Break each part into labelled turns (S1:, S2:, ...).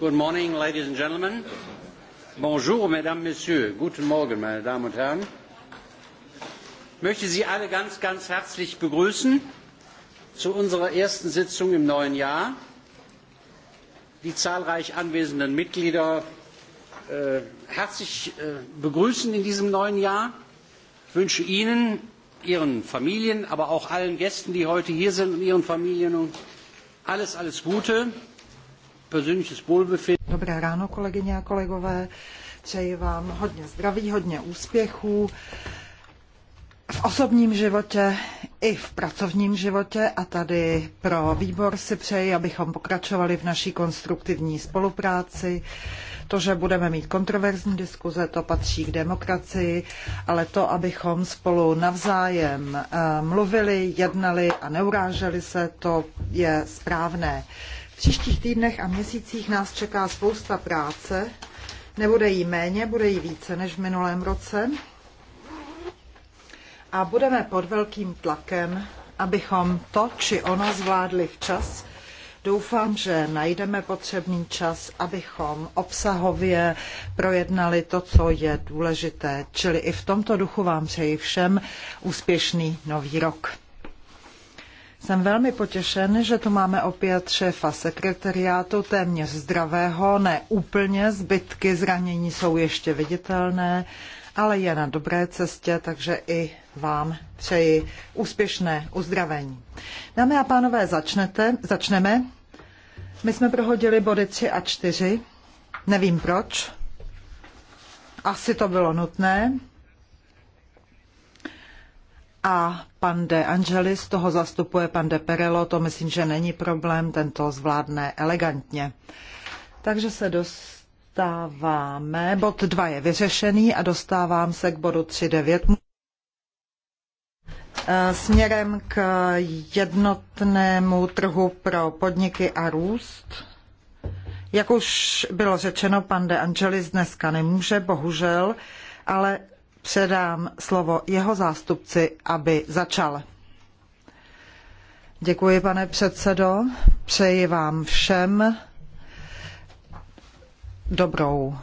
S1: Good morning, ladies and gentlemen. Bonjour, mesdames, messieurs. Guten Morgen, meine Damen und Herren. Ich möchte Sie alle ganz, ganz herzlich begrüßen zu unserer ersten Sitzung im neuen Jahr. Die zahlreich anwesenden Mitglieder äh, herzlich äh, begrüßen in diesem neuen Jahr. Ich wünsche Ihnen, Ihren Familien, aber auch allen Gästen, die heute hier sind und Ihren Familien alles, alles Gute
S2: Dobré ráno, kolegyně a kolegové. Přeji vám hodně zdraví, hodně úspěchů v osobním životě i v pracovním životě a tady pro výbor si přeji, abychom pokračovali v naší konstruktivní spolupráci. To, že budeme mít kontroverzní diskuze, to patří k demokracii, ale to, abychom spolu navzájem eh, mluvili, jednali a neuráželi se, to je správné příštích týdnech a měsících nás čeká spousta práce. Nebude jí méně, bude jí více než v minulém roce. A budeme pod velkým tlakem, abychom to či ono zvládli včas. Doufám, že najdeme potřebný čas, abychom obsahově projednali to, co je důležité. Čili i v tomto duchu vám přeji všem úspěšný nový rok. Jsem velmi potěšen, že tu máme opět šéfa sekretariátu téměř zdravého, ne úplně, zbytky zranění jsou ještě viditelné, ale je na dobré cestě, takže i vám přeji úspěšné uzdravení. Dámy a pánové, začnete, začneme. My jsme prohodili body 3 a 4, nevím proč, asi to bylo nutné a pan de Angelis, toho zastupuje pan de Perello, to myslím, že není problém, tento zvládne elegantně. Takže se dostáváme, bod 2 je vyřešený a dostávám se k bodu 3.9 e, směrem k jednotnému trhu pro podniky a růst. Jak už bylo řečeno, pan De Angelis dneska nemůže, bohužel, ale předám slovo jeho zástupci, aby začal. Děkuji, pane předsedo. Přeji vám všem dobrou,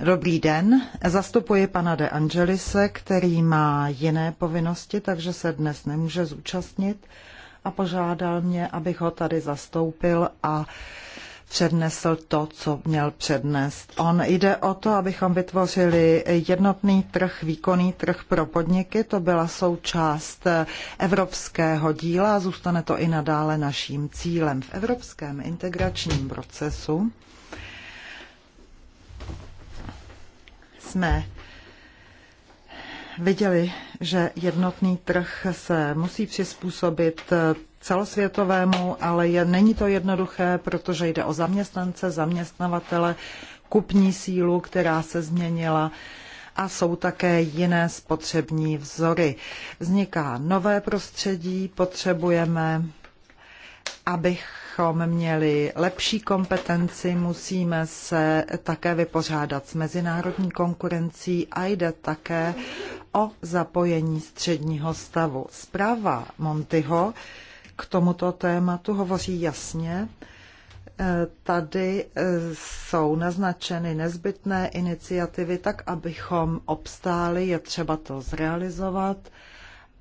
S2: dobrý den. Zastupuji pana De Angelise, který má jiné povinnosti, takže se dnes nemůže zúčastnit a požádal mě, abych ho tady zastoupil a uh, přednesl to, co měl přednést. On jde o to, abychom vytvořili jednotný trh, výkonný trh pro podniky. To byla součást evropského díla a zůstane to i nadále naším cílem v evropském integračním procesu. Jsme viděli, že jednotný trh se musí přizpůsobit celosvětovému, ale je, není to jednoduché, protože jde o zaměstnance, zaměstnavatele, kupní sílu, která se změnila a jsou také jiné spotřební vzory. Vzniká nové prostředí, potřebujeme, abychom měli lepší kompetenci, musíme se také vypořádat s mezinárodní konkurencí a jde také o zapojení středního stavu. Zpráva Montyho k tomuto tématu hovoří jasně. E, tady e, jsou naznačeny nezbytné iniciativy tak, abychom obstáli, je třeba to zrealizovat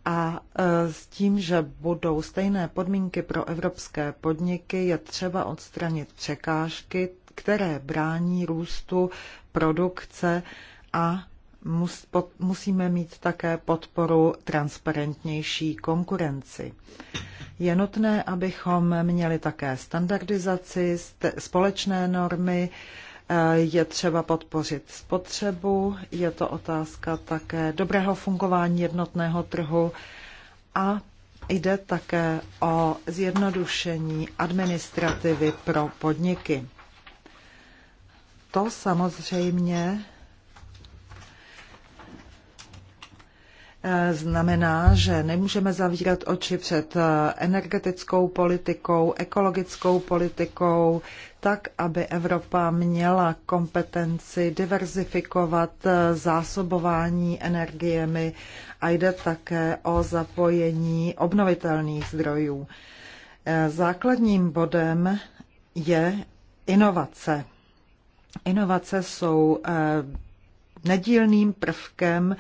S2: a e, s tím, že budou stejné podmínky pro evropské podniky, je třeba odstranit překážky, které brání růstu produkce a musíme mít také podporu transparentnější konkurenci. Je nutné, abychom měli také standardizaci, společné normy, eh, je třeba podpořit spotřebu, je to otázka také dobrého fungování jednotného trhu a jde také o zjednodušení administrativy pro podniky. To samozřejmě Eh, znamená, že nemůžeme zavírat oči před eh, energetickou politikou, ekologickou politikou, tak, aby Evropa měla kompetenci diverzifikovat eh, zásobování energiemi a jde také o zapojení obnovitelných zdrojů. Základním bodem je inovace. Inovace jsou nedílným prvkem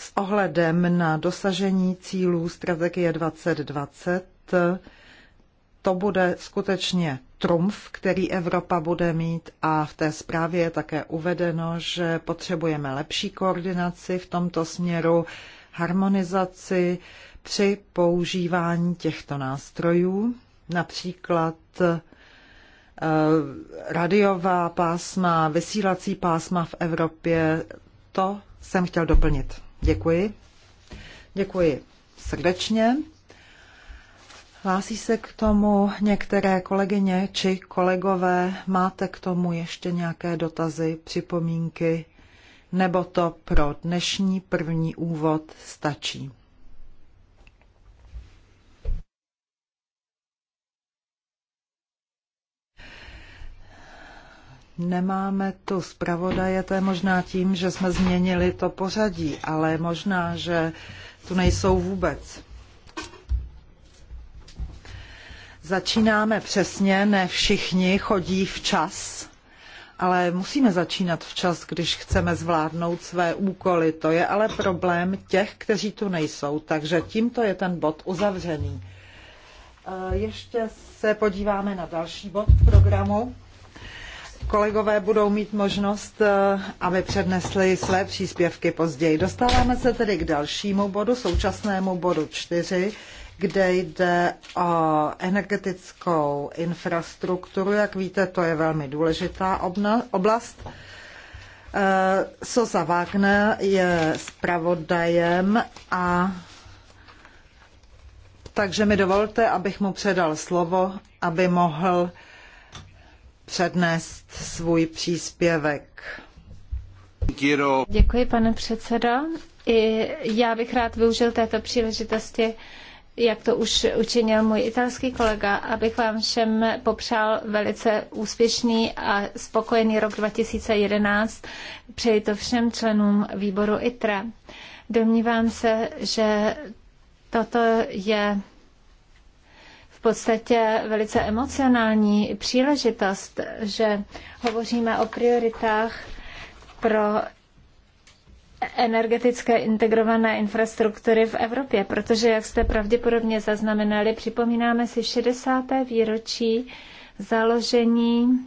S2: s ohledem na dosažení cílů strategie 2020. To bude skutečně trumf, který Evropa bude mít a v té zprávě je také uvedeno, že potřebujeme lepší koordinaci v tomto směru, harmonizaci při používání těchto nástrojů, například eh, radiová pásma, vysílací pásma v Evropě, to jsem chtěl doplnit. Děkuji. Děkuji srdečně. Hlásí se k tomu některé kolegyně či kolegové? Máte k tomu ještě nějaké dotazy, připomínky? Nebo to pro dnešní první úvod stačí? Nemáme tu zpravodaje, to je možná tím, že jsme změnili to pořadí, ale možná, že tu nejsou vůbec. Začínáme přesně, ne všichni chodí včas, ale musíme začínat včas, když chceme zvládnout své úkoly. To je ale problém těch, kteří tu nejsou, takže tímto je ten bod uzavřený. E, ještě se podíváme na další bod programu kolegové budou mít možnost, eh, aby přednesli své příspěvky později. Dostáváme se tedy k dalšímu bodu, současnému bodu 4, kde jde o energetickou infrastrukturu. Jak víte, to je velmi důležitá oblast. Eh, Sosa Wagner je zpravodajem a takže mi dovolte, abych mu předal slovo, aby mohl přednést svůj příspěvek.
S3: Děkuji, pane předsedo. I já bych rád využil této příležitosti, jak to už učinil můj italský kolega, abych vám všem popřál velice úspěšný a spokojený rok 2011. Přeji to všem členům výboru ITRE. Domnívám se, že toto je v podstatě velice emocionální příležitost, že hovoříme o prioritách pro energetické integrované infrastruktury v Evropě, protože, jak jste pravděpodobně zaznamenali, připomínáme si 60. výročí založení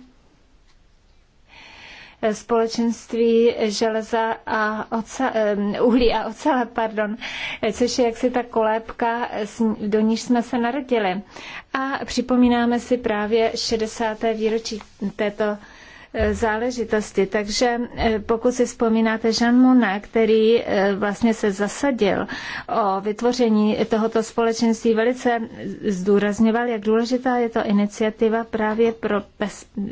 S3: společenství železa a oca, uhlí a ocele, pardon, což je jaksi ta kolébka, do níž jsme se narodili. A připomínáme si právě 60. výročí této Eh, záležitosti. Takže eh, pokud si vzpomínáte Jean Monnet, který eh, vlastně se zasadil o vytvoření tohoto společenství, velice zdůrazňoval, jak důležitá je to iniciativa právě pro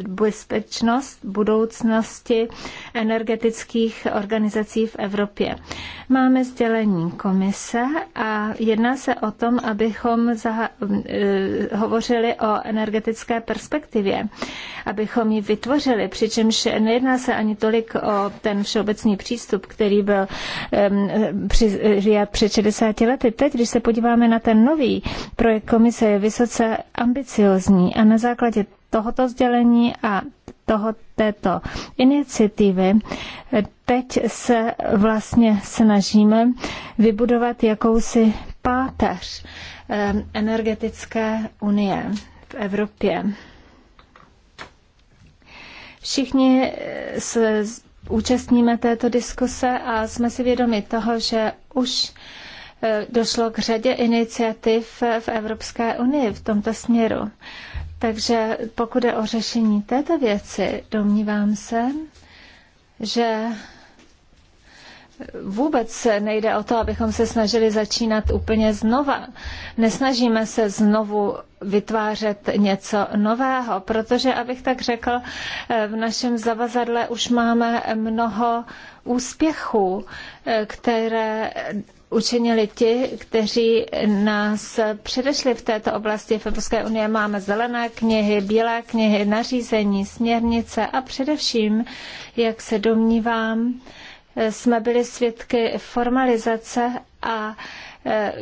S3: bezpečnost budoucnosti energetických organizací v Evropě. Máme sdělení komise a jedná se o tom, abychom hovořili o energetické perspektivě, abychom ji vytvořili přičemž nejedná se ani tolik o ten všeobecný přístup, který byl um, přijat před 60 lety. Teď, když se podíváme na ten nový projekt komise, je vysoce ambiciozní a na základě tohoto sdělení a toho, této iniciativy teď se vlastně snažíme vybudovat jakousi páteř energetické unie v Evropě. Všichni eh, se účastníme této diskuse a jsme si vědomi toho, že už eh, došlo k řadě iniciativ eh, v Evropské unii v tomto směru. Takže pokud je o řešení této věci, domnívám se, že vůbec nejde o to, abychom se snažili začínat úplně znova. Nesnažíme se znovu vytvářet něco nového, protože, abych tak řekl, v našem zavazadle už máme mnoho úspěchů, které učinili ti, kteří nás předešli v této oblasti. V Evropské unie máme zelené knihy, bílé knihy, nařízení, směrnice a především, jak se domnívám, jsme byli svědky formalizace a eh,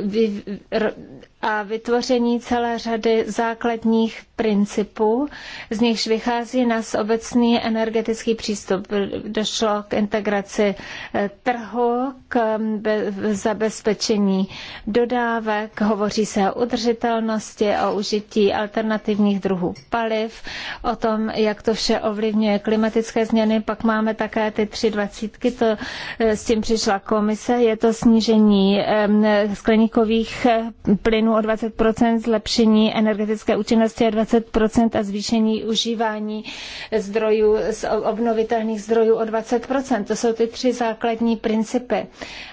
S3: a vytvoření celé řady základních principů, z nichž vychází nás obecný energetický přístup. Došlo k integraci eh, trhu, k mm, zabezpečení dodávek, hovoří se o udržitelnosti, o užití alternativních druhů paliv, o tom, jak to vše ovlivňuje klimatické změny. Pak máme také ty tři dvacítky, to eh, s tím přišla komise, je to snížení eh, skleníkových plynů o 20%, zlepšení energetické účinnosti o 20% a zvýšení užívání zdrojů z obnovitelných zdrojů o 20%. To jsou ty tři základní principy.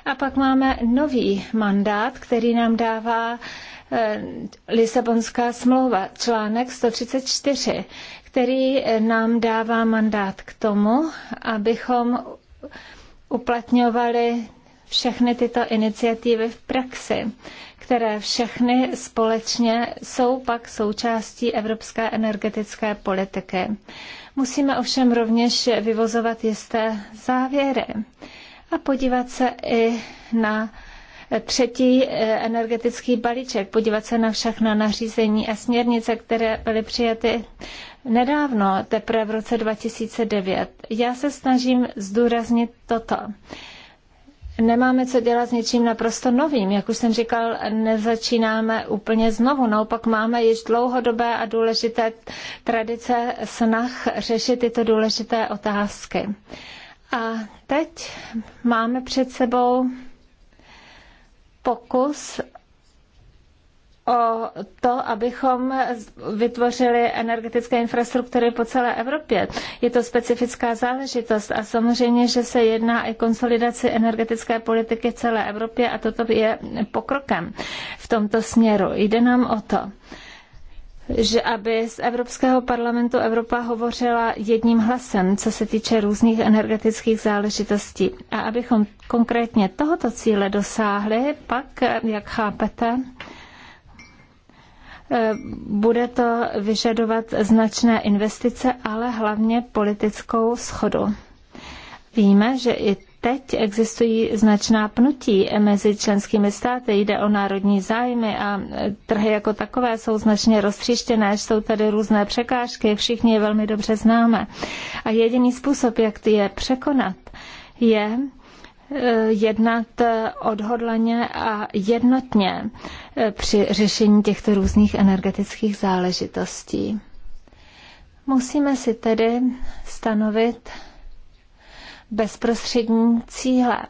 S3: A pak máme nový mandát, který nám dává eh, Lisabonská smlouva, článek 134, který eh, nám dává mandát k tomu, abychom uplatňovali všechny tyto iniciativy v praxi které všechny společně jsou pak součástí evropské energetické politiky. Musíme ovšem rovněž vyvozovat jisté závěry a podívat se i na třetí eh, energetický balíček, podívat se na všechna nařízení a směrnice, které byly přijaty nedávno, teprve v roce 2009. Já se snažím zdůraznit toto nemáme co dělat s něčím naprosto novým. Jak už jsem říkal, nezačínáme úplně znovu. Naopak máme již dlouhodobé a důležité tradice snah řešit tyto důležité otázky. A teď máme před sebou pokus o to, abychom vytvořili energetické infrastruktury po celé Evropě. Je to specifická záležitost a samozřejmě, že se jedná i konsolidaci energetické politiky v celé Evropě a toto je pokrokem v tomto směru. Jde nám o to, že aby z Evropského parlamentu Evropa hovořila jedním hlasem, co se týče různých energetických záležitostí. A abychom konkrétně tohoto cíle dosáhli, pak, jak chápete, Eh, bude to vyžadovat značné investice, ale hlavně politickou schodu. Víme, že i teď existují značná pnutí mezi členskými státy. Jde o národní zájmy a eh, trhy jako takové jsou značně roztříštěné, jsou tady různé překážky, všichni je velmi dobře známe. A jediný způsob, jak ty je překonat, je jednat odhodlaně a jednotně eh, při řešení těchto různých energetických záležitostí. Musíme si tedy stanovit bezprostřední cíle.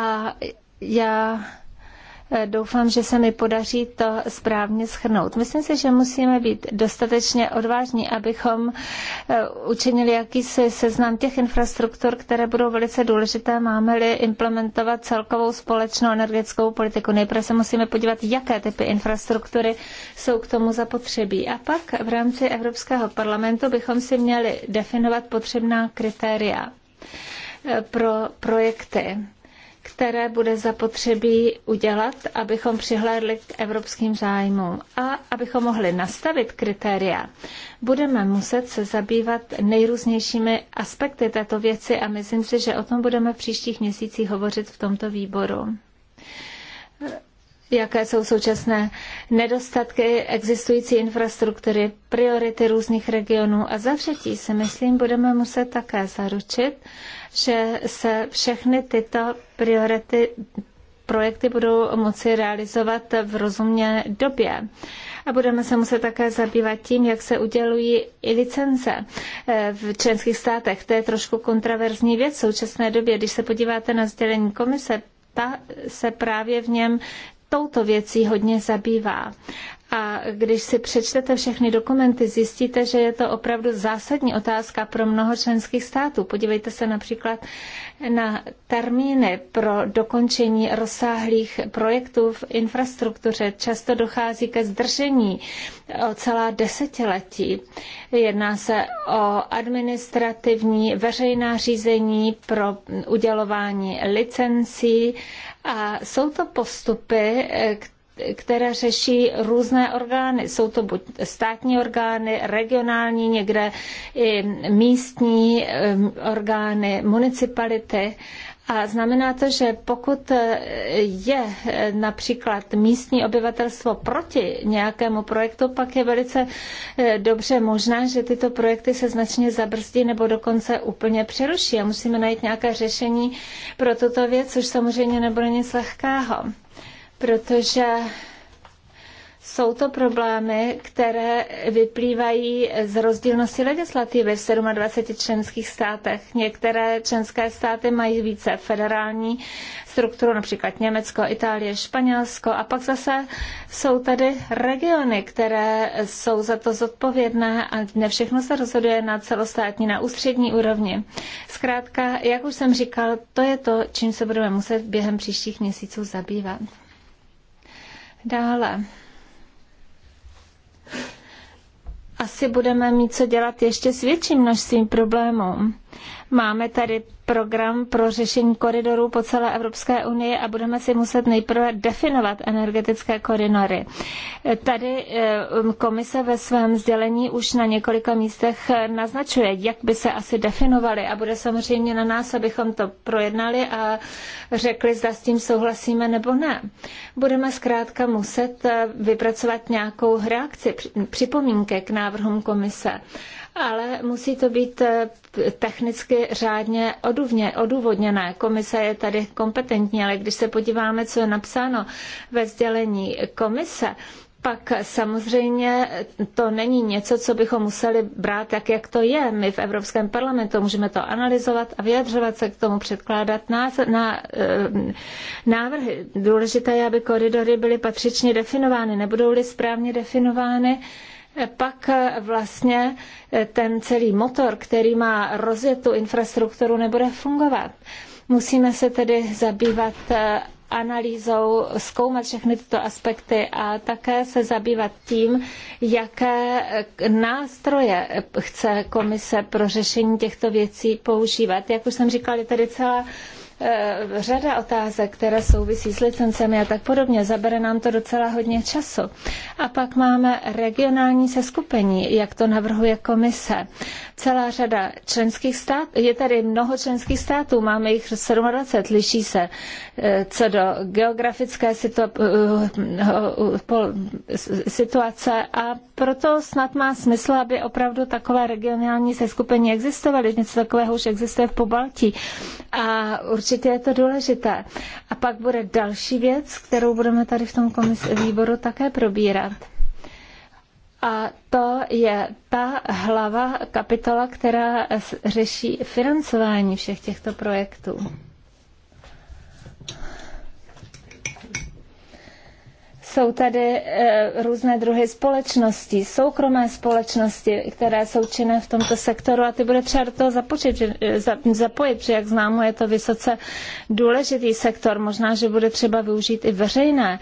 S3: A já Doufám, že se mi podaří to správně schrnout. Myslím si, že musíme být dostatečně odvážní, abychom eh, učinili jakýsi seznam těch infrastruktur, které budou velice důležité, máme-li implementovat celkovou společnou energetickou politiku. Nejprve se musíme podívat, jaké typy infrastruktury jsou k tomu zapotřebí. A pak v rámci Evropského parlamentu bychom si měli definovat potřebná kritéria eh, pro projekty které bude zapotřebí udělat, abychom přihlédli k evropským zájmům a abychom mohli nastavit kritéria, budeme muset se zabývat nejrůznějšími aspekty této věci a myslím si, že o tom budeme v příštích měsících hovořit v tomto výboru jaké jsou současné nedostatky existující infrastruktury, priority různých regionů. A za třetí si myslím, budeme muset také zaručit, že se všechny tyto priority projekty budou moci realizovat v rozumné době. A budeme se muset také zabývat tím, jak se udělují i licence eh, v členských státech. To je trošku kontraverzní věc v současné době. Když se podíváte na sdělení komise, ta se právě v něm touto věcí hodně zabývá. A když si přečtete všechny dokumenty, zjistíte, že je to opravdu zásadní otázka pro mnoho členských států. Podívejte se například na termíny pro dokončení rozsáhlých projektů v infrastruktuře. Často dochází ke zdržení o celá desetiletí. Jedná se o administrativní veřejná řízení pro udělování licencí a jsou to postupy, eh, které řeší různé orgány. Jsou to buď státní orgány, regionální, někde i místní eh, orgány, municipality. A znamená to, že pokud e, je e, například místní obyvatelstvo proti nějakému projektu, pak je velice e, dobře možné, že tyto projekty se značně zabrzdí nebo dokonce úplně přeruší. A musíme najít nějaké řešení pro tuto věc, což samozřejmě nebude nic lehkého, protože jsou to problémy, které vyplývají z rozdílnosti legislativy v 27 členských státech. Některé členské státy mají více federální strukturu, například Německo, Itálie, Španělsko. A pak zase jsou tady regiony, které jsou za to zodpovědné a ne všechno se rozhoduje na celostátní, na ústřední úrovni. Zkrátka, jak už jsem říkal, to je to, čím se budeme muset během příštích měsíců zabývat. Dále asi budeme mít co dělat ještě s větším množstvím problémů. Máme tady program pro řešení koridorů po celé Evropské unii a budeme si muset nejprve definovat energetické koridory. Tady eh, komise ve svém sdělení už na několika místech naznačuje, jak by se asi definovaly a bude samozřejmě na nás, abychom to projednali a řekli, zda s tím souhlasíme nebo ne. Budeme zkrátka muset eh, vypracovat nějakou reakci, připomínky k návrhům komise ale musí to být eh, technicky řádně odůvodněné. Komise je tady kompetentní, ale když se podíváme, co je napsáno ve sdělení komise, pak samozřejmě to není něco, co bychom museli brát tak, jak to je. My v Evropském parlamentu můžeme to analyzovat a vyjadřovat se k tomu, předkládat na, na eh, návrhy. Důležité je, aby koridory byly patřičně definovány. Nebudou-li správně definovány, pak eh, vlastně eh, ten celý motor, který má rozjet tu infrastrukturu, nebude fungovat. Musíme se tedy zabývat eh, analýzou, zkoumat všechny tyto aspekty a také se zabývat tím, jaké nástroje chce komise pro řešení těchto věcí používat. Jak už jsem říkala, je tady celá Eh, řada otázek, které souvisí s licencemi a tak podobně. Zabere nám to docela hodně času. A pak máme regionální seskupení, jak to navrhuje komise. Celá řada členských států, je tady mnoho členských států, máme jich 27, liší se eh, co do geografické eh, situace a proto snad má smysl, aby opravdu takové regionální seskupení existovaly. Něco takového už existuje v Pobaltí. A určitě určitě je to důležité. A pak bude další věc, kterou budeme tady v tom komis- výboru také probírat. A to je ta hlava kapitola, která řeší financování všech těchto projektů. Jsou tady eh, různé druhy společností, soukromé společnosti, které jsou činné v tomto sektoru a ty bude třeba do toho započít, eh, zapojit, protože jak známo je to vysoce důležitý sektor. Možná, že bude třeba využít i veřejné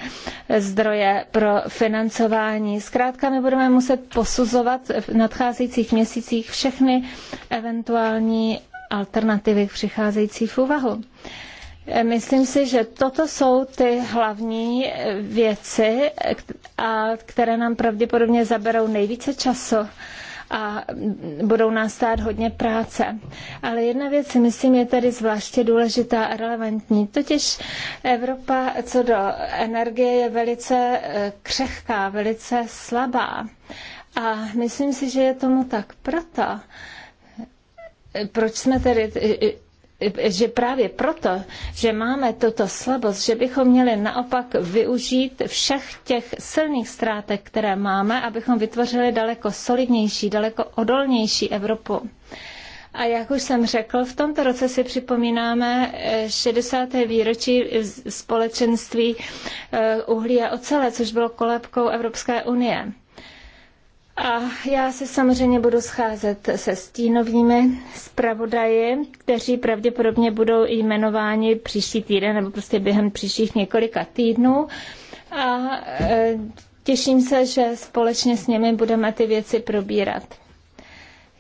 S3: eh, zdroje pro financování. Zkrátka my budeme muset posuzovat v nadcházejících měsících všechny eventuální alternativy přicházející v úvahu. Myslím si, že toto jsou ty hlavní eh, věci, a které nám pravděpodobně zaberou nejvíce času a budou nás stát hodně práce. Ale jedna věc myslím je tady zvláště důležitá a relevantní. Totiž Evropa co do energie je velice eh, křehká, velice slabá. A myslím si, že je tomu tak proto, eh, proč jsme tedy že právě proto, že máme tuto slabost, že bychom měli naopak využít všech těch silných ztrátek, které máme, abychom vytvořili daleko solidnější, daleko odolnější Evropu. A jak už jsem řekl, v tomto roce si připomínáme 60. Eh, výročí společenství eh, uhlí a ocele, což bylo kolébkou Evropské unie. A já se samozřejmě budu scházet se stínovými zpravodaji, kteří pravděpodobně budou jmenováni příští týden nebo prostě během příštích několika týdnů. A e, těším se, že společně s nimi budeme ty věci probírat.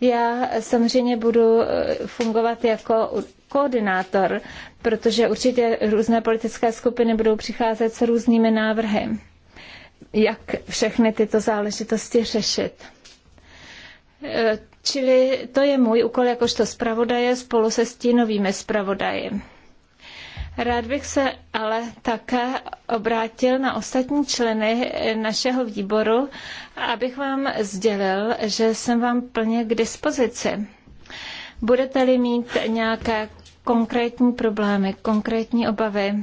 S3: Já samozřejmě budu e, fungovat jako koordinátor, protože určitě různé politické skupiny budou přicházet s různými návrhy jak všechny tyto záležitosti řešit. E, čili to je můj úkol jakožto zpravodaje spolu se stínovými zpravodaji. Rád bych se ale také obrátil na ostatní členy našeho výboru, abych vám sdělil, že jsem vám plně k dispozici. Budete-li mít nějaké konkrétní problémy, konkrétní obavy,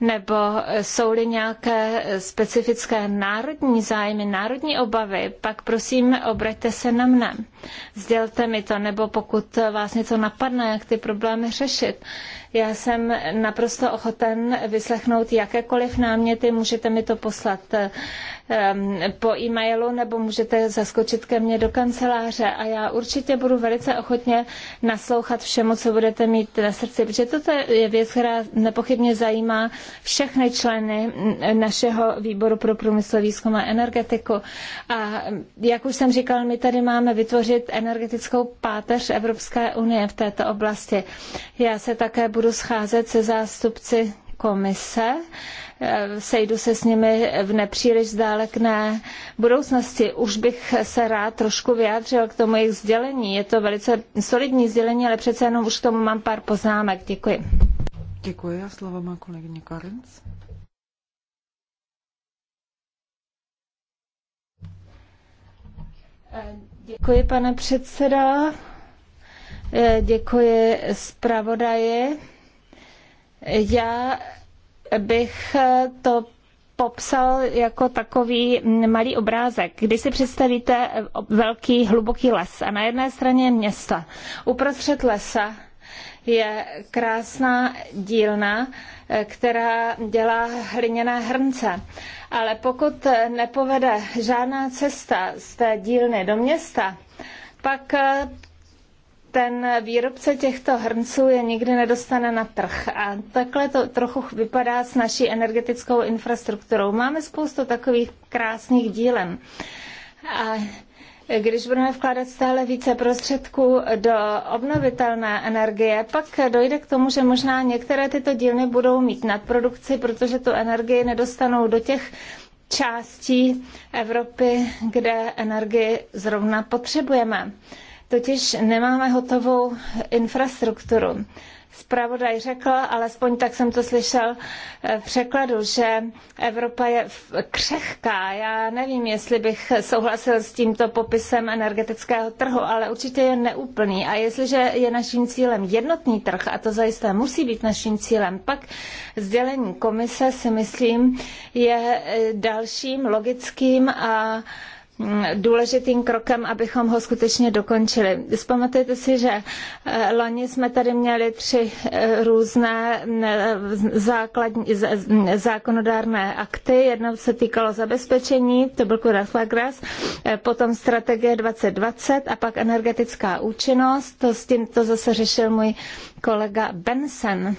S3: nebo jsou-li nějaké specifické národní zájmy, národní obavy, pak prosím obraťte se na mne sdělte mi to, nebo pokud vás něco napadne, jak ty problémy řešit. Já jsem naprosto ochoten vyslechnout jakékoliv náměty, můžete mi to poslat ehm, po e-mailu nebo můžete zaskočit ke mně do kanceláře a já určitě budu velice ochotně naslouchat všemu, co budete mít na srdci, protože toto je věc, která nepochybně zajímá všechny členy našeho výboru pro průmyslový výzkum a energetiku. A jak už jsem říkal, my tady máme vytvořit zvýšit energetickou páteř Evropské unie v této oblasti. Já se také budu scházet se zástupci komise. Eh, sejdu se s nimi v nepříliš zdálekné budoucnosti. Už bych se rád trošku vyjádřil k tomu jejich sdělení. Je to velice solidní sdělení, ale přece jenom už k tomu mám pár poznámek. Děkuji.
S2: Děkuji a slovo má kolegyně Karenc.
S1: Eh,
S3: Děkuji, pane předseda. E, děkuji zpravodaje. Já bych to popsal jako takový malý obrázek. Když si představíte velký, hluboký les a na jedné straně je města. Uprostřed lesa je krásná dílna, která dělá hliněné hrnce. Ale pokud nepovede žádná cesta z té dílny do města, pak ten výrobce těchto hrnců je nikdy nedostane na trh. A takhle to trochu vypadá s naší energetickou infrastrukturou. Máme spoustu takových krásných dílen. A když budeme vkládat stále více prostředků do obnovitelné energie, pak dojde k tomu, že možná některé tyto dílny budou mít nadprodukci, protože tu energii nedostanou do těch částí Evropy, kde energii zrovna potřebujeme. Totiž nemáme hotovou infrastrukturu zpravodaj řekl, alespoň tak jsem to slyšel eh, v překladu, že Evropa je křehká. Já nevím, jestli bych souhlasil s tímto popisem energetického trhu, ale určitě je neúplný. A jestliže je naším cílem jednotný trh, a to zajisté musí být naším cílem, pak sdělení komise si myslím je eh, dalším logickým a Mm, důležitým krokem, abychom ho skutečně dokončili. Vzpamatujte si, že eh, loni jsme tady měli tři eh, různé mm, eh, mm, zákonodárné akty. Jedno se týkalo zabezpečení, to byl Kuras Lagras, potom strategie 2020 a pak energetická účinnost. To s tím to zase řešil můj kolega Benson.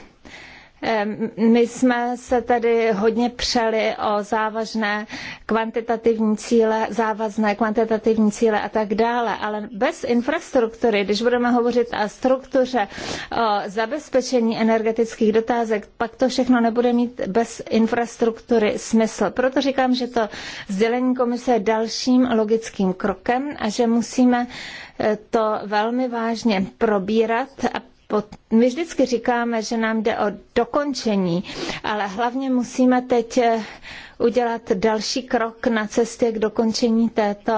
S3: My jsme se tedy hodně přeli o závažné kvantitativní cíle, závazné kvantitativní cíle a tak dále, ale bez infrastruktury, když budeme hovořit o struktuře, o zabezpečení energetických dotázek, pak to všechno nebude mít bez infrastruktury smysl. Proto říkám, že to sdělení komise je dalším logickým krokem a že musíme eh, to velmi vážně probírat a my vždycky říkáme, že nám jde o dokončení, ale hlavně musíme teď eh, udělat další krok na cestě k dokončení této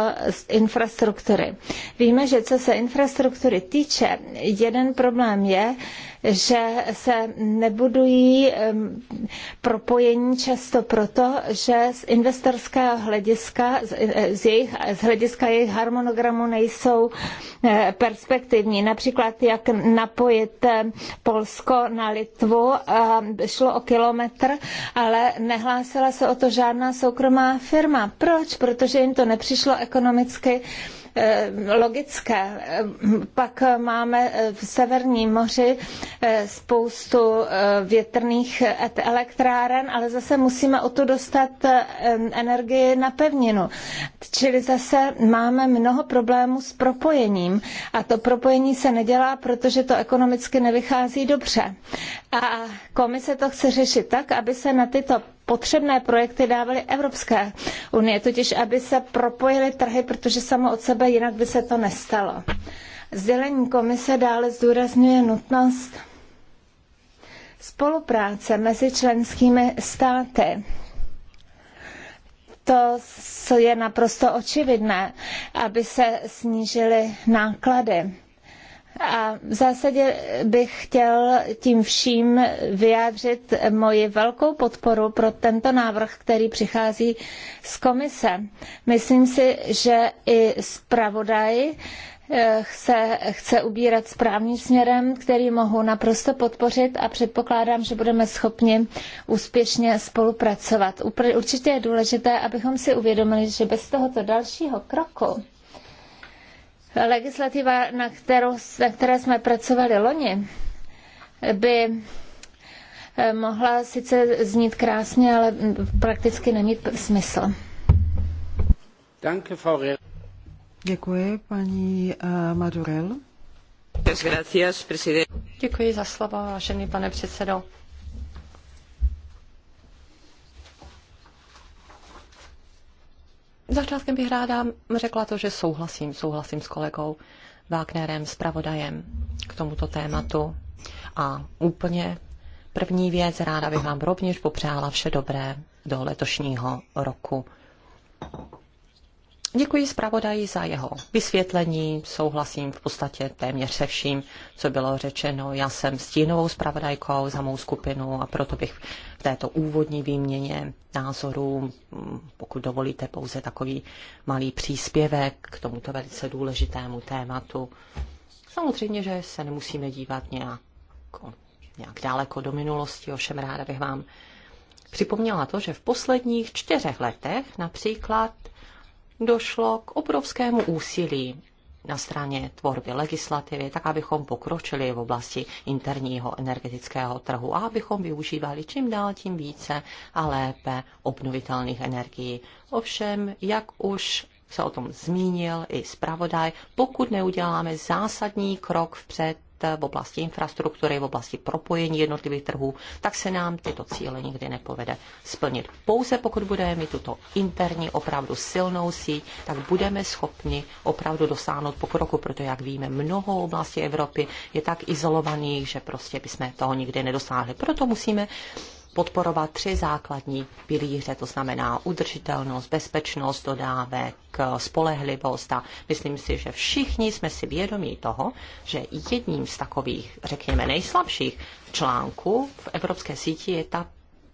S3: infrastruktury. Víme, že co se infrastruktury týče, jeden problém je, že se nebudují propojení často proto, že z investorského hlediska, z, e, jejich, z hlediska jejich harmonogramu nejsou e, perspektivní. Například jak napojit Polsko na Litvu, šlo o kilometr, ale nehlásila se o to žádná soukromá firma. Proč? Protože jim to nepřišlo ekonomicky Eh, logické. Eh, pak máme eh, v Severním moři spoustu větrných elektráren, ale zase musíme o to dostat energii na pevninu. Čili zase máme mnoho problémů s propojením a to propojení se nedělá, protože to ekonomicky nevychází dobře. A komise to chce řešit tak, aby se na tyto potřebné projekty dávaly Evropské unie, totiž aby se propojily trhy, protože samo od sebe jinak by se to nestalo. Sdělení komise dále zdůrazňuje nutnost spolupráce mezi členskými státy to, co je naprosto očividné, aby se snížily náklady. A v zásadě bych chtěl tím vším vyjádřit moji velkou podporu pro tento návrh, který přichází z komise. Myslím si, že i zpravodaj se eh, chce ubírat správným směrem, který mohu naprosto podpořit a předpokládám, že budeme schopni úspěšně spolupracovat. Určitě je důležité, abychom si uvědomili, že bez tohoto dalšího kroku Legislativa, na, kterou, na které jsme pracovali loni, by eh, mohla sice znít krásně, ale prakticky nemít smysl. Děkuji,
S2: paní eh, Madurel. Děkuji za slovo, vážený
S4: pane předsedo. Začátkem bych ráda řekla to, že souhlasím, souhlasím s kolegou Wagnerem, s pravodajem k tomuto tématu. A úplně první věc, ráda bych vám rovněž popřála vše dobré do letošního roku. Děkuji zpravodaji za jeho vysvětlení, souhlasím v podstatě téměř se vším, co bylo řečeno. Já jsem stínovou zpravodajkou za mou skupinu a proto bych v této úvodní výměně názorů, mm, pokud dovolíte, pouze takový malý příspěvek k tomuto velice důležitému tématu. Samozřejmě, že se nemusíme dívat nějak, nějak daleko do minulosti, ovšem ráda bych vám připomněla to, že v posledních čtyřech letech například došlo k obrovskému úsilí na straně tvorby legislativy, tak abychom pokročili v oblasti interního energetického trhu a abychom využívali čím dál tím více a lépe obnovitelných energií. Ovšem, jak už se o tom zmínil i zpravodaj, pokud neuděláme zásadní krok vpřed, v oblasti infrastruktury, v oblasti propojení jednotlivých trhů, tak se nám tyto cíle nikdy nepovede splnit. Pouze pokud budeme mít tuto interní opravdu silnou síť, tak budeme schopni opravdu dosáhnout pokroku, protože jak víme, mnoho oblastí Evropy je tak izolovaných, že prostě bychom toho nikdy nedosáhli. Proto musíme podporovat tři základní pilíře, to znamená udržitelnost, bezpečnost dodávek, spolehlivost a myslím si, že všichni jsme si vědomí toho, že jedním z takových, řekněme, nejslabších článků v evropské síti je, ta,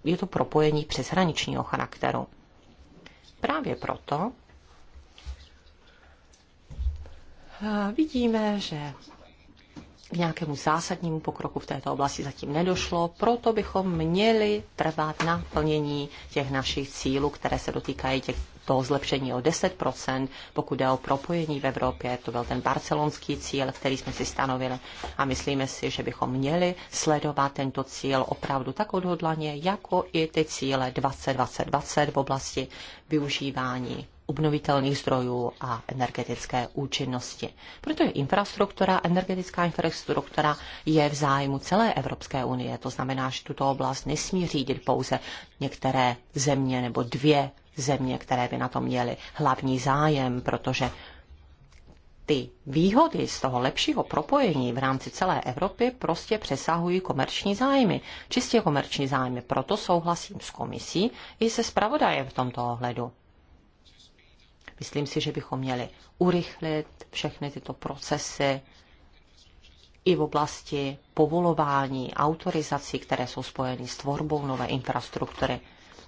S4: je to propojení přeshraničního charakteru. Právě proto eh, vidíme, že k nějakému zásadnímu pokroku v této oblasti zatím nedošlo, proto bychom měli trvat na plnění těch našich cílů, které se dotýkají těch toho zlepšení o 10%, pokud jde o propojení v Evropě, to byl ten barcelonský cíl, který jsme si stanovili a myslíme si, že bychom měli sledovat tento cíl opravdu tak odhodlaně, jako i ty cíle 2020-2020 v oblasti využívání obnovitelných zdrojů a energetické účinnosti. Proto je infrastruktura, energetická infrastruktura je v zájmu celé Evropské unie. To znamená, že tuto oblast nesmí řídit pouze některé země nebo dvě země, které by na to měly hlavní zájem, protože ty výhody z toho lepšího propojení v rámci celé Evropy prostě přesahují komerční zájmy, čistě komerční zájmy. Proto souhlasím s komisí i se zpravodajem v tomto ohledu. Myslím si, že bychom měli urychlit všechny tyto procesy i v oblasti povolování, autorizací, které jsou spojeny s tvorbou nové infrastruktury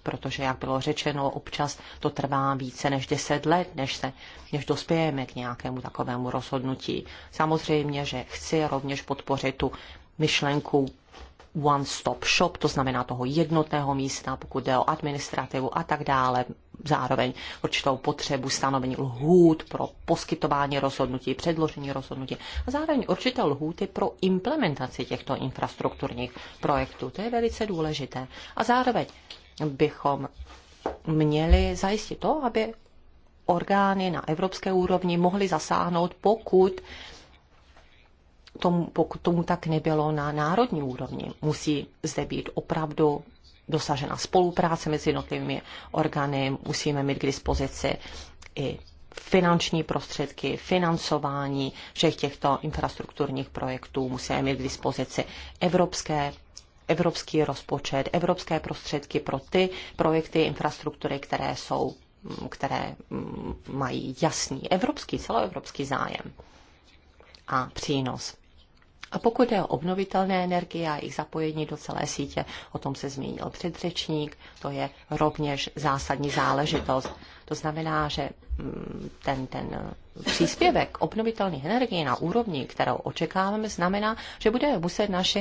S4: protože, jak bylo řečeno, občas to trvá více než 10 let, než, se, než dospějeme k nějakému takovému rozhodnutí. Samozřejmě, že chci rovněž podpořit tu myšlenku one-stop shop, to znamená toho jednotného místa, pokud jde o administrativu a tak dále, zároveň určitou potřebu stanovení lhůt pro poskytování rozhodnutí, předložení rozhodnutí a zároveň určité lhůty pro implementaci těchto infrastrukturních projektů. To je velice důležité. A zároveň bychom měli zajistit to, aby orgány na evropské úrovni mohly zasáhnout, pokud tomu, pokud tomu tak nebylo na národní úrovni. Musí zde být opravdu dosažena spolupráce mezi jednotlivými orgány, musíme mít k dispozici i finanční prostředky, financování všech těchto infrastrukturních projektů, musíme mít k dispozici evropské evropský rozpočet, evropské prostředky pro ty projekty infrastruktury, které jsou, které mm, mají jasný evropský, celoevropský zájem a přínos. A pokud je o obnovitelné energie a jejich zapojení do celé sítě, o tom se zmínil předřečník, to je rovněž zásadní záležitost. To znamená, že mm, ten, ten příspěvek obnovitelných energií na úrovni, kterou očekáváme, znamená, že bude muset naši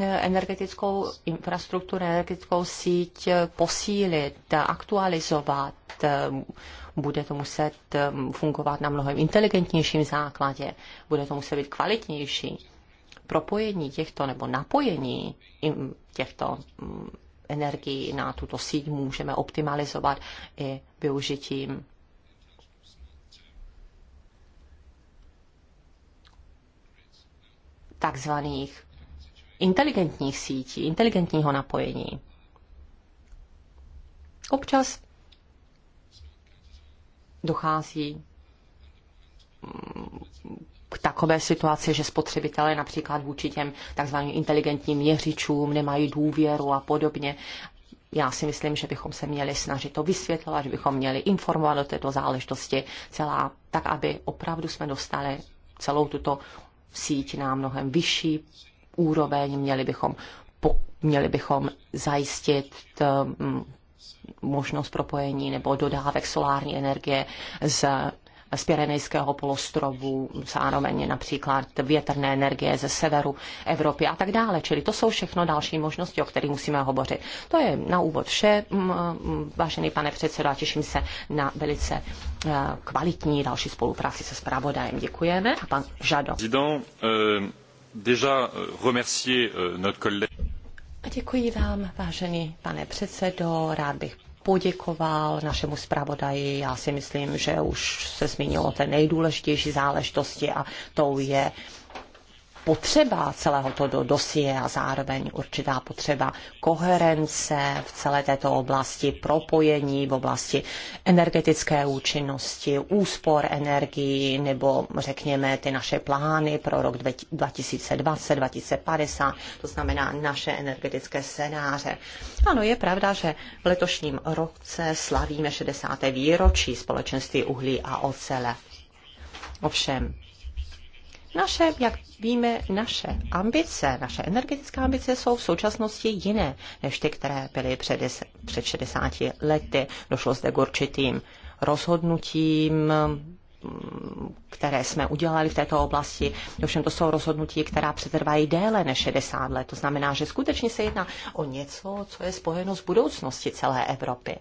S4: eh, energetickou infrastrukturu, energetickou síť eh, posílit, aktualizovat, eh, bude to muset fungovat na mnohem inteligentnějším základě, bude to muset být kvalitnější propojení těchto nebo napojení těchto mm, energií na tuto síť můžeme optimalizovat i využitím takzvaných inteligentních sítí, inteligentního napojení. Občas dochází mm, k takové situaci, že spotřebitelé například vůči těm takzvaným inteligentním měřičům nemají důvěru a podobně. Já si myslím, že bychom se měli snažit to vysvětlovat, že bychom měli informovat o této záležitosti celá, tak aby opravdu jsme dostali celou tuto síť na mnohem vyšší úroveň, měli bychom, po, měli bychom zajistit eh, m, možnost propojení nebo dodávek solární energie z z Pirenejského polostrovu, zároveň například větrné energie ze severu Evropy a tak dále. Čili to jsou všechno další možnosti, o kterých musíme hovořit. To je na úvod vše, vážený pane předsedo, a těším se na velice eh, kvalitní další spolupráci se zpravodajem. Děkujeme. A pan Žado.
S2: Euh, euh, euh,
S4: děkuji vám, vážený pane předsedo. Rád bych poděkoval našemu zpravodaji. Já si myslím, že už se zmínilo o té nejdůležitější záležitosti a tou je potřeba celého toho dosie a zároveň určitá potřeba koherence v celé této oblasti, propojení v oblasti energetické účinnosti, úspor energií nebo řekněme ty naše plány pro rok 2020, 2050, to znamená naše energetické scénáře. Ano, je pravda, že v letošním roce slavíme 60. výročí společenství uhlí a ocele. Ovšem, naše, jak víme, naše ambice, naše energetické ambice jsou v současnosti jiné než ty, které byly před, před 60 lety. Došlo zde k určitým rozhodnutím, které jsme udělali v této oblasti. Ovšem to jsou rozhodnutí, která přetrvají déle než 60 let. To znamená, že skutečně se jedná o něco, co je spojeno s budoucností celé Evropy.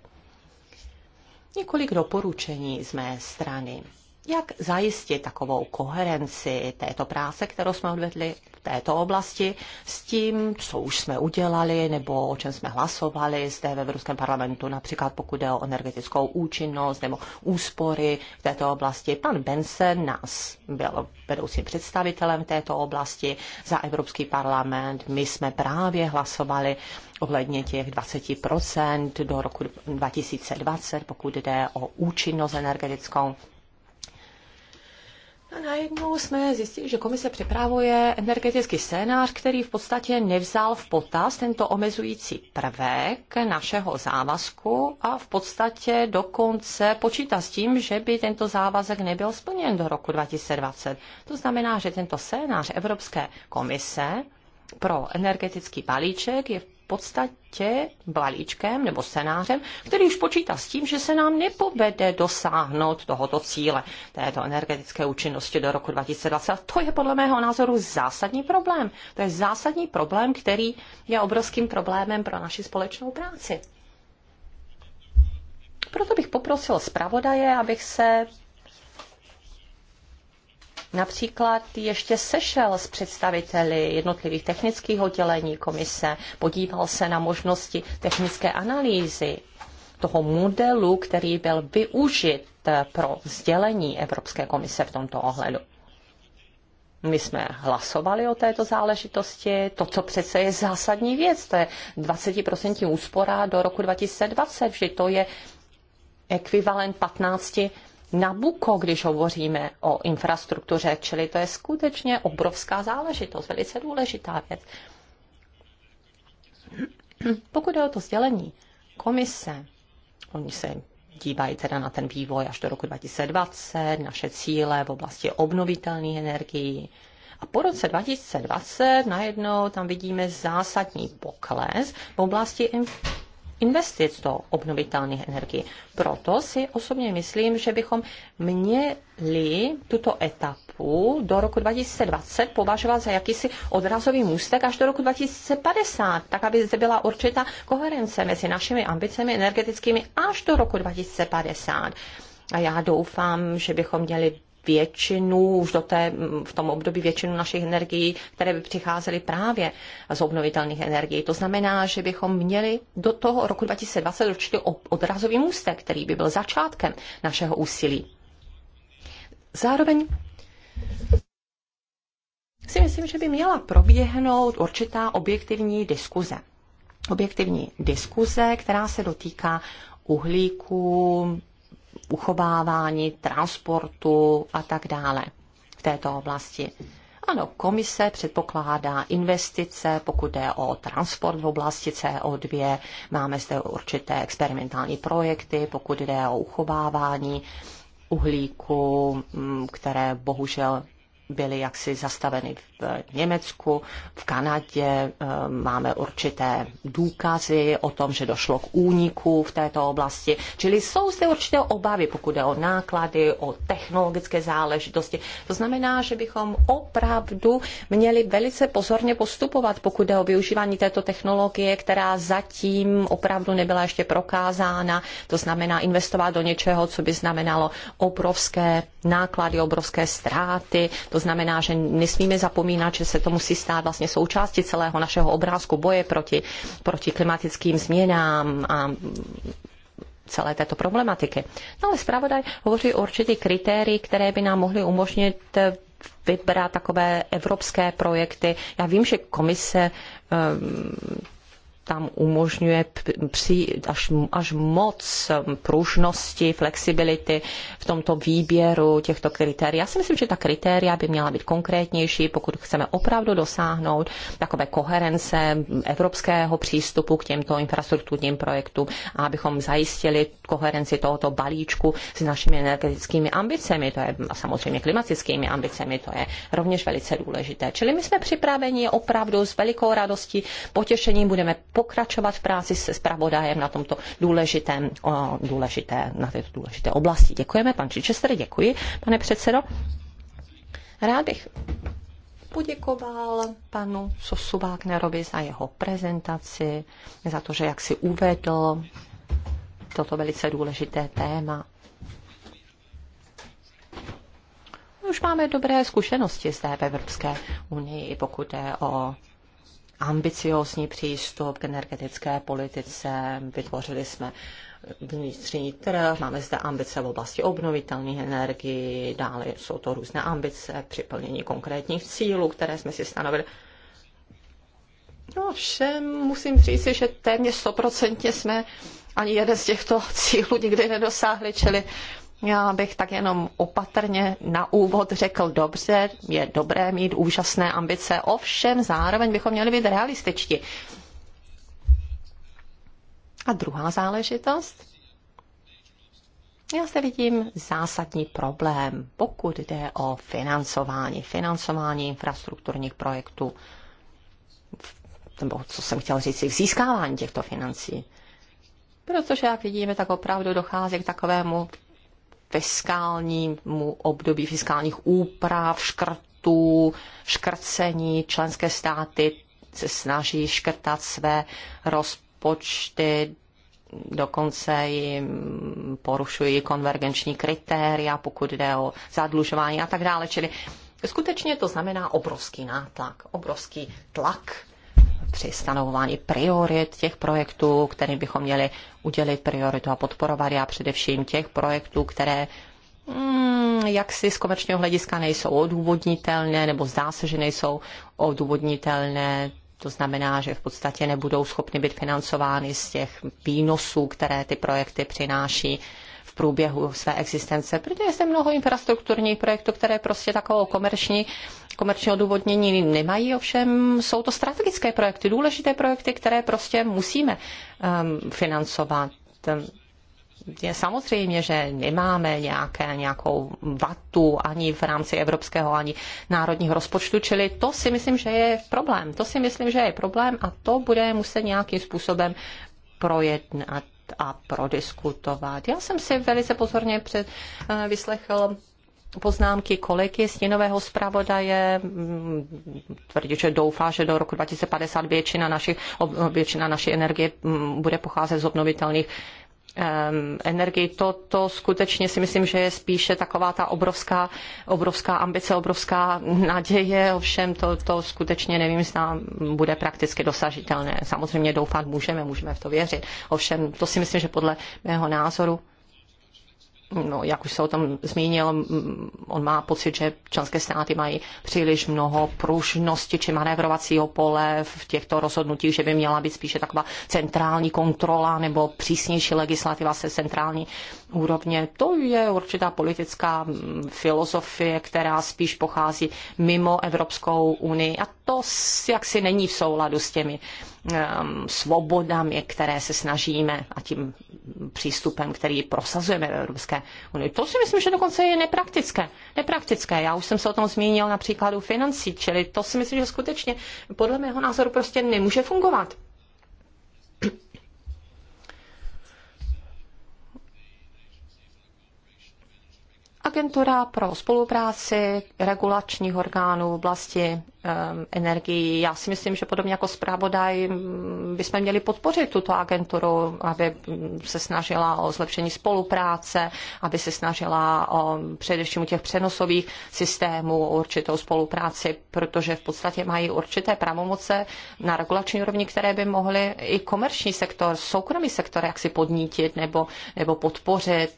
S4: Několik doporučení z mé strany jak zajistit takovou koherenci této práce, kterou jsme odvedli v této oblasti, s tím, co už jsme udělali nebo o čem jsme hlasovali zde ve Evropském parlamentu, například pokud jde o energetickou účinnost nebo úspory v této oblasti. Pan Benson nás byl vedoucím představitelem této oblasti za Evropský parlament. My jsme právě hlasovali ohledně těch 20% do roku 2020, pokud jde o účinnost energetickou a najednou jsme zjistili, že komise připravuje energetický scénář, který v podstatě nevzal v potaz tento omezující prvek našeho závazku a v podstatě dokonce počítá s tím, že by tento závazek nebyl splněn do roku 2020. To znamená, že tento scénář Evropské komise pro energetický balíček je v podstatě balíčkem nebo scénářem, který už počítá s tím, že se nám nepovede dosáhnout tohoto cíle, této energetické účinnosti do roku 2020. To je podle mého názoru zásadní problém. To je zásadní problém, který je obrovským problémem pro naši společnou práci. Proto bych poprosil zpravodaje, abych se například ještě sešel s představiteli jednotlivých technických oddělení komise, podíval se na možnosti technické analýzy toho modelu, který byl využit pro sdělení Evropské komise v tomto ohledu. My jsme hlasovali o této záležitosti. To, co přece je zásadní věc, to je 20% úspora do roku 2020, že to je ekvivalent 15 Nabuko, když hovoříme o infrastruktuře, čili to je skutečně obrovská záležitost, velice důležitá věc. Pokud je o to sdělení komise, oni se dívají teda na ten vývoj až do roku 2020, naše cíle v oblasti obnovitelných energií. A po roce 2020 najednou tam vidíme zásadní pokles v oblasti investic do obnovitelných energií. Proto si osobně myslím, že bychom měli tuto etapu do roku 2020 považovat za jakýsi odrazový můstek až do roku 2050, tak aby zde byla určitá koherence mezi našimi ambicemi energetickými až do roku 2050. A já doufám, že bychom měli většinu, už do té, v tom období většinu našich energií, které by přicházely právě z obnovitelných energií. To znamená, že bychom měli do toho roku 2020 určitě odrazový můstek, který by byl začátkem našeho úsilí. Zároveň si myslím, že by měla proběhnout určitá objektivní diskuze. Objektivní diskuze, která se dotýká uhlíku, uchovávání, transportu a tak dále v této oblasti. Ano, komise předpokládá investice, pokud jde o transport v oblasti CO2, máme zde určité experimentální projekty, pokud jde o uchovávání uhlíku, mm, které bohužel byly jaksi zastaveny v Německu, v Kanadě. Eh, máme určité důkazy o tom, že došlo k úniku v této oblasti. Čili jsou zde určité obavy, pokud jde o náklady, o technologické záležitosti. To znamená, že bychom opravdu měli velice pozorně postupovat, pokud jde o využívání této technologie, která zatím opravdu nebyla ještě prokázána. To znamená investovat do něčeho, co by znamenalo obrovské náklady, obrovské ztráty to znamená, že nesmíme zapomínat, že se to musí stát vlastně součástí celého našeho obrázku boje proti, proti klimatickým změnám a celé této problematiky. No ale zpravodaj hovoří o určitých kritérií, které by nám mohly umožnit vybrat takové evropské projekty. Já vím, že komise ehm, tam umožňuje až, až moc um, pružnosti, flexibility v tomto výběru těchto kritérií. Já si myslím, že ta kritéria by měla být konkrétnější, pokud chceme opravdu dosáhnout takové koherence evropského přístupu k těmto infrastrukturním projektům a abychom zajistili koherenci tohoto balíčku s našimi energetickými ambicemi, to je samozřejmě klimatickými ambicemi, to je rovněž velice důležité. Čili my jsme připraveni opravdu s velikou radostí, potěšením budeme pokračovat v práci se zpravodajem na tomto důležitém, důležité, na této důležité oblasti. Děkujeme, pan Čičester, děkuji, pane předsedo. Rád bych poděkoval panu Sosu Wagnerovi za jeho prezentaci, za to, že jak si uvedl toto velice důležité téma. Už máme dobré zkušenosti zde v Evropské unii, pokud je o ambiciózní přístup k energetické politice, vytvořili jsme vnitřní trh, máme zde ambice v oblasti obnovitelných energií, dále jsou to různé ambice při plnění konkrétních cílů, které jsme si stanovili. No všem musím říct, že téměř stoprocentně jsme ani jeden z těchto cílů nikdy nedosáhli, čili já bych tak jenom opatrně na úvod řekl, dobře, je dobré mít úžasné ambice, ovšem zároveň bychom měli být realističtí. A druhá záležitost. Já se vidím zásadní problém, pokud jde o financování, financování infrastrukturních projektů, nebo co jsem chtěl říct, v získávání těchto financí. Protože, jak vidíme, tak opravdu dochází k takovému fiskálnímu období fiskálních úprav, škrtů, škrcení. Členské státy se snaží škrtat své rozpočty, dokonce jim porušují konvergenční kritéria, pokud jde o zadlužování a tak dále. Čili skutečně to znamená obrovský nátlak, obrovský tlak při stanovování priorit těch projektů, kterým bychom měli udělit prioritu a podporovat a především těch projektů, které Hmm, jak si z komerčního hlediska nejsou odůvodnitelné, nebo zdá se, že nejsou odůvodnitelné, to znamená, že v podstatě nebudou schopny být financovány z těch výnosů, které ty projekty přináší průběhu své existence, protože je zde mnoho infrastrukturních projektů, které prostě takovou komerční komerční odůvodnění nemají, ovšem jsou to strategické projekty, důležité projekty, které prostě musíme um, financovat je samozřejmě, že nemáme nějaké, nějakou vatu ani v rámci evropského, ani národního rozpočtu, čili to si myslím, že je problém. To si myslím, že je problém a to bude muset nějakým způsobem projednat a prodiskutovat. Já jsem si velice pozorně před, eh, vyslechl poznámky kolegy stínového zpravodaje. Mm, tvrdí, že doufá, že do roku 2050 většina, našich, většina naší energie mm, bude pocházet z obnovitelných Ehm, energii. To, to skutečně si myslím, že je spíše taková ta obrovská, obrovská ambice, obrovská naděje, ovšem to, to skutečně nevím, zda bude prakticky dosažitelné. Samozřejmě doufat můžeme, můžeme v to věřit. Ovšem to si myslím, že podle mého názoru no, jak už se o tom zmínil, on má pocit, že členské státy mají příliš mnoho pružnosti či manévrovacího pole v těchto rozhodnutích, že by měla být spíše taková centrální kontrola nebo přísnější legislativa se centrální úrovně. To je určitá politická filozofie, která spíš pochází mimo Evropskou unii a to jaksi není v souladu s těmi um, svobodami, které se snažíme a tím přístupem, který prosazujeme v Evropské unii. To si myslím, že dokonce je nepraktické. Nepraktické. Já už jsem se o tom zmínil například u financí, čili to si myslím, že skutečně podle mého názoru prostě nemůže fungovat. Agentura pro spolupráci regulačních orgánů v oblasti um, energií. Já si myslím, že podobně jako zpravodaj bychom měli podpořit tuto agenturu, aby se snažila o zlepšení spolupráce, aby se snažila o především u těch přenosových systémů o určitou spolupráci, protože v podstatě mají určité pravomoce na regulační úrovni, které by mohly i komerční sektor, soukromý sektor jak si podnítit nebo, nebo podpořit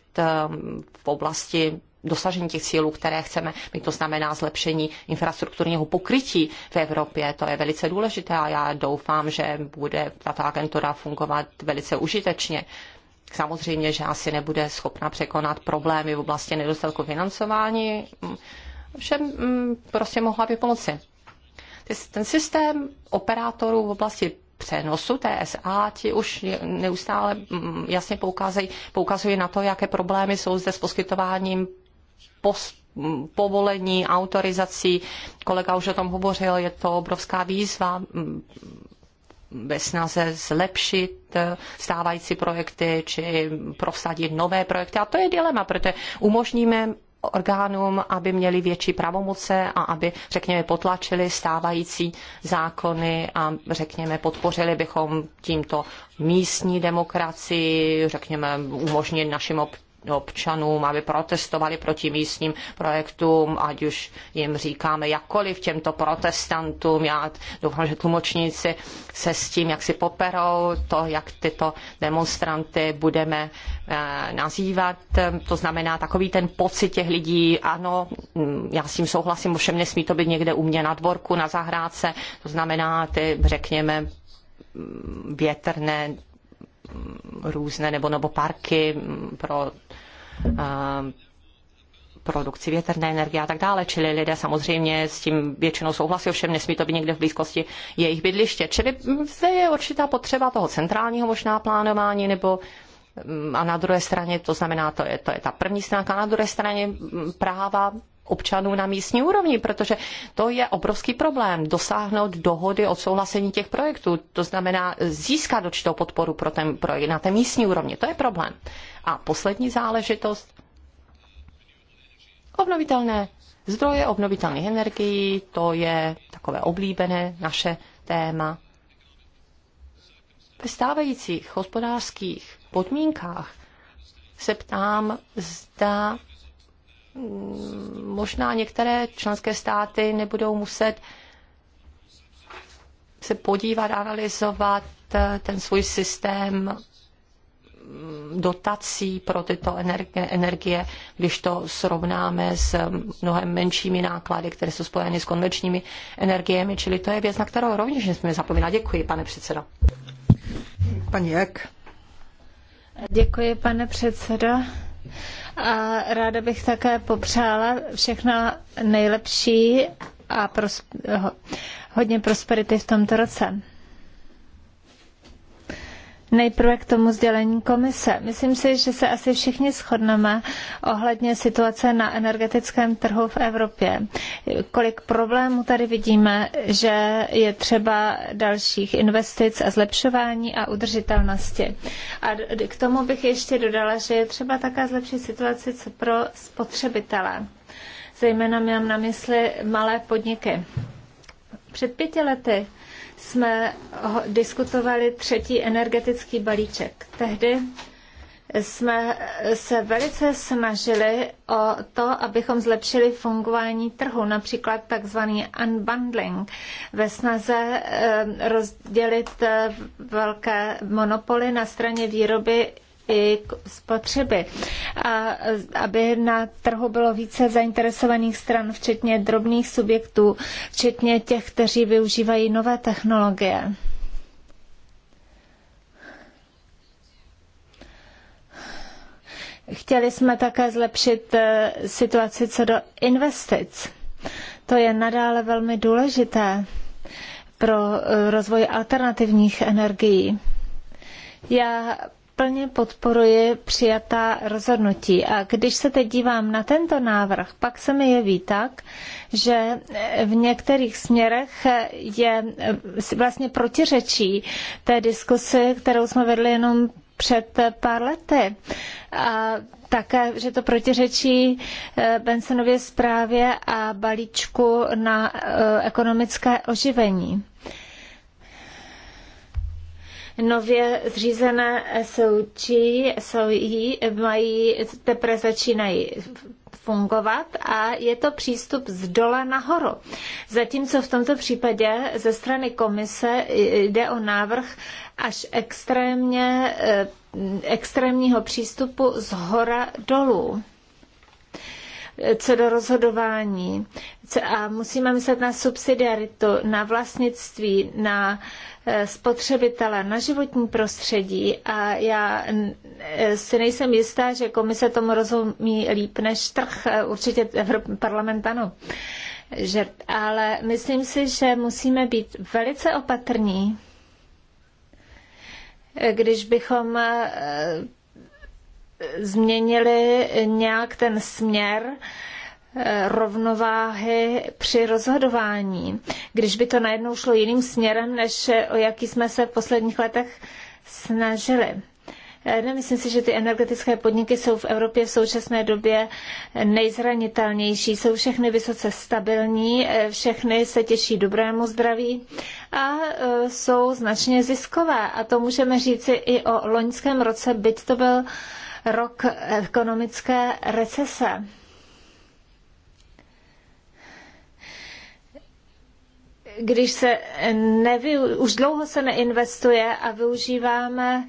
S4: v oblasti dosažení těch cílů, které chceme my To znamená zlepšení infrastrukturního pokrytí v Evropě. To je velice důležité a já doufám, že bude tato agentura fungovat velice užitečně. Samozřejmě, že asi nebude schopna překonat problémy v oblasti nedostatku financování, všem mm, prostě mohla by pomoci. Ten systém operátorů v oblasti přenosu TSA, ti už neustále mm, jasně poukazují, poukazují na to, jaké problémy jsou zde s poskytováním post, povolení, autorizací. Kolega už o tom hovořil, je to obrovská výzva mm, ve snaze zlepšit eh, stávající projekty či prosadit nové projekty. A to je dilema, protože umožníme orgánům, aby měli větší pravomoce a aby, řekněme, potlačili stávající zákony a, řekněme, podpořili bychom tímto místní demokracii, řekněme, umožnit našim občanům občanům, aby protestovali proti místním projektům, ať už jim říkáme jakkoliv těmto protestantům. Já doufám, že tlumočníci se s tím, jak si poperou, to, jak tyto demonstranty budeme eh, nazývat. To znamená takový ten pocit těch lidí, ano, já s tím souhlasím, ovšem nesmí to být někde u mě na dvorku, na zahrádce, to znamená ty, řekněme, větrné různé nebo, nebo parky pro eh, produkci větrné energie a tak dále. Čili lidé samozřejmě s tím většinou souhlasí, ovšem nesmí to být někde v blízkosti jejich bydliště. Čili zde je určitá potřeba toho centrálního možná plánování nebo mm, a na druhé straně, to znamená, to je, to je ta první stránka, a na druhé straně mm, práva občanů na místní úrovni, protože to je obrovský problém dosáhnout dohody o souhlasení těch projektů. To znamená získat určitou podporu pro ten projekt na té místní úrovni. To je problém. A poslední záležitost. Obnovitelné zdroje obnovitelných energií, to je takové oblíbené naše téma. Ve stávajících hospodářských podmínkách se ptám, zda Mm, možná některé členské státy nebudou muset se podívat, analyzovat eh, ten svůj systém mm, dotací pro tyto energie, energie, když to srovnáme s mnohem menšími náklady, které jsou spojeny s konvenčními energiemi, čili to je věc, na kterou rovněž nesmíme zapomínat. Děkuji, pane předsedo.
S2: Paní
S3: Jak. Děkuji, pane předsedo. A ráda bych také popřála všechno nejlepší a pros- hodně prosperity v tomto roce. Nejprve k tomu sdělení komise. Myslím si, že se asi všichni shodneme ohledně situace na energetickém trhu v Evropě. Kolik problémů tady vidíme, že je třeba dalších investic a zlepšování a udržitelnosti. A k tomu bych ještě dodala, že je třeba taká zlepšit situaci pro spotřebitele. Zejména mám na mysli malé podniky. Před pěti lety jsme diskutovali třetí energetický balíček. Tehdy jsme se velice snažili o to, abychom zlepšili fungování trhu, například takzvaný unbundling, ve snaze eh, rozdělit eh, velké monopoly na straně výroby i spotřeby. A aby na trhu bylo více zainteresovaných stran, včetně drobných subjektů, včetně těch, kteří využívají nové technologie. Chtěli jsme také zlepšit eh, situaci co do investic. To je nadále velmi důležité pro eh, rozvoj alternativních energií. Já plně podporuji přijatá rozhodnutí. A když se teď dívám na tento návrh, pak se mi jeví tak, že v některých směrech je eh, vlastně protiřečí té diskusy, kterou jsme vedli jenom před pár lety. A také, že to protiřečí eh, Bensonově zprávě a balíčku na eh, ekonomické oživení nově zřízené SOG, SOI mají, teprve začínají fungovat a je to přístup z dole nahoru. Zatímco v tomto případě ze strany komise jde o návrh až extrémně, eh, extrémního přístupu z hora dolů eh, co do rozhodování. A musíme myslet na subsidiaritu, na vlastnictví, na Eh, spotřebitele, na životní prostředí a já eh, si nejsem jistá, že komise tomu rozumí líp než trh, eh, určitě parlament ano. Žert. Ale myslím si, že musíme být velice opatrní, když bychom změnili nějak ten směr, Eh, rovnováhy při rozhodování. Když by to najednou šlo jiným směrem, než eh, o jaký jsme se v posledních letech snažili. Eh, nemyslím si, že ty energetické podniky jsou v Evropě v současné době nejzranitelnější. Jsou všechny vysoce stabilní, všechny se těší dobrému zdraví a jsou značně ziskové. A to můžeme říci i o loňském roce, byť to byl rok ekonomické recese. když se nevy, už dlouho se neinvestuje a využíváme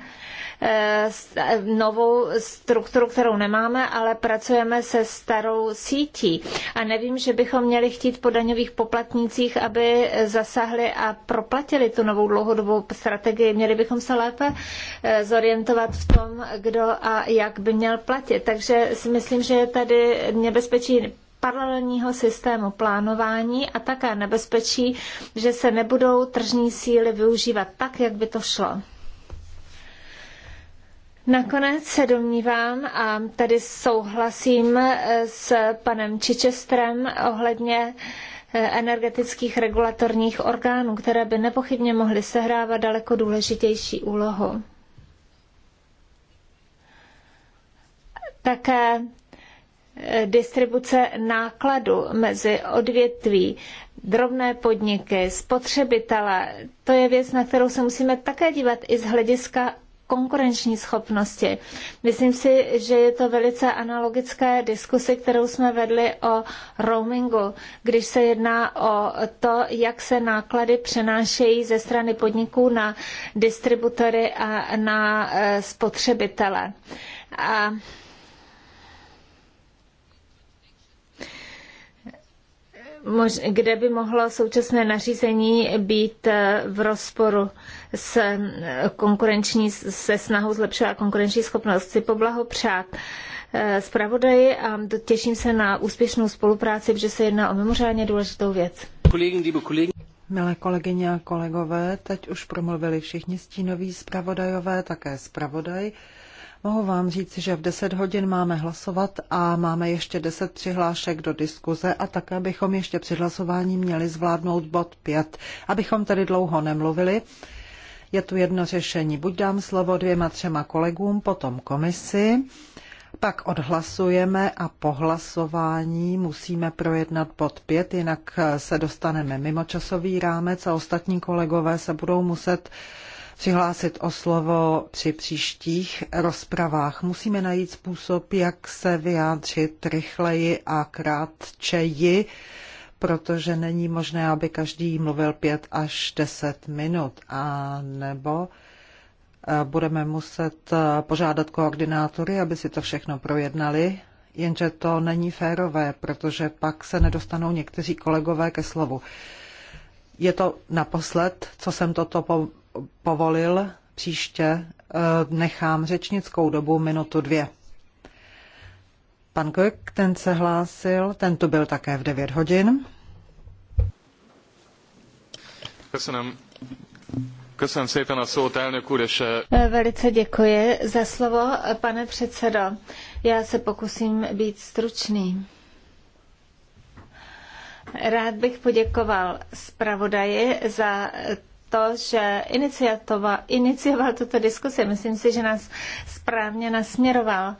S3: eh, eh, novou strukturu, kterou nemáme, ale pracujeme se starou sítí. A nevím, že bychom měli chtít po daňových poplatnících, aby zasahli a proplatili tu novou dlouhodobou strategii. Měli bychom se lépe eh, zorientovat v tom, kdo a jak by měl platit. Takže si myslím, že je tady nebezpečí paralelního systému plánování a také nebezpečí, že se nebudou tržní síly využívat tak, jak by to šlo. Nakonec se domnívám a tady souhlasím e, s panem Čičestrem ohledně e, energetických regulatorních orgánů, které by nepochybně mohly sehrávat daleko důležitější úlohu. Také distribuce nákladu mezi odvětví, drobné podniky, spotřebitele. To je věc, na kterou se musíme také dívat i z hlediska konkurenční schopnosti. Myslím si, že je to velice analogické diskusi, kterou jsme vedli o roamingu, když se jedná o to, jak se náklady přenášejí ze strany podniků na distributory a na eh, spotřebitele. A kde by mohlo současné nařízení být eh, v rozporu s eh, konkurenční, se snahou zlepšovat konkurenční schopnost. Chci poblahopřát eh, zpravodaji a těším se na úspěšnou spolupráci, protože se jedná o mimořádně důležitou
S1: věc.
S2: Milé kolegyně a kolegové, teď už promluvili všichni stínoví zpravodajové, také zpravodaj. Mohu vám říct, že v 10 hodin máme hlasovat a máme ještě 10 přihlášek do diskuze a také bychom ještě při hlasování měli zvládnout bod 5, abychom tedy dlouho nemluvili. Je tu jedno řešení. Buď dám slovo dvěma třema kolegům, potom komisi, pak odhlasujeme a po hlasování musíme projednat bod 5, jinak se dostaneme mimo časový rámec a ostatní kolegové se budou muset uh, přihlásit o slovo při příštích rozpravách. Musíme najít způsob, jak se vyjádřit rychleji a krátčeji, protože není možné, aby každý mluvil pět až deset minut, a nebo eh, budeme muset eh, požádat koordinátory, aby si to všechno projednali, jenže to není férové, protože pak se nedostanou někteří kolegové ke slovu. Je to naposled, co jsem toto po povolil, příště eh, nechám řečnickou dobu minutu dvě. Pan Kök, ten se hlásil, ten tu byl také v 9 hodin. Köszönöm.
S5: Eh,
S3: eh, velice děkuji za slovo, pane předsedo. Já se pokusím být stručný. Rád bych poděkoval zpravodaji za to, že iniciativa, inicioval tuto diskusi. Myslím si, že nás správně nasměroval.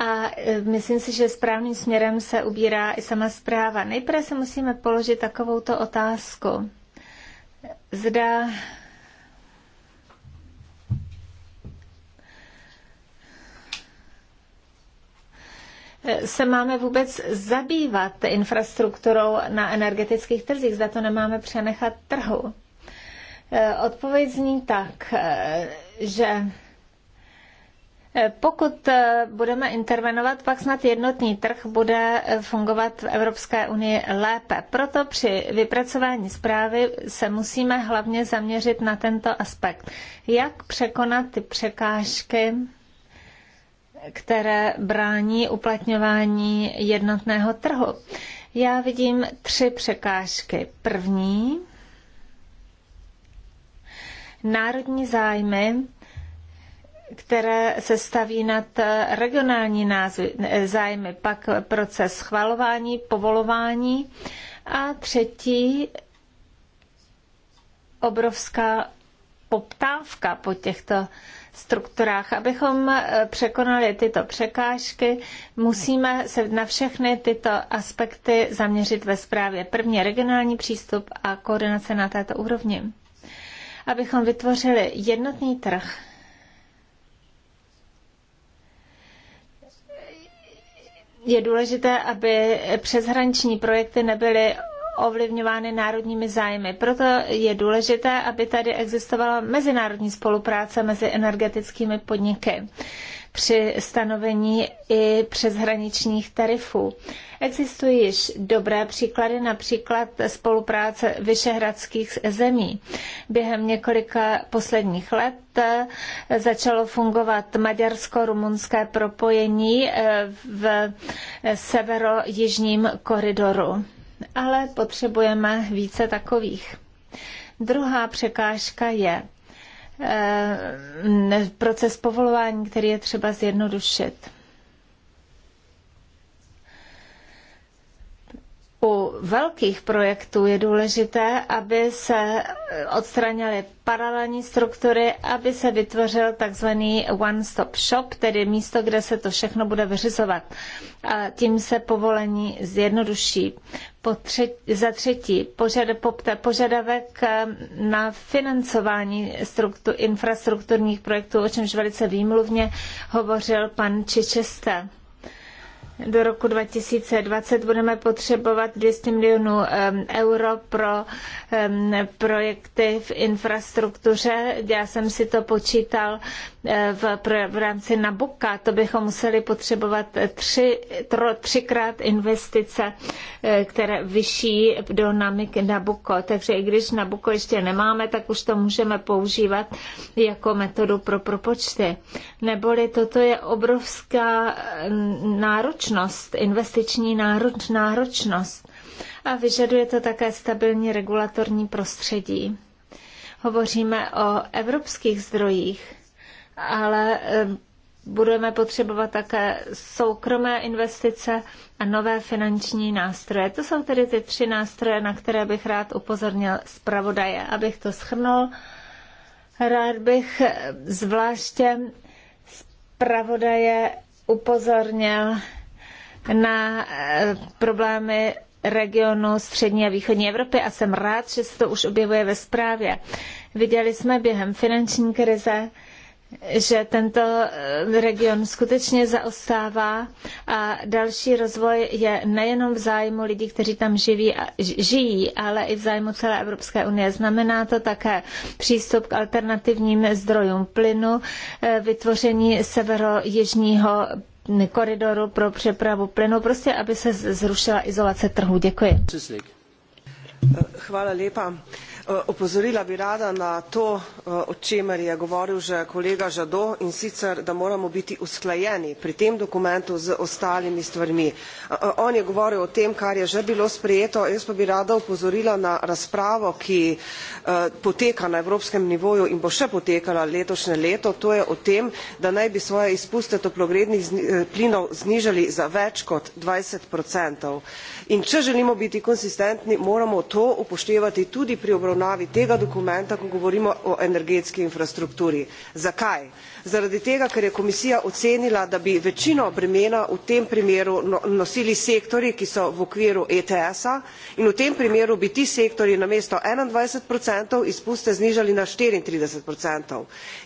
S3: A e, myslím si, že správným směrem se ubírá i sama zpráva. Nejprve se musíme položit takovouto otázku. Zda se máme vůbec zabývat infrastrukturou na energetických trzích, zda to nemáme přenechat trhu. Eh, odpověď zní tak, eh, že eh, pokud budeme intervenovat, pak snad jednotný trh bude fungovat v Evropské unii lépe. Proto při vypracování zprávy se musíme hlavně zaměřit na tento aspekt. Jak překonat ty překážky, které brání uplatňování jednotného trhu? Já vidím tři překážky. První národní zájmy které se staví nad eh, regionální názvy, eh, zájmy, pak proces schvalování, povolování a třetí obrovská poptávka po těchto strukturách. Abychom eh, překonali tyto překážky, musíme se na všechny tyto aspekty zaměřit ve zprávě. První regionální přístup a koordinace na této úrovni abychom vytvořili jednotný trh. Je důležité, aby přeshraniční projekty nebyly ovlivňovány národními zájmy. Proto je důležité, aby tady existovala mezinárodní spolupráce mezi energetickými podniky při stanovení i přeshraničních tarifů. Existují již dobré příklady, například spolupráce vyšehradských zemí. Během několika posledních let eh, začalo fungovat maďarsko-rumunské propojení eh, v eh, severo-jižním koridoru. Ale potřebujeme více takových. Druhá překážka je Eh, proces povolování, který je třeba zjednodušit. u velkých projektů je důležité, aby se odstranily paralelní struktury, aby se vytvořil takzvaný one-stop shop, tedy místo, kde se to všechno bude vyřizovat. A tím se povolení zjednoduší. Po třetí, za třetí, požad, popte, požadavek na financování infrastrukturních projektů, o čemž velice výmluvně hovořil pan Čičester do roku 2020 budeme potřebovat 200 milionů euro pro projekty v infrastruktuře. Já jsem si to počítal Eh, v, v rámci Nabuka, to bychom museli potřebovat tři, tro, třikrát investice, eh, které vyšší do namik Nabuko. Takže i když Nabuko ještě nemáme, tak už to můžeme používat jako metodu pro propočty. Neboli toto je obrovská eh, náročnost, investiční nároč, náročnost. A vyžaduje to také stabilní regulatorní prostředí. Hovoříme o evropských zdrojích ale eh, budeme potřebovat také soukromé investice a nové finanční nástroje. To jsou tedy ty tři nástroje, na které bych rád upozornil zpravodaje. Abych to schrnul, rád bych eh, zvláště zpravodaje upozornil na eh, problémy regionu střední a východní Evropy a jsem rád, že se to už objevuje ve zprávě. Viděli jsme během finanční krize, že tento eh, region skutečně zaostává a další rozvoj je nejenom v zájmu lidí, kteří tam živí a, žijí, ale i v zájmu celé Evropské unie. Znamená to také přístup k alternativním zdrojům plynu, eh, vytvoření severo-jižního koridoru pro přepravu plynu, prostě aby se zrušila izolace trhu. Děkuji.
S5: Chvála lepa. Eh, opozorila bi rada na to, eh, o čemer je govoril že kolega Žado in sicer, da moramo biti usklajeni pri tem dokumentu z ostalimi stvarmi. Eh, on je govoril o tem, kar je že bilo sprejeto, jaz pa bi rada opozorila na razpravo, ki poteka na evropskem nivoju in bo še potekala letošnje leto, to je o tem, da naj bi svoje izpuste toplogrednih plinov znižali za več kot 20 In če želimo biti konsistentni, moramo to upoštevati tudi pri obravnavi obravnavi tega dokumenta, ko govorimo o energetski infrastrukturi. Zakaj? zaradi tega ker je komisija ocenila da bi večino bremena v tem primeru no, nosili sektorji ki so v okviru ets a in v tem primeru bi ti sektorji namesto enaindvajset izpuste znižali na štiriintrideset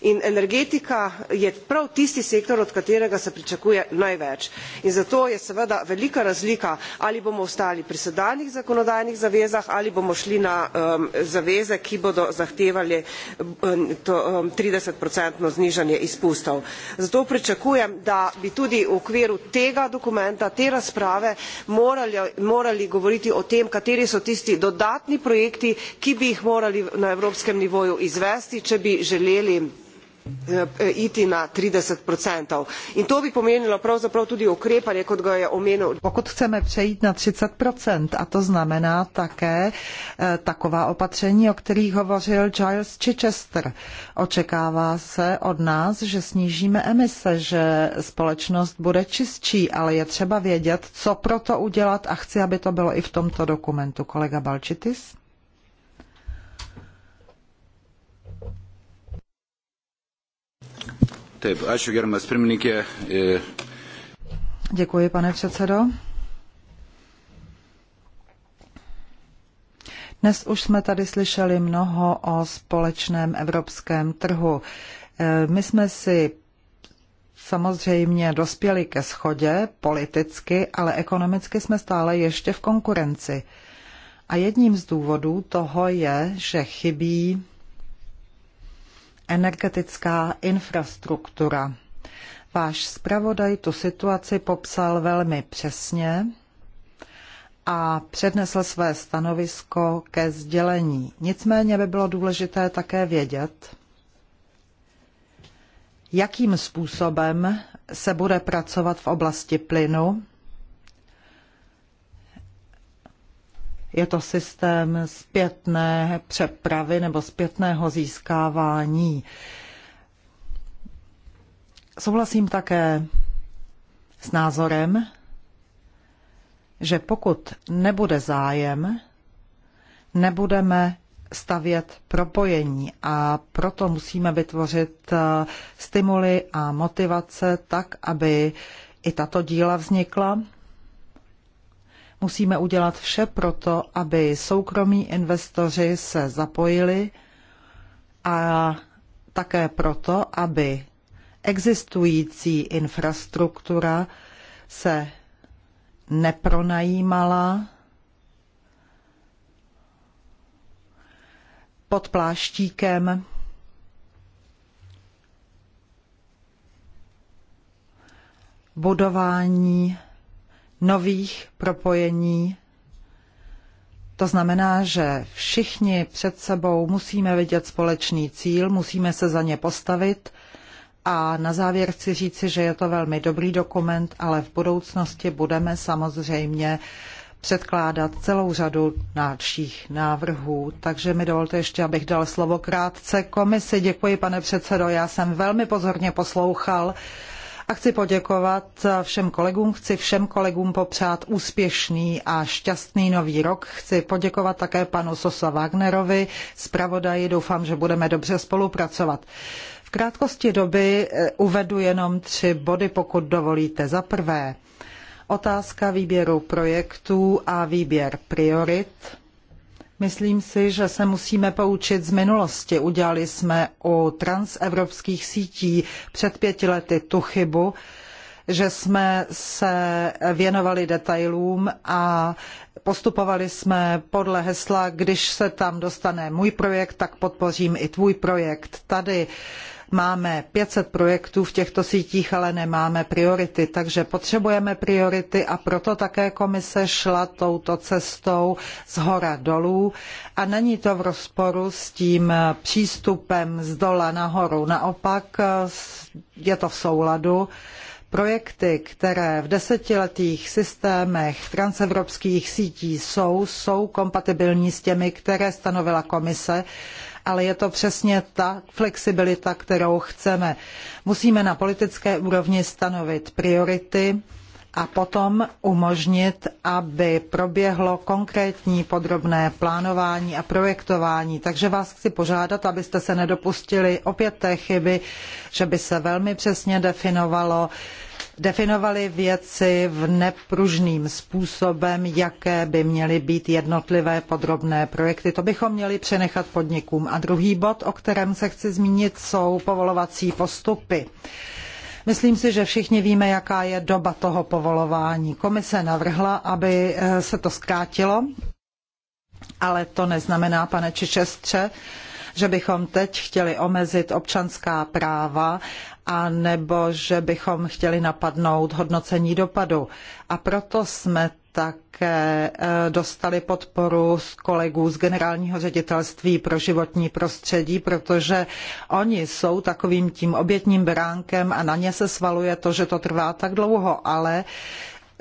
S5: in energetika je prav tisti sektor od katerega se pričakuje največ in zato je seveda velika razlika ali bomo ostali pri sedanjih zakonodajnih zavezah ali bomo šli na um, zaveze ki bodo zahtevale trideset um, um znižanje izpustov. zato pričakujem da bi tudi v okviru tega dokumenta te razprave morali, morali govoriti o tem kateri so tisti dodatni projekti ki bi jih morali na evropskem nivoju izvesti če bi želeli Eh, iti na 30 In to by pomenilo pravzaprav tudi ukrepanje, kot ga je omenil.
S2: Pokud chceme přejít na 30 a to znamená také eh, taková opatření, o kterých hovořil Giles Chichester. Očekává se od nás, že snížíme emise, že společnost bude čistší, ale je třeba vědět, co pro to udělat a chci, aby to bylo i v tomto dokumentu. Kolega Balčitis?
S1: Taip, ačiū gerbiamas pirmininkė. E,
S2: Děkuji, pane předsedo. Dnes už jsme tady slyšeli mnoho o společném evropském trhu. E, my jsme si samozřejmě dospěli ke schodě politicky, ale ekonomicky jsme stále ještě v konkurenci. A jedním z důvodů toho je, že chybí energetická infrastruktura. Váš zpravodaj tu situaci popsal velmi přesně a přednesl své stanovisko ke sdělení. Nicméně by bylo důležité také vědět, jakým způsobem se bude pracovat v oblasti plynu Je to systém zpětné přepravy nebo zpětného získávání. Souhlasím také s názorem, že pokud nebude zájem, nebudeme stavět propojení a proto musíme vytvořit eh, stimuly a motivace tak, aby i tato díla vznikla Musíme udělat vše proto, aby soukromí investoři se zapojili a také proto, aby existující infrastruktura se nepronajímala pod pláštíkem budování nových propojení. To znamená, že všichni před sebou musíme vidět společný cíl, musíme se za ně postavit a na závěr chci říci, že je to velmi dobrý dokument, ale v budoucnosti budeme samozřejmě předkládat celou řadu dalších návrhů. Takže mi dovolte ještě, abych dal slovo krátce komisi. Děkuji, pane předsedo. Já jsem velmi pozorně poslouchal a chci poděkovat všem kolegům, chci všem kolegům popřát úspěšný a šťastný nový rok. Chci poděkovat také panu Sosa Wagnerovi, zpravodaji, doufám, že budeme dobře spolupracovat. V krátkosti doby eh, uvedu jenom tři body, pokud dovolíte. Za prvé, otázka výběru projektů a výběr priorit Myslím si, že se musíme poučit z minulosti. Udělali jsme u transevropských sítí před pěti lety tu chybu, že jsme se věnovali detailům a postupovali jsme podle hesla, když se tam dostane můj projekt, tak podpořím i tvůj projekt. Tady Máme 500 projektů v těchto sítích, ale nemáme priority, takže potřebujeme priority a proto také komise šla touto cestou shora dolů a není to v rozporu s tím přístupem z dola nahoru. Naopak je to v souladu projekty, které v desetiletých systémech transevropských sítí jsou, jsou kompatibilní s těmi, které stanovila komise ale je to přesně ta flexibilita, kterou chceme. Musíme na politické úrovni stanovit priority a potom umožnit, aby proběhlo konkrétní podrobné plánování a projektování. Takže vás chci požádat, abyste se nedopustili opět té chyby, že by se velmi přesně definovalo, definovali věci v nepružným způsobem, jaké by měly být jednotlivé podrobné projekty. To bychom měli přenechat podnikům. A druhý bod, o kterém se chci zmínit, jsou povolovací postupy. Myslím si, že všichni víme, jaká je doba toho povolování. Komise navrhla, aby eh, se to zkrátilo, ale to neznamená, pane Čičestře, že bychom teď chtěli omezit občanská práva a nebo že bychom chtěli napadnout hodnocení dopadu. A proto jsme také eh, dostali podporu z kolegů z Generálního ředitelství pro životní prostředí, protože oni jsou takovým tím obětním beránkem a na ně se svaluje to, že to trvá tak dlouho, ale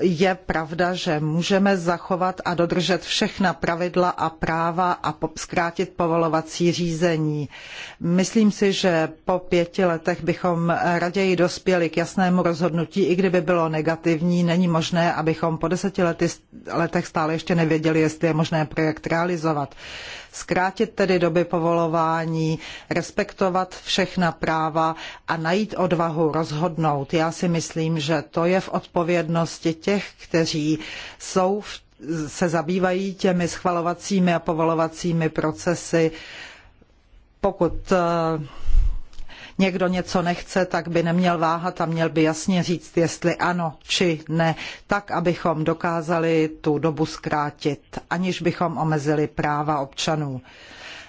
S2: je pravda, že můžeme zachovat a dodržet všechna pravidla a práva a zkrátit povolovací řízení. Myslím si, že po pěti letech bychom raději dospěli k jasnému rozhodnutí, i kdyby bylo negativní. Není možné, abychom po deseti lety, letech stále ještě nevěděli, jestli je možné projekt realizovat zkrátit tedy doby povolování, respektovat všechna práva a najít odvahu rozhodnout. Já si myslím, že to je v odpovědnosti těch, kteří jsou se zabývají těmi schvalovacími a povolovacími procesy. Pokud eh, někdo něco nechce, tak by neměl váhat a měl by jasně říct, jestli ano či ne, tak, abychom dokázali tu dobu zkrátit, aniž bychom omezili práva občanů.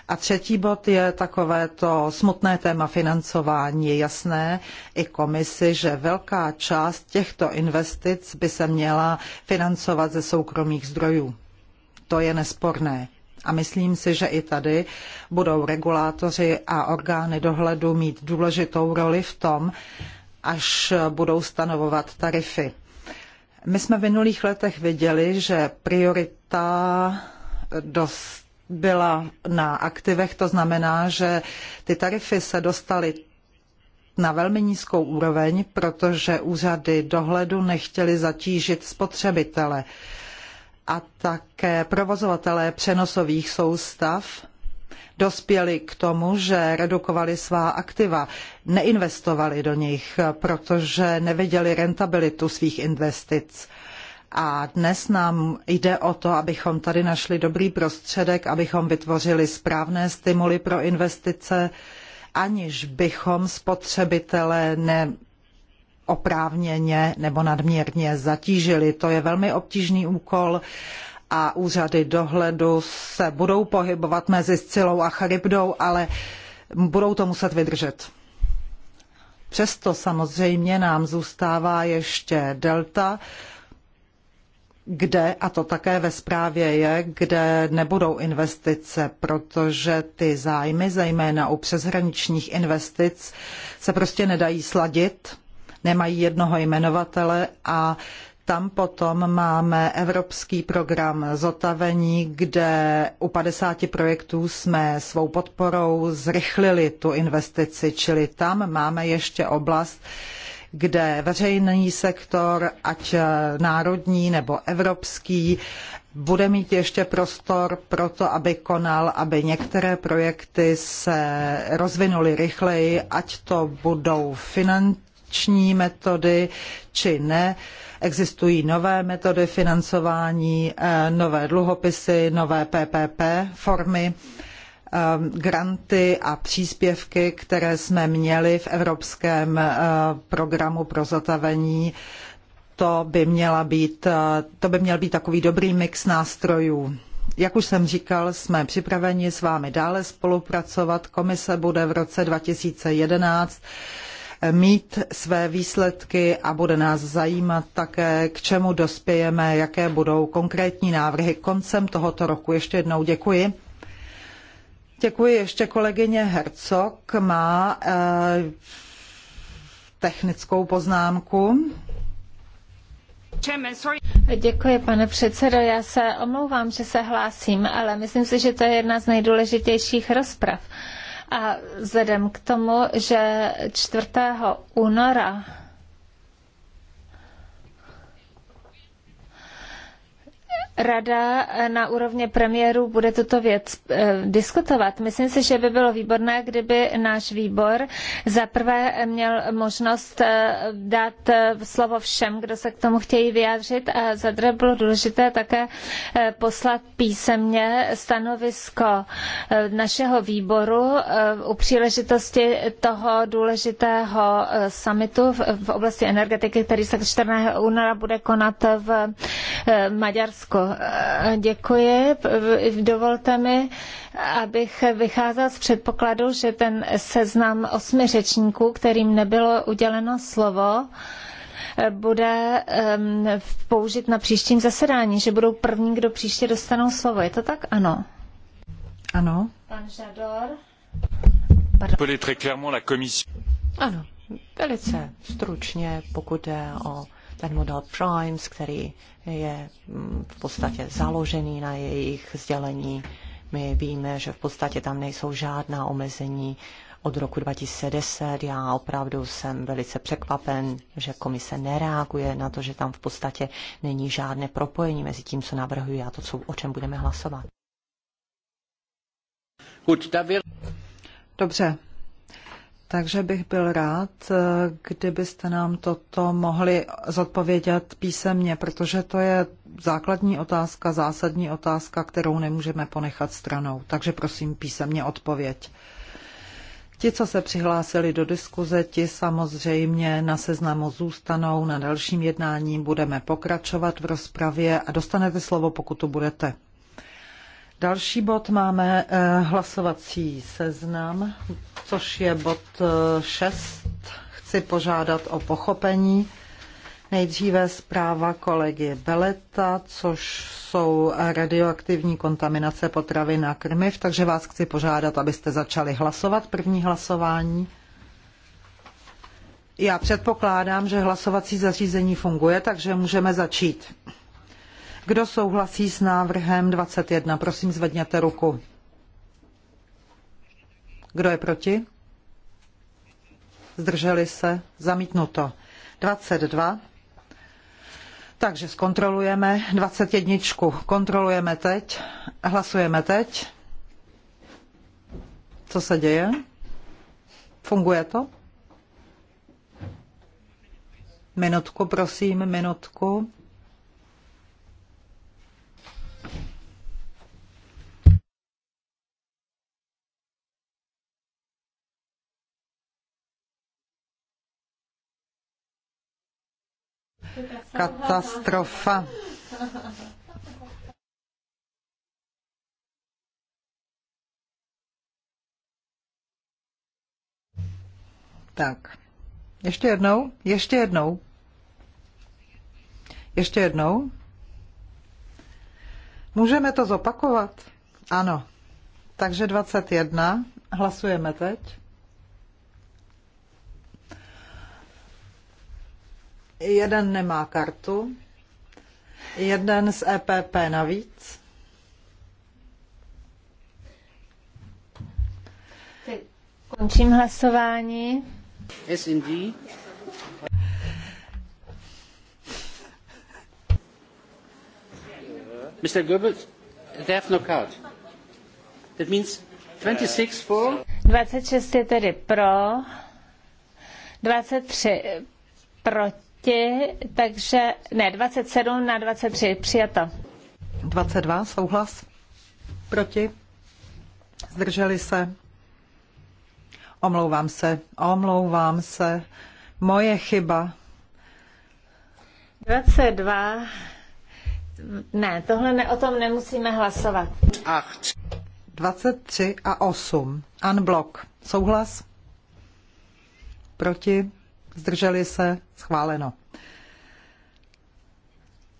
S2: A třetí bod je takové to smutné téma financování. Je jasné i komisi, že velká část těchto investic by se měla financovat ze soukromých zdrojů. To je nesporné. A myslím si, že i tady budou regulátoři a orgány dohledu mít důležitou roli v tom, až budou stanovovat tarify. My jsme v minulých letech viděli, že priorita dost byla na aktivech, to znamená, že ty tarify se dostaly na velmi nízkou úroveň, protože úřady dohledu nechtěly zatížit spotřebitele a také provozovatelé přenosových soustav dospěli k tomu, že redukovali svá aktiva, neinvestovali do nich, protože neviděli rentabilitu svých investic. A dnes nám jde o to, abychom tady našli dobrý prostředek, abychom vytvořili správné stimuly pro investice, aniž bychom spotřebitele ne, oprávněně nebo nadměrně zatížili. To je velmi obtížný úkol a úřady dohledu se budou pohybovat mezi Scilou a Charybdou, ale budou to muset vydržet. Přesto samozřejmě nám zůstává ještě delta, kde, a to také ve zprávě je, kde nebudou investice, protože ty zájmy, zejména u přeshraničních investic, se prostě nedají sladit nemají jednoho jmenovatele a tam potom máme evropský program zotavení, kde u 50 projektů jsme svou podporou zrychlili tu investici, čili tam máme ještě oblast, kde veřejný sektor, ať národní nebo evropský, bude mít ještě prostor pro to, aby konal, aby některé projekty se rozvinuly rychleji, ať to budou finan- tradiční metody či ne. Existují nové metody financování, eh, nové dluhopisy, nové PPP formy eh, granty a příspěvky, které jsme měli v evropském eh, programu pro zatavení, to by, měla být, to by měl být takový dobrý mix nástrojů. Jak už jsem říkal, jsme připraveni s vámi dále spolupracovat. Komise bude v roce 2011 mít své výsledky a bude nás zajímat také, k čemu dospějeme, jaké budou konkrétní návrhy koncem tohoto roku. Ještě jednou děkuji. Děkuji ještě kolegyně Hercog. Má eh, technickou poznámku.
S3: Děkuji, pane předsedo. Já se omlouvám, že se hlásím, ale myslím si, že to je jedna z nejdůležitějších rozprav. A vzhledem k tomu, že 4. února rada na úrovně premiérů bude tuto věc eh, diskutovat. Myslím si, že by bylo výborné, kdyby náš výbor za prvé měl možnost eh, dát eh, slovo všem, kdo se k tomu chtějí vyjádřit a za druhé bylo důležité také poslat písemně stanovisko našeho výboru u příležitosti toho důležitého summitu v oblasti energetiky, který se 14. února bude konat v Maďarsku. Eh, děkuji. Dovolte mi, abych vycházel z předpokladu, že ten seznam osmi řečníků, kterým nebylo uděleno slovo, eh, bude ehm, použit na příštím zasedání, že budou první, kdo příště dostanou slovo. Je to tak? Ano. Ano. Pan Žador.
S2: Pardon.
S4: Ano, velice stručně, pokud jde o ten model Primes, který je mm, v podstatě založený na jejich sdělení. My víme, že v podstatě tam nejsou žádná omezení od roku 2010. Já opravdu jsem velice překvapen, že komise nereaguje na to, že tam v podstatě není žádné propojení mezi tím, co navrhuji a to, co, o čem budeme hlasovat.
S2: Dobře, takže bych byl rád, kdybyste nám toto mohli zodpovědět písemně, protože to je základní otázka, zásadní otázka, kterou nemůžeme ponechat stranou. Takže prosím písemně odpověď. Ti, co se přihlásili do diskuze, ti samozřejmě na seznamu zůstanou. Na dalším jednání budeme pokračovat v rozpravě a dostanete slovo, pokud tu budete. Další bod máme eh, hlasovací seznam, což je bod 6. Eh, chci požádat o pochopení. Nejdříve zpráva kolegy Beleta, což jsou radioaktivní kontaminace potravin a krmiv, takže vás chci požádat, abyste začali hlasovat. První hlasování. Já předpokládám, že hlasovací zařízení funguje, takže můžeme začít. Kdo souhlasí s návrhem 21? Prosím, zvedněte ruku. Kdo je proti? Zdrželi se? Zamítnuto. 22. Takže zkontrolujeme 21. Kontrolujeme teď. Hlasujeme teď. Co se děje? Funguje to? Minutku, prosím, minutku.
S5: katastrofa.
S2: Tak. Ještě jednou? Ještě jednou? Ještě jednou? Můžeme to zopakovat? Ano. Takže 21. Hlasujeme teď. Jeden nemá kartu, jeden z EPP navíc.
S3: Končím hlasování.
S1: SND. Mr. Goebbels, they have no card. That means 26 for.
S3: 26 je tedy pro, 23 proti takže ne, 27 na 23, přijato. 22, souhlas. Proti.
S2: Zdrželi se. Omlouvám se, omlouvám se. Moje chyba.
S3: 22. Ne, tohle ne, o tom nemusíme hlasovat. 8.
S2: 23 a 8. Unblock. Souhlas? Proti? zdrželi se, schváleno.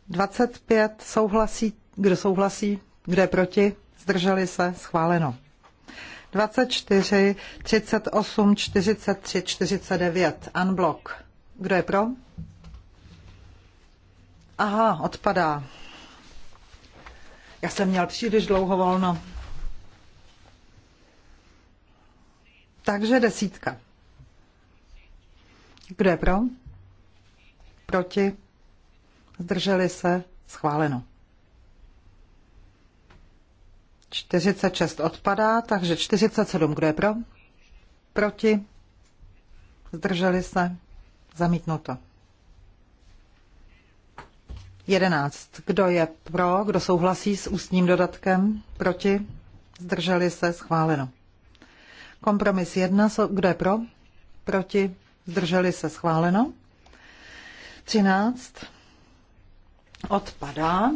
S2: 25 souhlasí, kdo souhlasí, kdo je proti, zdrželi se, schváleno. 24, 38, 43, 49, unblock. Kdo je pro? Aha, odpadá. Já jsem měl příliš dlouho volno. Takže desítka. Kdo je pro? Proti? Zdrželi se? Schváleno. 46 odpadá, takže 47, kdo je pro? Proti? Zdrželi se? Zamítnuto. 11. Kdo je pro? Kdo souhlasí s ústním dodatkem? Proti? Zdrželi se? Schváleno. Kompromis 1. Kdo je pro? Proti? zdrželi se schváleno. 13 odpadá.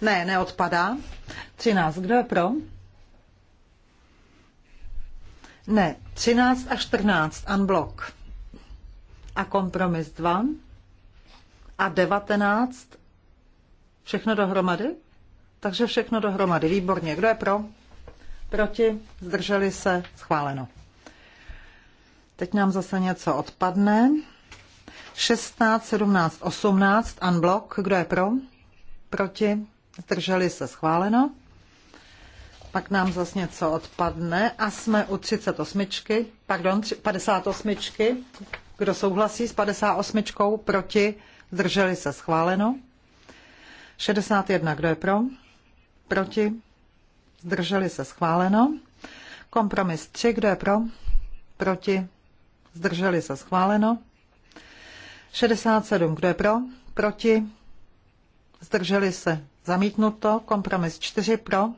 S2: Ne, neodpadá. 13, kdo je pro? Ne, 13 a 14 unblock. A kompromis 2 a 19 všechno dohromady? Takže všechno dohromady. Výborně. Kdo je pro? Proti? Zdrželi se? Schváleno. Teď nám zase něco odpadne. 16, 17, 18, unblock. Kdo je pro? Proti? Zdrželi se schváleno. Pak nám zase něco odpadne a jsme u 38, pardon, 58. Kdo souhlasí s 58? Proti? Zdrželi se schváleno. 61. Kdo je pro? Proti? Zdrželi se schváleno. Kompromis 3. Kdo je pro? Proti? Zdrželi se schváleno. 67. Kdo je pro? Proti? Zdrželi se zamítnuto. Kompromis 4 pro.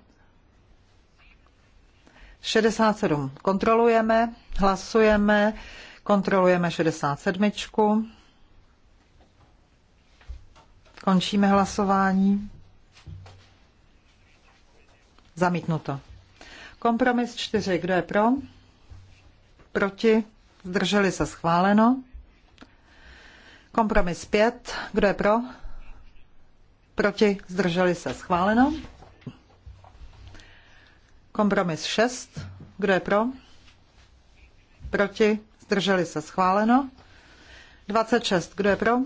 S2: 67. Kontrolujeme, hlasujeme, kontrolujeme 67. Končíme hlasování. Zamítnuto. Kompromis 4. Kdo je pro? Proti? Zdrželi se schváleno. Kompromis 5. Kdo je pro? Proti? Zdrželi se schváleno. Kompromis 6. Kdo je pro? Proti? Zdrželi se schváleno. 26. Kdo je pro?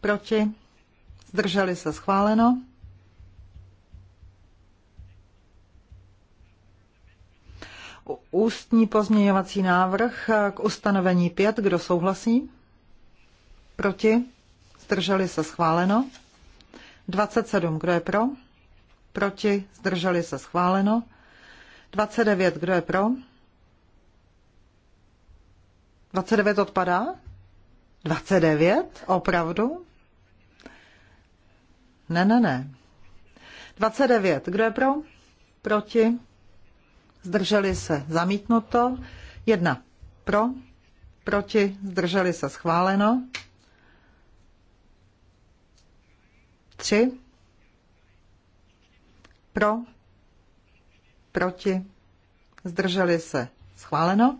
S2: Proti? Zdrželi se schváleno. ústní pozměňovací návrh k ustanovení 5. Kdo souhlasí? Proti? Zdrželi se schváleno. 27. Kdo je pro? Proti? Zdrželi se schváleno. 29. Kdo je pro? 29 odpadá? 29? Opravdu? Ne, ne, ne. 29. Kdo je pro? Proti? zdrželi se zamítnuto, jedna pro, proti, zdrželi se schváleno, tři pro, proti, zdrželi se schváleno,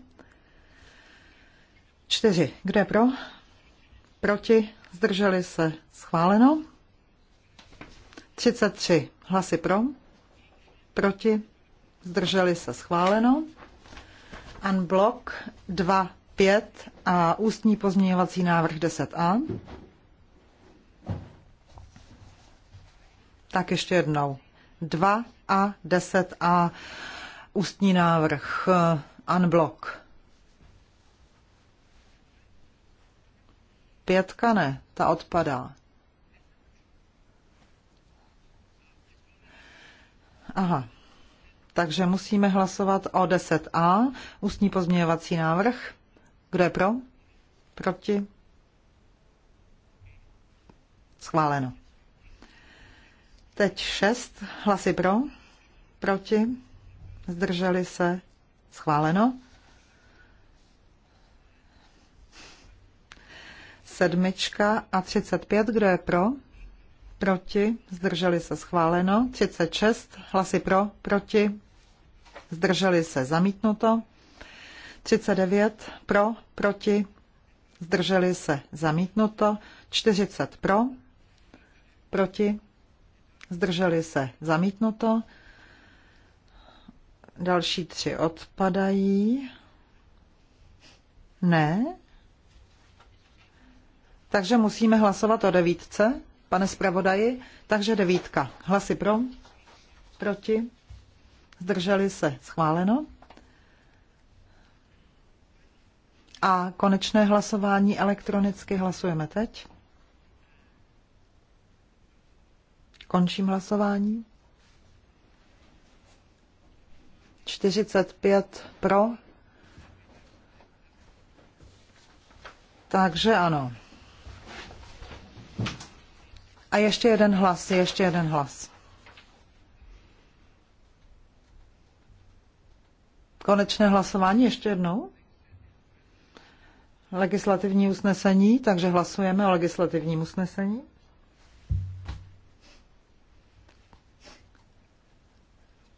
S2: čtyři, kde pro, proti, zdrželi se schváleno, 33 hlasy pro, proti, zdrželi se schváleno. Unblock 2, 5 a ústní pozměňovací návrh 10a. Tak ještě jednou. 2 a 10a ústní návrh eh, unblock. Pětka ne, ta odpadá. Aha, takže musíme hlasovat o 10a, ústní pozměňovací návrh. Kdo je pro? Proti? Schváleno. Teď 6 hlasy pro, proti, zdrželi se, schváleno. Sedmička a 35, kdo je pro? Proti, zdrželi se schváleno. 36, hlasy pro, proti, zdrželi se zamítnuto. 39 pro, proti, zdrželi se zamítnuto. 40 pro, proti, zdrželi se zamítnuto. Další tři odpadají. Ne. Takže musíme hlasovat o devítce, pane zpravodaji. Takže devítka. Hlasy pro, proti, zdrželi se, schváleno. A konečné hlasování elektronicky hlasujeme teď. Končím hlasování. 45 pro. Takže ano. A ještě jeden hlas, ještě jeden hlas. konečné hlasování ještě jednou? Legislativní usnesení, takže hlasujeme o legislativním usnesení.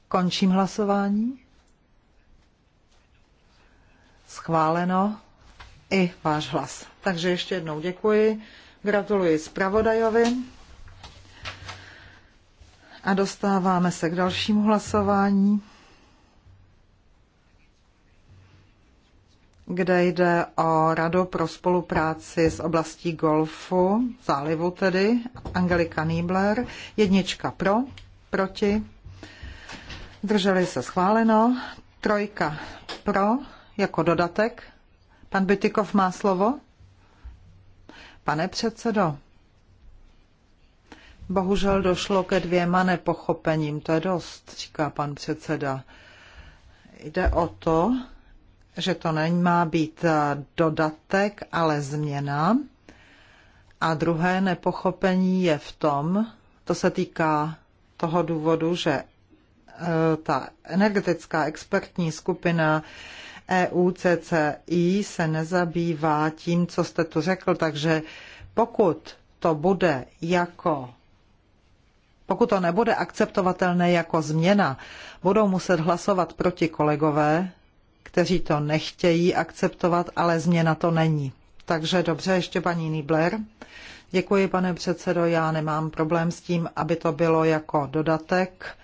S2: Končím hlasování. Schváleno i váš hlas. Takže ještě jednou děkuji. Gratuluji zpravodajovi. A dostáváme se k dalšímu hlasování. kde jde o Radu pro spolupráci s oblastí Golfu, zálivu tedy, Angelika Niebler, jednička pro, proti, drželi se schváleno, trojka pro, jako dodatek. Pan Bytikov má slovo. Pane předsedo, bohužel došlo ke dvěma nepochopením, to je dost, říká pan předseda. Jde o to, že to nemá být eh, dodatek, ale změna. A druhé nepochopení je v tom, to se týká toho důvodu, že eh, ta energetická expertní skupina EUCCI se nezabývá tím, co jste tu řekl, takže pokud to bude jako pokud to nebude akceptovatelné jako změna, budou muset hlasovat proti kolegové, kteří to nechtějí akceptovat, ale změna to není. Takže dobře, ještě paní Nibler. Děkuji, pane předsedo, já nemám problém s tím, aby to bylo jako dodatek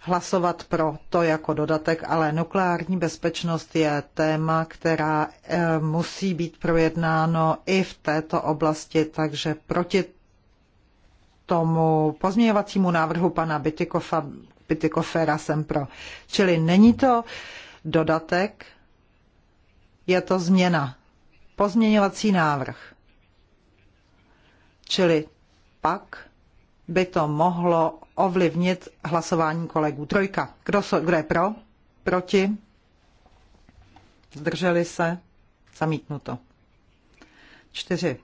S2: hlasovat pro to jako dodatek, ale nukleární bezpečnost je téma, která eh, musí být projednáno i v této oblasti, takže proti tomu pozměňovacímu návrhu pana Bytykofera jsem pro. Čili není to dodatek. Je to změna. Pozměňovací návrh. Čili pak by to mohlo ovlivnit hlasování kolegů. Trojka. Kdo, so, kdo je pro? Proti? Zdrželi se? Zamítnuto. Čtyři.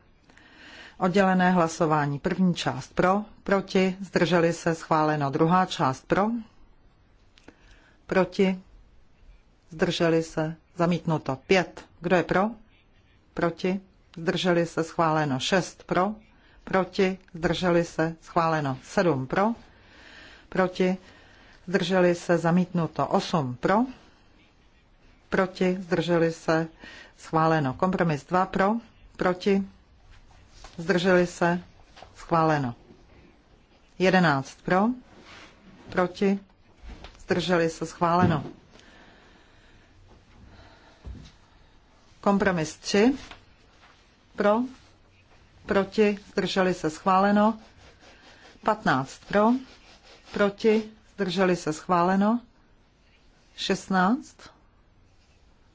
S2: Oddělené hlasování. První část pro, proti, zdrželi se, schváleno. Druhá část pro, proti, zdrželi se, zamítnuto 5. Kdo je pro? Proti, zdrželi se, schváleno 6 pro, proti, zdrželi se, schváleno 7 pro, proti, zdrželi se, zamítnuto 8 pro, proti, zdrželi se, schváleno kompromis 2 pro, proti, zdrželi se, schváleno 11 pro, proti, zdrželi se, schváleno Kompromis 3. Pro. Proti. Zdrželi se schváleno. 15 pro. Proti. Zdrželi se schváleno. 16.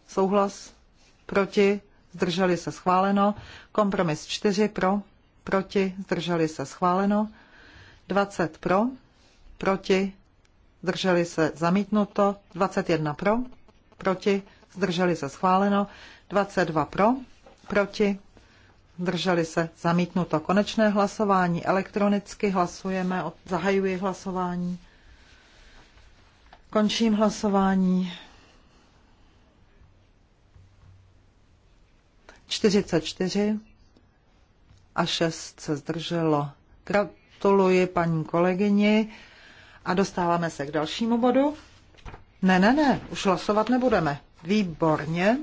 S2: Souhlas. Proti. Zdrželi se schváleno. Kompromis 4 pro. Proti. Zdrželi se schváleno. 20 pro. Proti. Zdrželi se zamítnuto. 21 pro. Proti. Zdrželi se schváleno. 22 pro, proti, drželi se, zamítnuto. Konečné hlasování, elektronicky hlasujeme, zahajuji hlasování, končím hlasování. 44 a 6 se zdrželo. Gratuluji paní kolegyni a dostáváme se k dalšímu bodu. Ne, ne, ne, už hlasovat nebudeme. Výborně.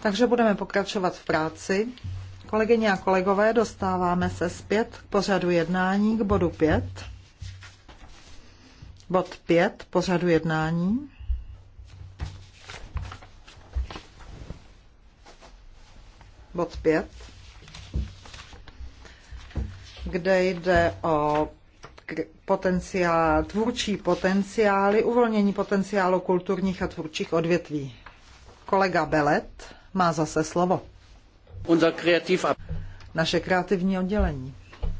S2: Takže budeme pokračovat v práci. Kolegyně a kolegové, dostáváme se zpět k pořadu jednání, k bodu 5. Bod 5 pořadu jednání. Bod 5, kde jde o potenciál, tvůrčí potenciály, uvolnění potenciálu kulturních a tvůrčích odvětví. Kolega Belet má zase slovo. Naše kreativní oddělení.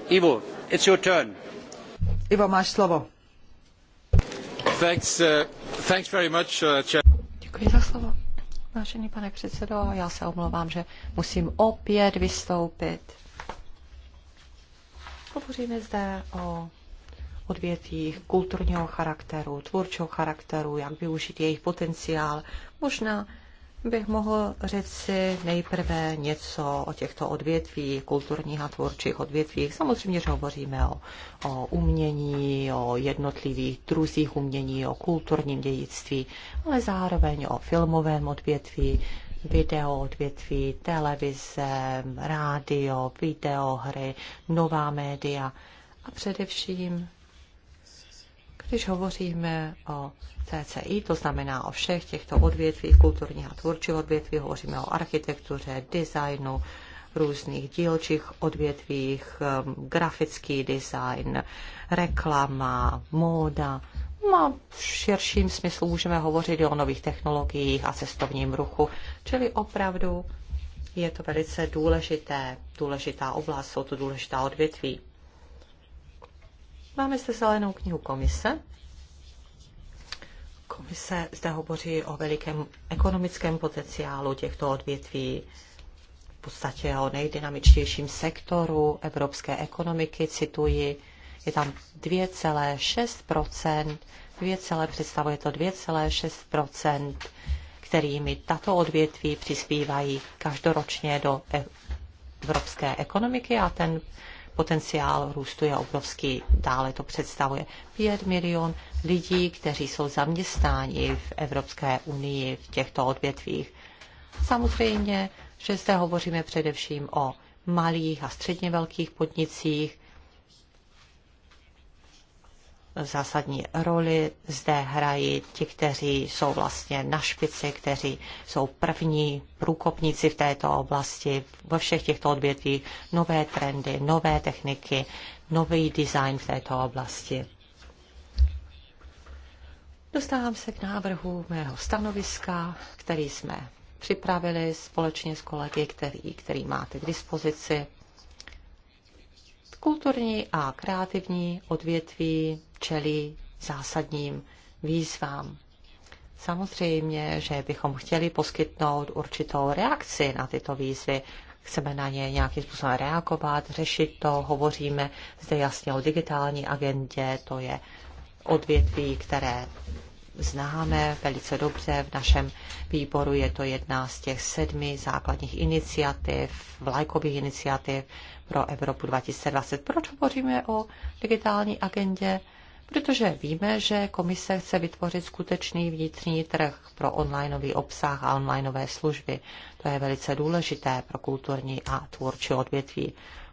S1: Ivo, it's your turn. Ivo, máš slovo. Thanks, uh, thanks very much, uh,
S4: Děkuji za slovo. Vážený pane předsedo, já se omlouvám, že musím opět vystoupit.
S3: Hovoříme zde
S4: o odvětvích kulturního charakteru, tvůrčího charakteru, jak využít jejich potenciál. Možná bych mohl si nejprve něco o těchto odvětvích, kulturních a tvůrčích odvětvích. Samozřejmě, že hovoříme o, o umění, o jednotlivých druzích umění, o kulturním dědictví, ale zároveň o filmovém odvětví, video odvětví, televize, rádio, videohry, nová média a především, když hovoříme o CCI, to znamená o všech těchto odvětvích, kulturních a tvůrčích odvětví, hovoříme o architektuře, designu, různých dílčích odvětvích, um, grafický design, reklama, móda. No, v širším smyslu můžeme hovořit i o nových technologiích a cestovním ruchu, čili opravdu je to velice důležité, důležitá oblast, jsou to důležitá odvětví. Máme zde zelenou knihu komise Komise zde hovoří o velikém ekonomickém potenciálu těchto odvětví, v podstatě o nejdynamičtějším sektoru evropské ekonomiky, cituji, je tam 2,6 2, představuje to 2,6 kterými tato odvětví přispívají každoročně do e- evropské ekonomiky a ten potenciál růstu je obrovský. Dále to představuje 5 milion lidí, kteří jsou zaměstnáni v Evropské unii v těchto odvětvích. Samozřejmě, že zde hovoříme především o malých a středně velkých podnicích. Zásadní roli zde hrají ti, kteří jsou vlastně na špici, kteří jsou první průkopníci v této oblasti, ve všech těchto odvětvích, nové trendy, nové techniky, nový design v této oblasti. Dostávám se k návrhu mého stanoviska, který jsme připravili společně s kolegy, který, který máte k dispozici. Kulturní a kreativní odvětví čelí zásadním výzvám. Samozřejmě, že bychom chtěli poskytnout určitou reakci na tyto výzvy. Chceme na ně nějakým způsobem reagovat, řešit to. Hovoříme zde jasně o digitální agendě, to je odvětví, které známe velice dobře. V našem výboru je to jedna z těch sedmi základních iniciativ, vlajkových iniciativ pro Evropu 2020. Proč hovoříme o digitální agendě? Protože víme, že komise chce vytvořit skutečný vnitřní trh pro onlineový obsah a onlineové služby. To je velice důležité pro kulturní a tvůrčí odvětví.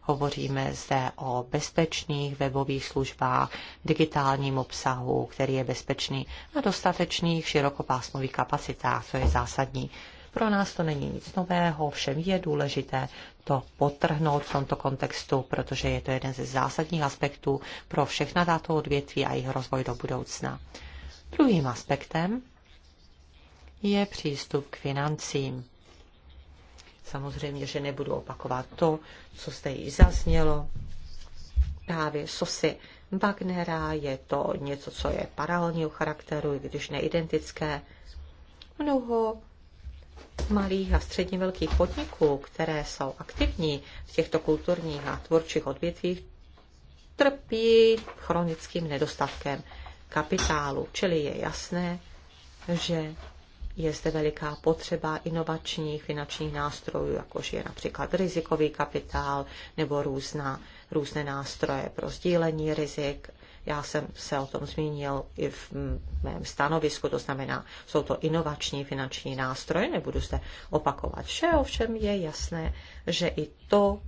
S4: Hovoříme zde o bezpečných webových službách, digitálním obsahu, který je bezpečný a dostatečných širokopásmových kapacitách, co je zásadní. Pro nás to není nic nového, všem je důležité to potrhnout v tomto kontextu, protože je to jeden ze zásadních aspektů pro všechna tato odvětví a jejich rozvoj do budoucna. Druhým aspektem je přístup k financím. Samozřejmě, že nebudu opakovat to, co zde již zaznělo. Právě sosy Wagnera je to něco, co je paralelního charakteru, i když neidentické. Mnoho malých a středně velkých podniků, které jsou aktivní v těchto kulturních a tvůrčích odvětvích, trpí chronickým nedostatkem kapitálu. Čili je jasné, že je zde veliká potřeba inovačních finančních nástrojů, jakož je například rizikový kapitál nebo různá, různé nástroje pro sdílení rizik. Já jsem se o tom zmínil i v mém stanovisku, to znamená, jsou to inovační finanční nástroje, nebudu se opakovat vše, ovšem je jasné, že i to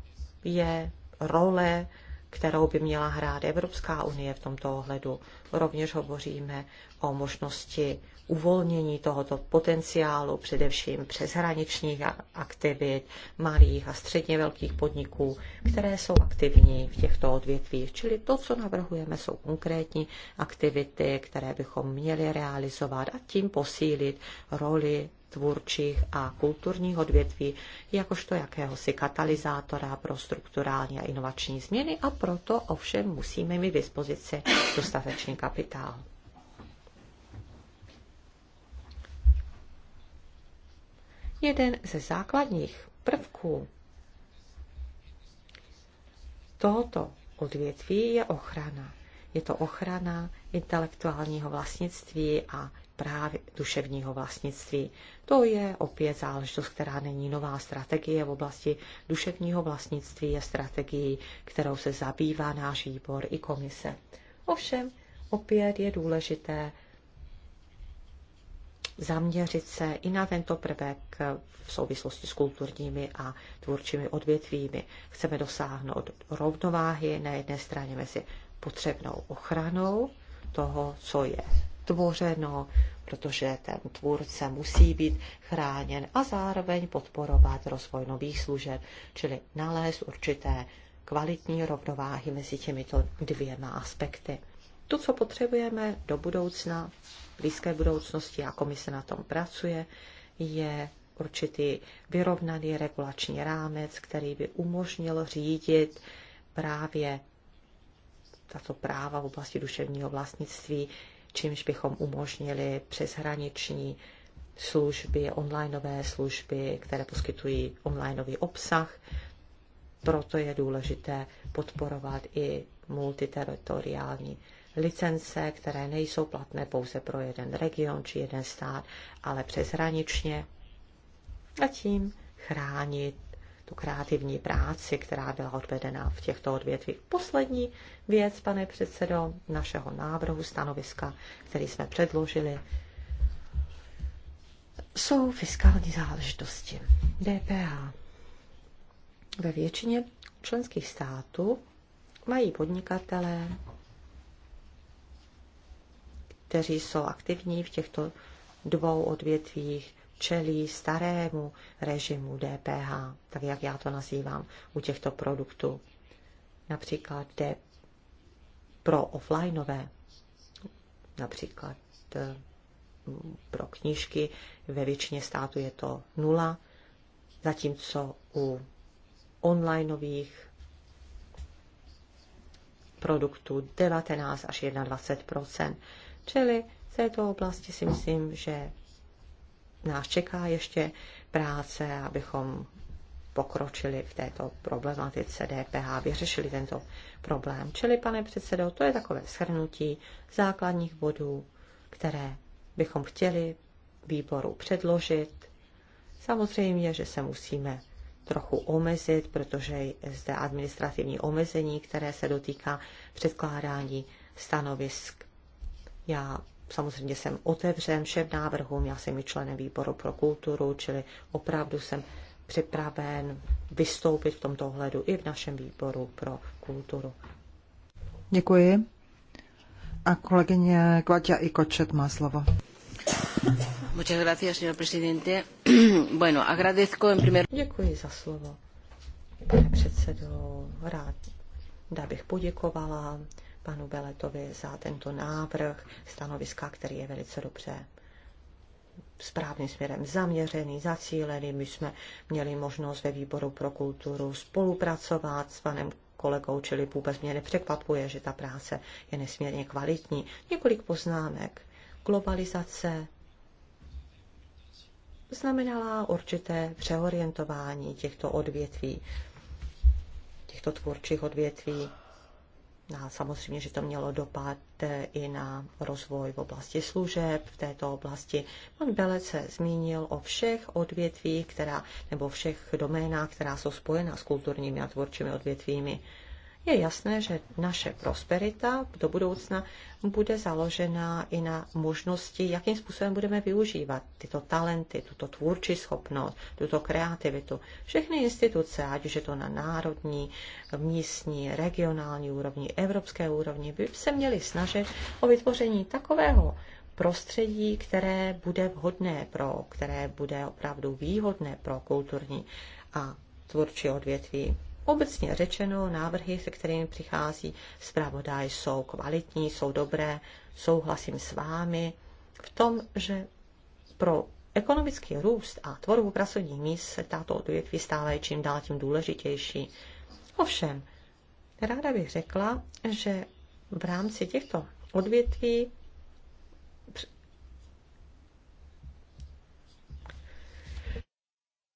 S4: je role kterou by měla hrát Evropská unie v tomto ohledu. Rovněž hovoříme o možnosti uvolnění tohoto potenciálu, především přeshraničních aktivit, malých a středně velkých podniků, které jsou aktivní v těchto odvětvích. Čili to, co navrhujeme, jsou konkrétní aktivity, které bychom měli realizovat a tím posílit roli tvůrčích a kulturních odvětví, jakožto jakéhosi katalyzátora pro strukturální a inovační změny a proto ovšem musíme mít v dispozici dostatečný kapitál. jeden ze základních prvků tohoto odvětví je ochrana. Je to ochrana intelektuálního vlastnictví a právě duševního vlastnictví. To je opět záležitost, která není nová strategie v oblasti duševního vlastnictví, je strategií, kterou se zabývá náš výbor i komise. Ovšem, opět je důležité zaměřit se i na tento prvek v souvislosti s kulturními a tvůrčími odvětvími. Chceme dosáhnout rovnováhy na jedné straně mezi potřebnou ochranou toho, co je tvořeno, protože ten tvůrce musí být chráněn a zároveň podporovat rozvoj nových služeb, čili nalézt určité kvalitní rovnováhy mezi těmito dvěma aspekty. To, co potřebujeme do budoucna, blízké budoucnosti a komise na tom pracuje, je určitý vyrovnaný regulační rámec, který by umožnil řídit právě tato práva v oblasti duševního vlastnictví, čímž bychom umožnili přeshraniční služby, onlineové služby, které poskytují onlineový obsah. Proto je důležité podporovat i multiteritoriální licence, které nejsou platné pouze pro jeden region či jeden stát, ale přeshraničně a tím chránit tu kreativní práci, která byla odvedena v těchto odvětvích. Poslední věc, pane předsedo, našeho návrhu stanoviska, který jsme předložili, jsou fiskální záležitosti. DPH. Ve většině členských států mají podnikatelé kteří jsou aktivní v těchto dvou odvětvích, čelí starému režimu DPH, tak jak já to nazývám u těchto produktů. Například jde pro offlineové, například eh, pro knížky, ve většině států je to nula, zatímco u onlineových produktů 19 až 21 Čili v této oblasti si myslím, že nás čeká ještě práce, abychom pokročili v této problematice DPH, vyřešili tento problém. Čili, pane předsedo, to je takové shrnutí základních bodů, které bychom chtěli výboru předložit. Samozřejmě, že se musíme trochu omezit, protože je zde administrativní omezení, které se dotýká předkládání stanovisk já samozřejmě jsem otevřen všem návrhům, já jsem i členem výboru pro kulturu, čili opravdu jsem připraven vystoupit v tomto ohledu i v našem výboru pro kulturu.
S2: Děkuji. A kolegyně Kvaťa i Kočet má slovo.
S4: Muchas gracias, señor presidente. Bueno, agradezco en primer... Děkuji za slovo. Pane předsedo, rád bych poděkovala panu Beletovi za tento návrh stanoviska, který je velice dobře správným směrem zaměřený, zacílený. My jsme měli možnost ve výboru pro kulturu spolupracovat s panem kolegou, čili vůbec mě nepřekvapuje, že ta práce je nesmírně kvalitní. Několik poznámek. Globalizace znamenala určité přeorientování těchto odvětví, těchto tvůrčích odvětví a samozřejmě, že to mělo dopad eh, i na rozvoj v oblasti služeb v této oblasti. Pan Belec se zmínil o všech odvětvích, která, nebo všech doménách, která jsou spojená s kulturními a tvůrčími odvětvími je jasné, že naše prosperita do budoucna bude založena i na možnosti, jakým způsobem budeme využívat tyto talenty, tuto tvůrčí schopnost, tuto kreativitu. Všechny instituce, ať už je to na národní, místní, regionální úrovni, evropské úrovni, by se měly snažit o vytvoření takového prostředí, které bude vhodné pro, které bude opravdu výhodné pro kulturní a tvůrčí odvětví. Obecně řečeno, návrhy, se kterými přichází zpravodaj, jsou kvalitní, jsou dobré, souhlasím s vámi v tom, že pro ekonomický růst a tvorbu pracovních míst se tato odvětví stávají čím dál tím důležitější. Ovšem, ráda bych řekla, že v rámci těchto odvětví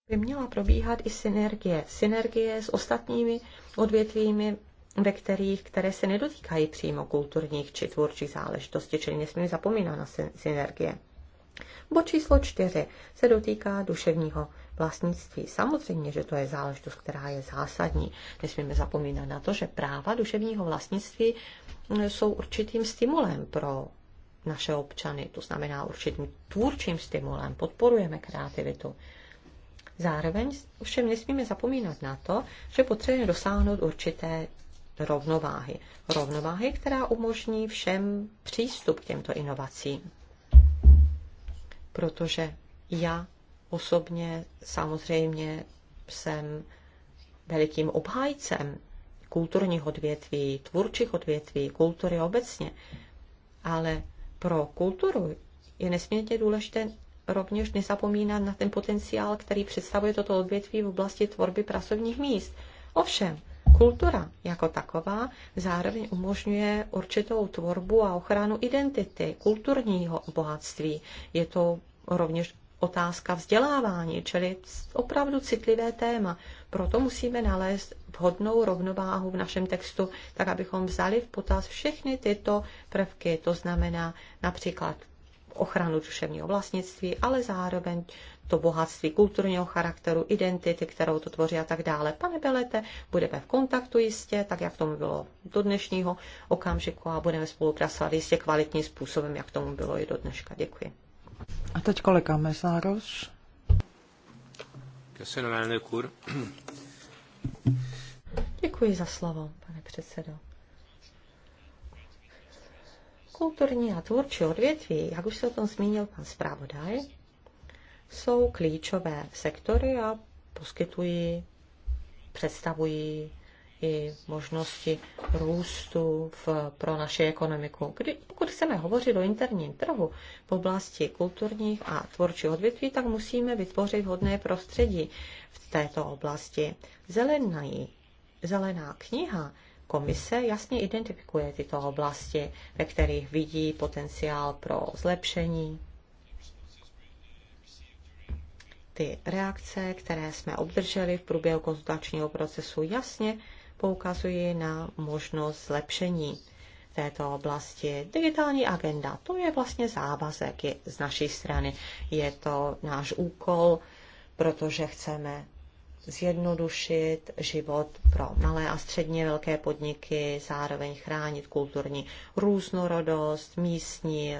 S4: by měla probíhat i synergie. Synergie s ostatními odvětvími, ve kterých, které se nedotýkají přímo kulturních či tvůrčích záležitostí, čili nesmíme zapomínat na synergie. Bod číslo čtyři se dotýká duševního vlastnictví. Samozřejmě, že to je záležitost, která je zásadní. Nesmíme zapomínat na to, že práva duševního vlastnictví mm, jsou určitým stimulem pro naše občany, to znamená určitým tvůrčím stimulem, podporujeme kreativitu. Zároveň ovšem nesmíme zapomínat na to, že potřebujeme dosáhnout určité rovnováhy. Rovnováhy, která umožní všem přístup k těmto inovacím. Protože já osobně samozřejmě jsem velikým obhájcem kulturních odvětví, tvůrčích odvětví, kultury obecně. Ale pro kulturu je nesmírně důležité rovněž nezapomínat na ten potenciál, který představuje toto odvětví v oblasti tvorby pracovních míst. Ovšem, kultura jako taková zároveň umožňuje určitou tvorbu a ochranu identity, kulturního bohatství. Je to rovněž otázka vzdělávání, čili opravdu citlivé téma. Proto musíme nalézt vhodnou rovnováhu v našem textu, tak abychom vzali v potaz všechny tyto prvky, to znamená například ochranu duševního vlastnictví, ale zároveň to bohatství kulturního charakteru, identity, kterou to tvoří a tak dále. Pane Belete, budeme v kontaktu jistě, tak jak tomu bylo do dnešního okamžiku a budeme spolupracovat jistě kvalitním způsobem, jak tomu bylo i do dneška. Děkuji.
S2: A teď kolega Mezároš. Děkuji za slovo, pane předsedo.
S4: Kulturní a tvůrčí odvětví, jak už se o tom zmínil pan zpravodaj, jsou klíčové sektory a poskytují, představují i možnosti růstu v, pro naši ekonomiku. Kdy, pokud chceme hovořit o interním trhu v oblasti kulturních a tvůrčí odvětví, tak musíme vytvořit hodné prostředí v této oblasti. Zelená, zelená kniha Komise jasně identifikuje tyto oblasti, ve kterých vidí potenciál pro zlepšení. Ty reakce, které jsme obdrželi v průběhu konzultačního procesu, jasně poukazují na možnost zlepšení této oblasti. Digitální agenda, to je vlastně závazek je z naší strany. Je to náš úkol, protože chceme zjednodušit život pro malé a středně velké podniky, zároveň chránit kulturní různorodost, místní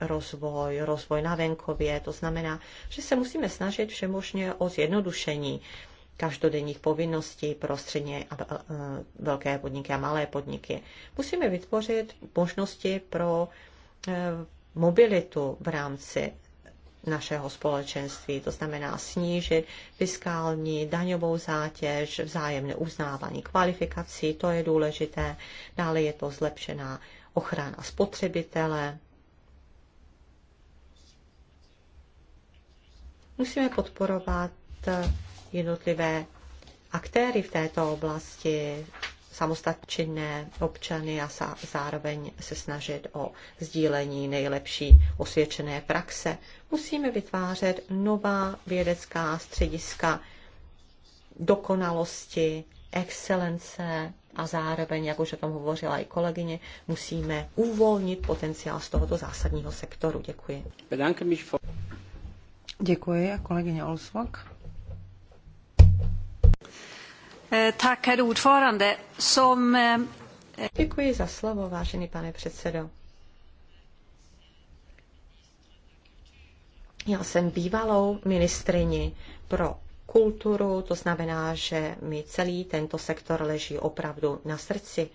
S4: rozvoj, rozvoj na venkově. To znamená, že se musíme snažit všemožně o zjednodušení každodenních povinností pro středně a e, velké podniky a malé podniky. Musíme vytvořit možnosti pro e, mobilitu v rámci našeho společenství, to znamená snížit fiskální, daňovou zátěž, vzájemné uznávání kvalifikací, to je důležité. Dále je to zlepšená ochrana spotřebitele. Musíme podporovat jednotlivé aktéry v této oblasti, samostatčinné občany a zároveň se snažit o sdílení nejlepší osvědčené praxe. Musíme vytvářet nová vědecká střediska dokonalosti, excelence a zároveň, jak už o tom hovořila i kolegyně, musíme uvolnit potenciál z tohoto zásadního sektoru. Děkuji.
S3: Děkuji
S2: a kolegyně Olsvak.
S3: Eh, tak, herr som... Eh, Děkuji za slovo,
S4: vážený pane předsedo. Já jsem bývalou ministrini pro kulturu, to znamená, že mi celý tento sektor leží opravdu na srdci.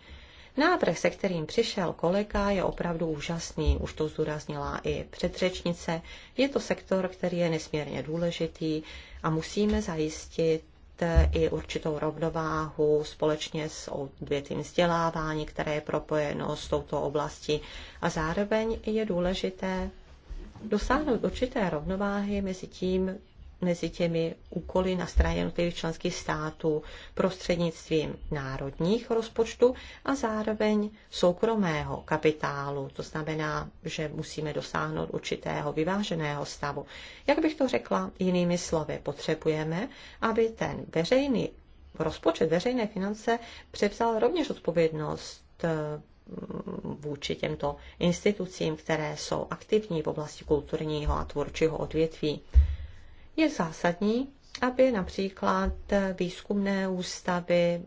S4: Návrh, se kterým přišel kolega, je opravdu úžasný, už to zdůraznila i předřečnice. Je to sektor, který je nesmírně důležitý a musíme zajistit i určitou rovnováhu společně s odvětvím vzdělávání, které je propojeno s touto oblastí. A zároveň je důležité dosáhnout určité rovnováhy mezi tím, mezi těmi úkoly na straně jednotlivých členských států prostřednictvím národních rozpočtů a zároveň soukromého kapitálu. To znamená, že musíme dosáhnout určitého vyváženého stavu. Jak bych to řekla jinými slovy, potřebujeme, aby ten veřejný rozpočet veřejné finance převzal rovněž odpovědnost mm, vůči těmto institucím, které jsou aktivní v oblasti kulturního a tvůrčího odvětví je zásadní, aby například výzkumné ústavy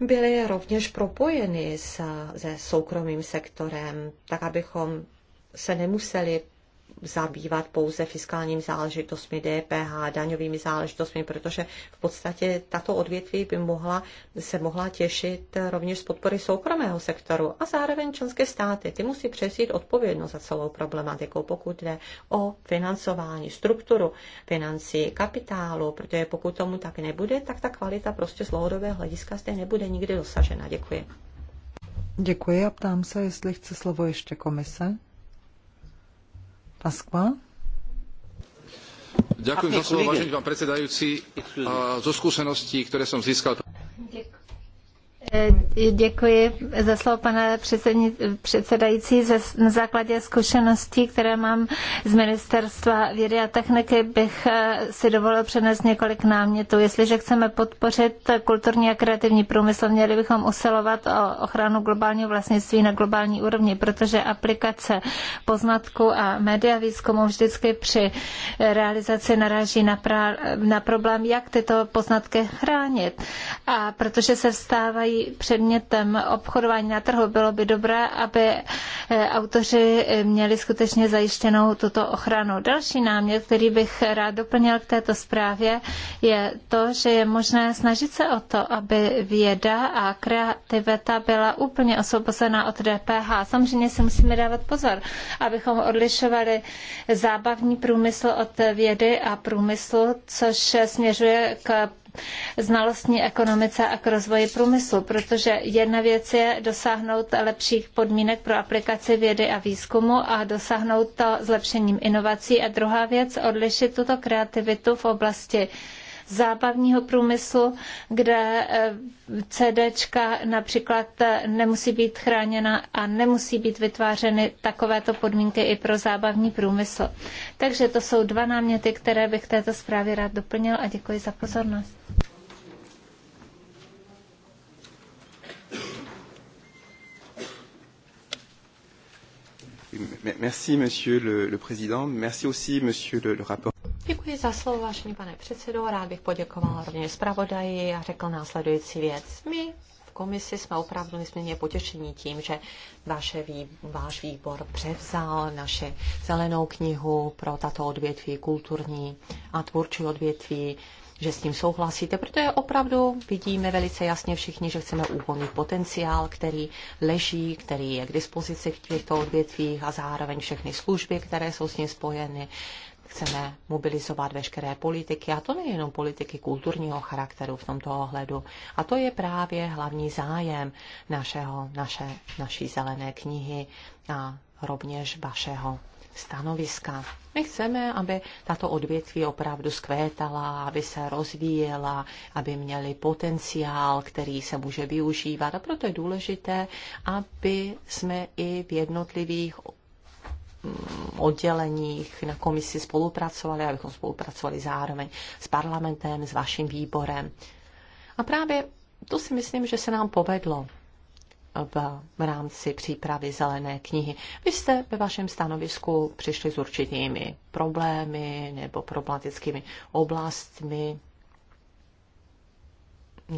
S4: byly rovněž propojeny se, se soukromým sektorem, tak abychom se nemuseli zabývat pouze fiskálními záležitostmi, DPH, daňovými záležitostmi, protože v podstatě tato odvětví by mohla, se mohla těšit rovněž z podpory soukromého sektoru a zároveň členské státy. Ty musí přesít odpovědnost za celou problematikou, pokud jde o financování, strukturu financí, kapitálu, protože pokud tomu tak nebude, tak ta kvalita prostě z dlouhodobého hlediska zde nebude nikdy dosažena. Děkuji.
S2: Děkuji a ptám se, jestli chce slovo ještě komise. Paskva?
S4: Ďakujem za slovo, vážený pán predsedajúci. Zo skúseností, ktoré som
S2: získal...
S3: Děkuji. Eh, děkuji za slovo, pane předsedající. na základě zkušeností, které mám z Ministerstva vědy a techniky, bych eh, si dovolil přenést několik námětů. Jestliže chceme podpořit kulturní a kreativní průmysl, měli bychom usilovat o ochranu globálního vlastnictví na globální úrovni, protože aplikace poznatku a média výzkumu vždycky při eh, realizaci naráží na, pra, na problém, jak tyto poznatky chránit. A protože se vstávají předmětem obchodování na trhu. Bylo by dobré, aby eh, autoři měli skutečně zajištěnou tuto ochranu. Další námět, který bych rád doplnil k této zprávě, je to, že je možné snažit se o to, aby věda a kreativita byla úplně osvobozena od DPH. Samozřejmě si musíme dávat pozor, abychom odlišovali zábavní průmysl od vědy a průmyslu, což směřuje k znalostní ekonomice a k rozvoji průmyslu, protože jedna věc je dosáhnout lepších podmínek pro aplikaci vědy a výzkumu a dosáhnout to zlepšením inovací a druhá věc odlišit tuto kreativitu v oblasti zábavního průmyslu, kde eh, CDčka například eh, nemusí být chráněna a nemusí být vytvářeny takovéto podmínky i pro zábavní průmysl. Takže to jsou dva náměty, které bych této zprávě rád doplnil a děkuji za pozornost. Merci, Monsieur le, le Président. Merci aussi, Monsieur le,
S1: le rapporteur.
S4: Děkuji za slovo, vážený pane předsedo. Rád bych poděkoval rovněž zpravodaji a řekl následující věc. My v komisi jsme opravdu nesmírně potěšení tím, že vaše vý, váš výbor převzal naše zelenou knihu pro tato odvětví, kulturní a tvůrčí odvětví že s tím souhlasíte, protože opravdu vidíme velice jasně všichni, že chceme uvolnit potenciál, který leží, který je k dispozici v těchto odvětvích a zároveň všechny služby, které jsou s ním spojeny, chceme mobilizovat veškeré politiky, a to nejenom politiky kulturního charakteru v tomto ohledu. A to je právě hlavní zájem našeho, naše, naší zelené knihy a rovněž vašeho stanoviska. My chceme, aby tato odvětví opravdu zkvétala, aby se rozvíjela, aby měli potenciál, který se může využívat. A proto je důležité, aby jsme i v jednotlivých Mm, odděleních na komisi spolupracovali, abychom spolupracovali zároveň s parlamentem, s vaším výborem. A právě to si myslím, že se nám povedlo v rámci přípravy zelené knihy. Vy jste ve vašem stanovisku přišli s určitými problémy nebo problematickými oblastmi,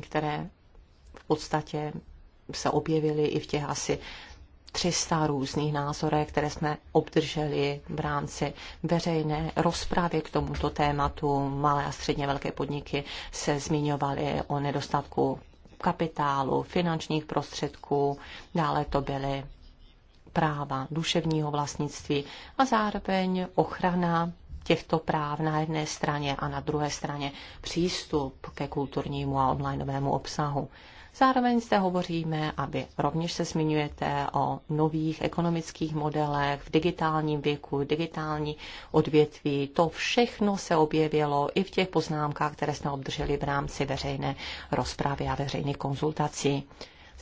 S4: které v podstatě se objevily i v těch asi 300 různých názorů, které jsme obdrželi v rámci veřejné rozpravy k tomuto tématu. Malé a středně velké podniky se zmiňovaly o nedostatku kapitálu, finančních prostředků, dále to byly práva duševního vlastnictví a zároveň ochrana těchto práv na jedné straně a na druhé straně přístup ke kulturnímu a onlineovému obsahu. Zároveň zde hovoříme, aby rovněž se zmiňujete o nových ekonomických modelech v digitálním věku, digitální odvětví. To všechno se objevilo i v těch poznámkách, které jsme obdrželi v rámci veřejné rozpravy a veřejných konzultací.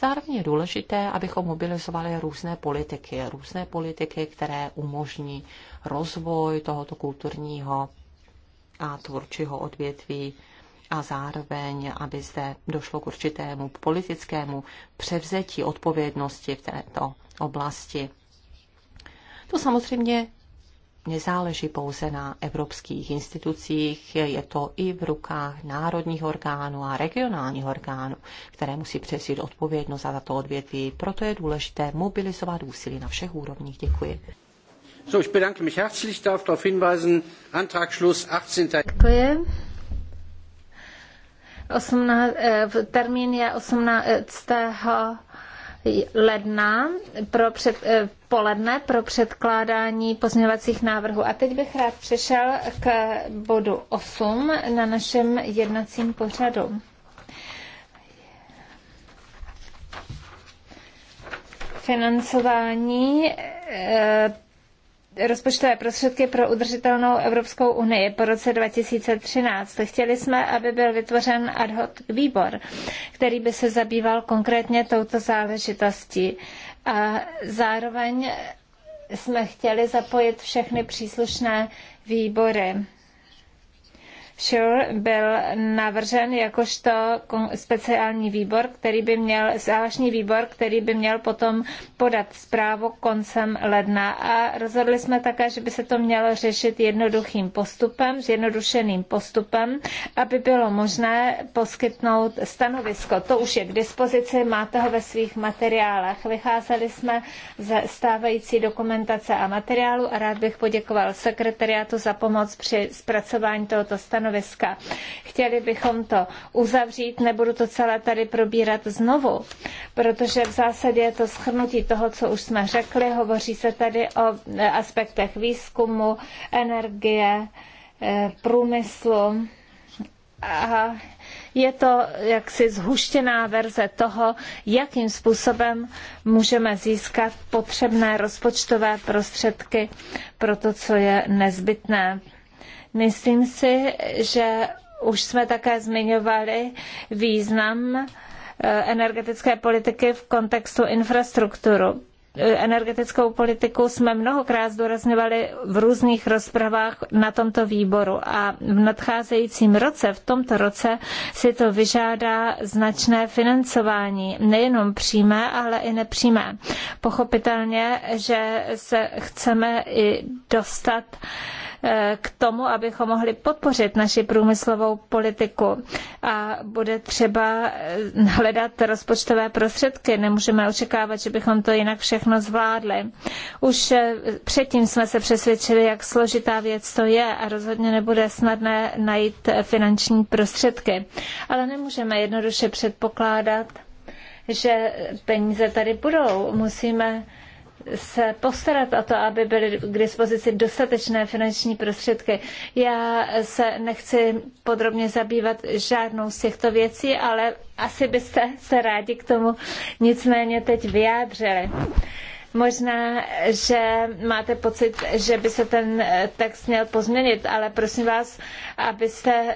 S4: Zároveň je důležité, abychom mobilizovali různé politiky, různé politiky, které umožní rozvoj tohoto kulturního a tvůrčího odvětví a zároveň, aby zde došlo k určitému politickému převzetí odpovědnosti v této oblasti. To samozřejmě nezáleží pouze na evropských institucích, je to i v rukách národních orgánů a regionálních orgánů, které musí přesít odpovědnost za tato odvětví. Proto je důležité mobilizovat
S3: úsilí na všech úrovních. Děkuji.
S1: So, ich bedanke mich herzlich, darf darauf hinweisen, Antragschluss 18.
S3: Děkuji. 18, eh, termín je 18 ledna pro před, eh, poledne pro předkládání pozměňovacích návrhů. A teď bych rád přešel k bodu 8 na našem jednacím pořadu. Financování eh, rozpočtové prostředky pro udržitelnou Evropskou unii po roce 2013. Chtěli jsme, aby byl vytvořen ad hoc výbor, který by se zabýval konkrétně touto záležitostí. A zároveň jsme chtěli zapojit všechny příslušné výbory. Schur byl navržen jakožto speciální výbor, který by měl, zvláštní výbor, který by měl potom podat zprávu koncem ledna. A rozhodli jsme také, že by se to mělo řešit jednoduchým postupem, zjednodušeným postupem, aby bylo možné poskytnout stanovisko. To už je k dispozici, máte ho ve svých materiálech. Vycházeli jsme ze stávající dokumentace a materiálu a rád bych poděkoval sekretariátu za pomoc při zpracování tohoto stanoviska stanoviska. Chtěli bychom to uzavřít, nebudu to celé tady probírat znovu, protože v zásadě je to schrnutí toho, co už jsme řekli. Hovoří se tady o e, aspektech výzkumu, energie, e, průmyslu a je to jaksi zhuštěná verze toho, jakým způsobem můžeme získat potřebné rozpočtové prostředky pro to, co je nezbytné Myslím si, že už jsme také zmiňovali význam eh, energetické politiky v kontextu infrastrukturu eh, energetickou politiku jsme mnohokrát zdůrazňovali v různých rozpravách na tomto výboru a v nadcházejícím roce, v tomto roce, si to vyžádá značné financování, nejenom přímé, ale i nepřímé. Pochopitelně, že se chceme i dostat uh, Eh, k tomu, abychom mohli podpořit naši průmyslovou politiku. A bude třeba eh, hledat rozpočtové prostředky. Nemůžeme očekávat, že bychom to jinak všechno zvládli. Už eh, předtím jsme se přesvědčili, jak složitá věc to je a rozhodně nebude snadné najít finanční prostředky. Ale nemůžeme jednoduše předpokládat, že peníze tady budou. Musíme se postarat o to, aby byly k dispozici dostatečné finanční prostředky. Já se nechci podrobně zabývat žádnou z těchto věcí, ale asi byste se rádi k tomu nicméně teď vyjádřili. Možná, že máte pocit, že by se ten eh, text měl pozměnit, ale prosím vás, abyste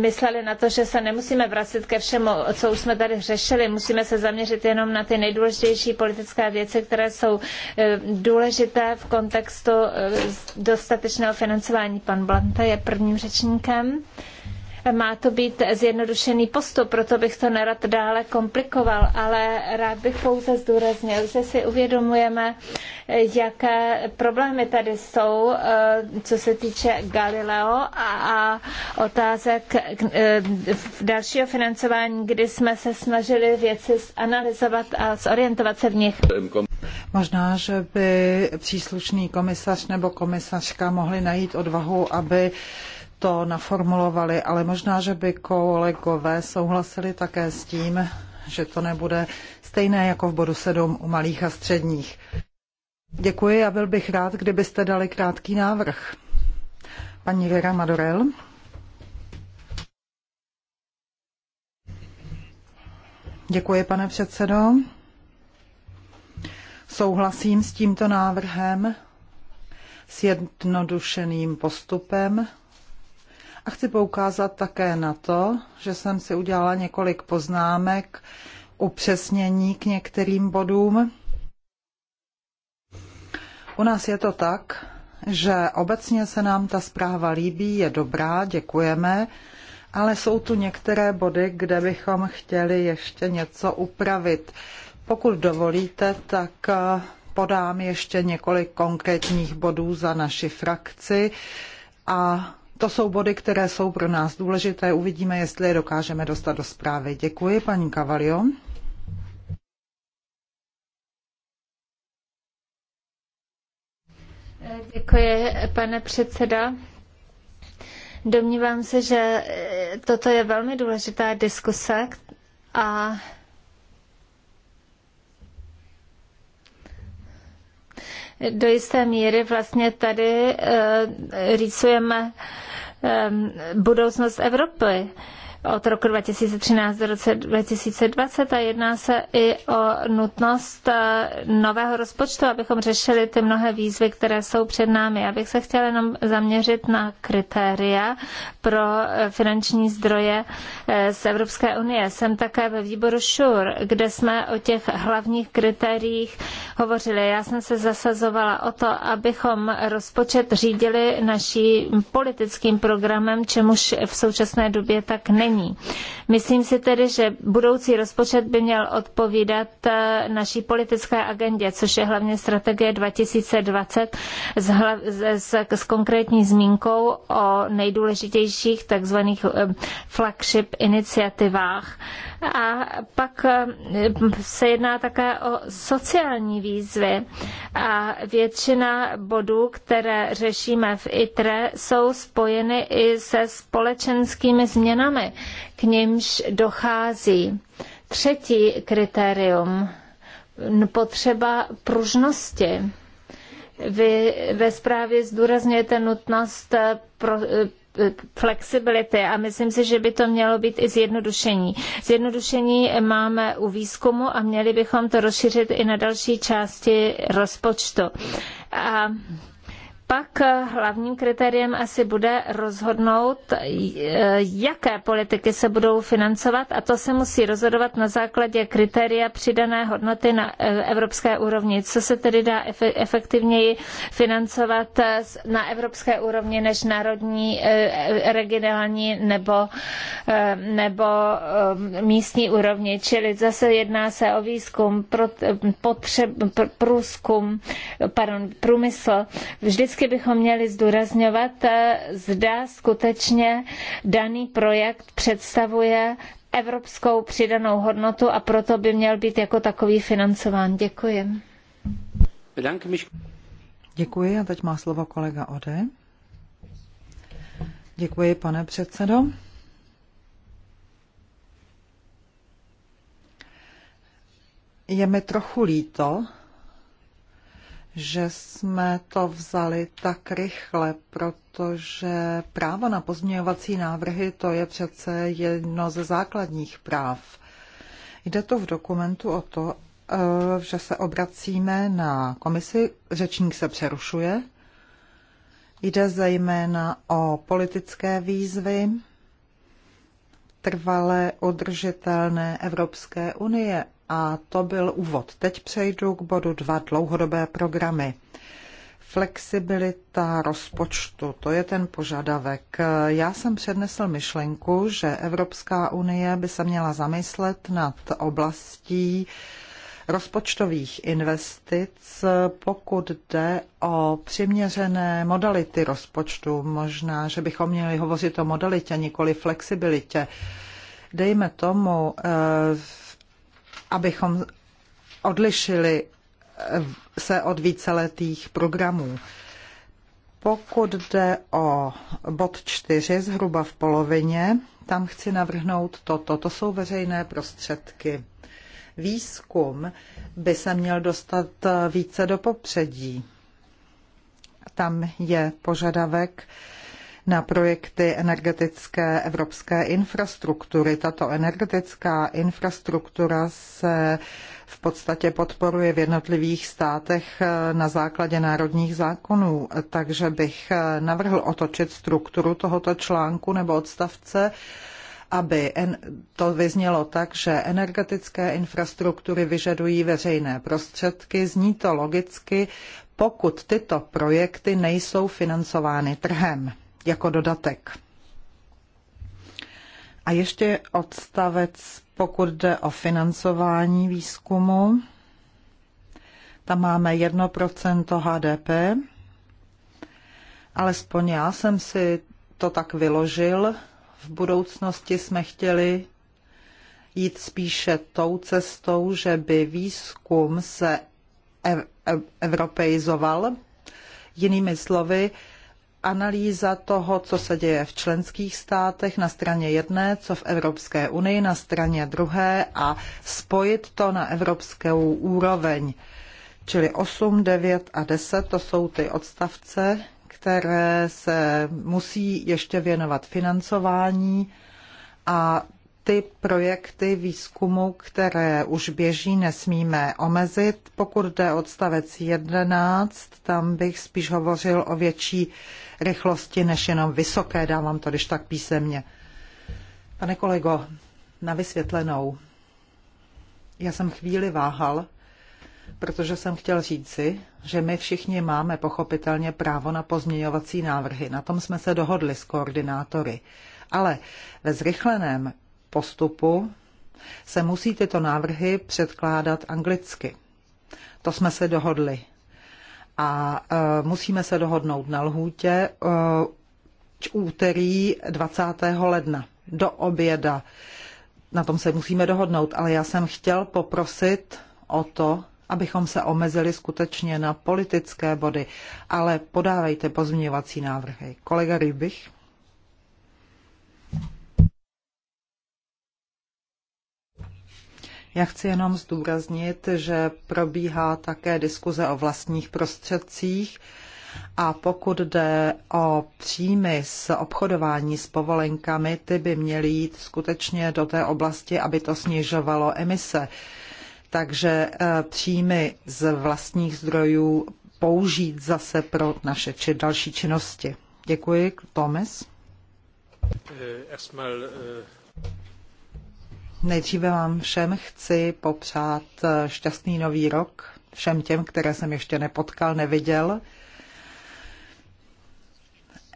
S3: mysleli na to, že se nemusíme vracet ke všemu, co už jsme tady řešili. Musíme se zaměřit jenom na ty nejdůležitější politické věci, které jsou eh, důležité v kontextu eh, dostatečného financování. Pan Blanta je prvním řečníkem. Má to být zjednodušený postup, proto bych to nerad dále komplikoval, ale rád bych pouze zdůraznil, že si uvědomujeme, jaké problémy tady jsou, eh, co se týče Galileo a otázek eh, dalšího financování, kdy jsme se snažili věci analyzovat a zorientovat se v nich.
S2: Možná, že by příslušný komisař nebo komisařka mohli najít odvahu, aby to naformulovali, ale možná, že by kolegové souhlasili také s tím, že to nebude stejné jako v bodu 7 u malých a středních. Děkuji a byl bych rád, kdybyste dali krátký návrh. Paní Vera Madorel. Děkuji, pane předsedo. Souhlasím s tímto návrhem, s jednodušeným postupem a chci poukázat také na to, že jsem si udělala několik poznámek, upřesnění k některým bodům. U nás je to tak, že obecně se nám ta zpráva líbí, je dobrá, děkujeme, ale jsou tu některé body, kde bychom chtěli ještě něco upravit. Pokud dovolíte, tak eh, podám ještě několik konkrétních bodů za naši frakci a to jsou body, které jsou pro nás důležité. Uvidíme, jestli je dokážeme dostat do zprávy. Děkuji, paní Cavalio.
S3: Děkuji, pane předseda. Domnívám se, že eh, toto je velmi důležitá diskuse a do jisté míry vlastně tady eh, rýsujeme budoucnost Evropy od roku 2013 do roce 2020 a jedná se i o nutnost eh, nového rozpočtu, abychom řešili ty mnohé výzvy, které jsou před námi. Já bych se chtěla jenom zaměřit na kritéria pro eh, finanční zdroje eh, z Evropské unie. Jsem také ve výboru ŠUR, kde jsme o těch hlavních kritériích hovořili. Já jsem se zasazovala o to, abychom rozpočet řídili naším politickým programem, čemuž v současné době tak není snížení. Myslím si tedy, že budoucí rozpočet by měl odpovídat eh, naší politické agendě, což je hlavně strategie 2020 s konkrétní zmínkou o nejdůležitějších takzvaných eh, flagship iniciativách a pak eh, se jedná také o sociální výzvy. A většina bodů, které řešíme v ITRE, jsou spojeny i se společenskými změnami, k nimž dochází. Třetí kritérium potřeba pružnosti. Vy ve zprávě zdůrazňujete nutnost eh, pro, eh, flexibility a myslím si, že by to mělo být i zjednodušení. Zjednodušení máme u výzkumu a měli bychom to rozšířit i na další části rozpočtu. A pak hlavním kritériem asi bude rozhodnout, jaké politiky se budou financovat a to se musí rozhodovat na základě kritéria přidané hodnoty na eh, evropské úrovni. Co se tedy dá efektivněji financovat eh, na evropské úrovni než národní, eh, regionální nebo, nebo místní úrovni. Čili zase jedná se o výzkum, potřeb, průzkum, pardon, průmysl. Vždycky vždycky bychom měli zdůrazňovat, eh, zda skutečně daný projekt představuje evropskou přidanou hodnotu a proto by měl být jako takový financován. Děkuji.
S2: Děkuji a teď má slovo kolega Ode. Děkuji, pane předsedo. Je mi trochu líto, že jsme to vzali tak rychle, protože právo na pozměňovací návrhy to je přece jedno ze základních práv. Jde to v dokumentu o to, eh, že se obracíme na komisi, řečník se přerušuje. Jde zejména o politické výzvy trvalé udržitelné Evropské unie, a to byl úvod. Teď přejdu k bodu dva Dlouhodobé programy. Flexibilita rozpočtu, to je ten požadavek. Já jsem přednesl myšlenku, že Evropská unie by se měla zamyslet nad oblastí, rozpočtových investic, pokud jde o přiměřené modality rozpočtu. Možná, že bychom měli hovořit o modalitě, nikoli flexibilitě. Dejme tomu, eh, abychom odlišili eh, se od víceletých programů. Pokud jde o bod 4, zhruba v polovině, tam chci navrhnout toto. To jsou veřejné prostředky. Výzkum by se měl dostat eh, více do popředí. Tam je požadavek, na projekty energetické evropské infrastruktury. Tato energetická infrastruktura se v podstatě podporuje v jednotlivých státech na základě národních zákonů, takže bych navrhl otočit strukturu tohoto článku nebo odstavce aby to vyznělo tak, že energetické infrastruktury vyžadují veřejné prostředky, zní to logicky, pokud tyto projekty nejsou financovány trhem jako dodatek. A ještě odstavec, pokud jde o financování výzkumu. Tam máme 1% HDP. Alespoň já jsem si to tak vyložil. V budoucnosti jsme chtěli jít spíše tou cestou, že by výzkum se ev- evropeizoval. Jinými slovy, analýza toho, co se děje v členských státech na straně jedné, co v Evropské unii na straně druhé a spojit to na evropskou úroveň. Čili 8, 9 a 10 to jsou ty odstavce, které se musí ještě věnovat financování a ty projekty výzkumu, které už běží, nesmíme omezit. Pokud jde odstavec 11, tam bych spíš hovořil o větší rychlosti než jenom vysoké, dávám to když tak písemně. Pane kolego, na vysvětlenou. Já jsem chvíli váhal, protože jsem chtěl říci, že my všichni máme pochopitelně právo na pozměňovací návrhy. Na tom jsme se dohodli s koordinátory. Ale ve zrychleném postupu se musí tyto návrhy předkládat anglicky. To jsme se dohodli. A e, musíme se dohodnout na lhůtě e, úterý 20. ledna do oběda. Na tom se musíme dohodnout, ale já jsem chtěl poprosit o to, abychom se omezili skutečně na politické body. Ale podávejte pozměňovací návrhy. Kolega Rybich. Já chci jenom zdůraznit, že probíhá také diskuze o vlastních prostředcích a pokud jde o příjmy z obchodování s povolenkami, ty by měly jít skutečně do té oblasti, aby to snižovalo emise. Takže eh, příjmy z vlastních zdrojů použít zase pro naše či další činnosti. Děkuji. Thomas.
S1: Eh,
S2: Nejdříve vám všem chci popřát eh, šťastný nový rok, všem těm, které jsem ještě nepotkal, neviděl.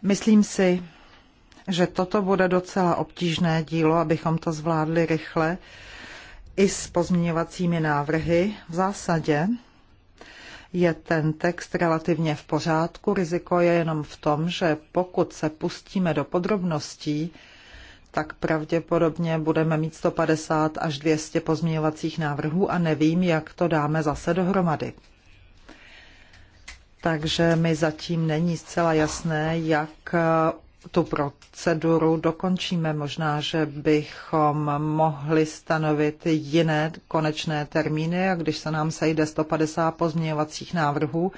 S2: Myslím si, že toto bude docela obtížné dílo, abychom to zvládli rychle, i s pozměňovacími návrhy. V zásadě je ten text relativně v pořádku. Riziko je jenom v tom, že pokud se pustíme do podrobností, tak pravděpodobně budeme mít 150 až 200 pozměňovacích návrhů a nevím, jak to dáme zase dohromady. Takže mi zatím není zcela jasné, jak eh, tu proceduru dokončíme. Možná, že bychom mohli stanovit jiné konečné termíny a když se nám sejde 150 pozměňovacích návrhů,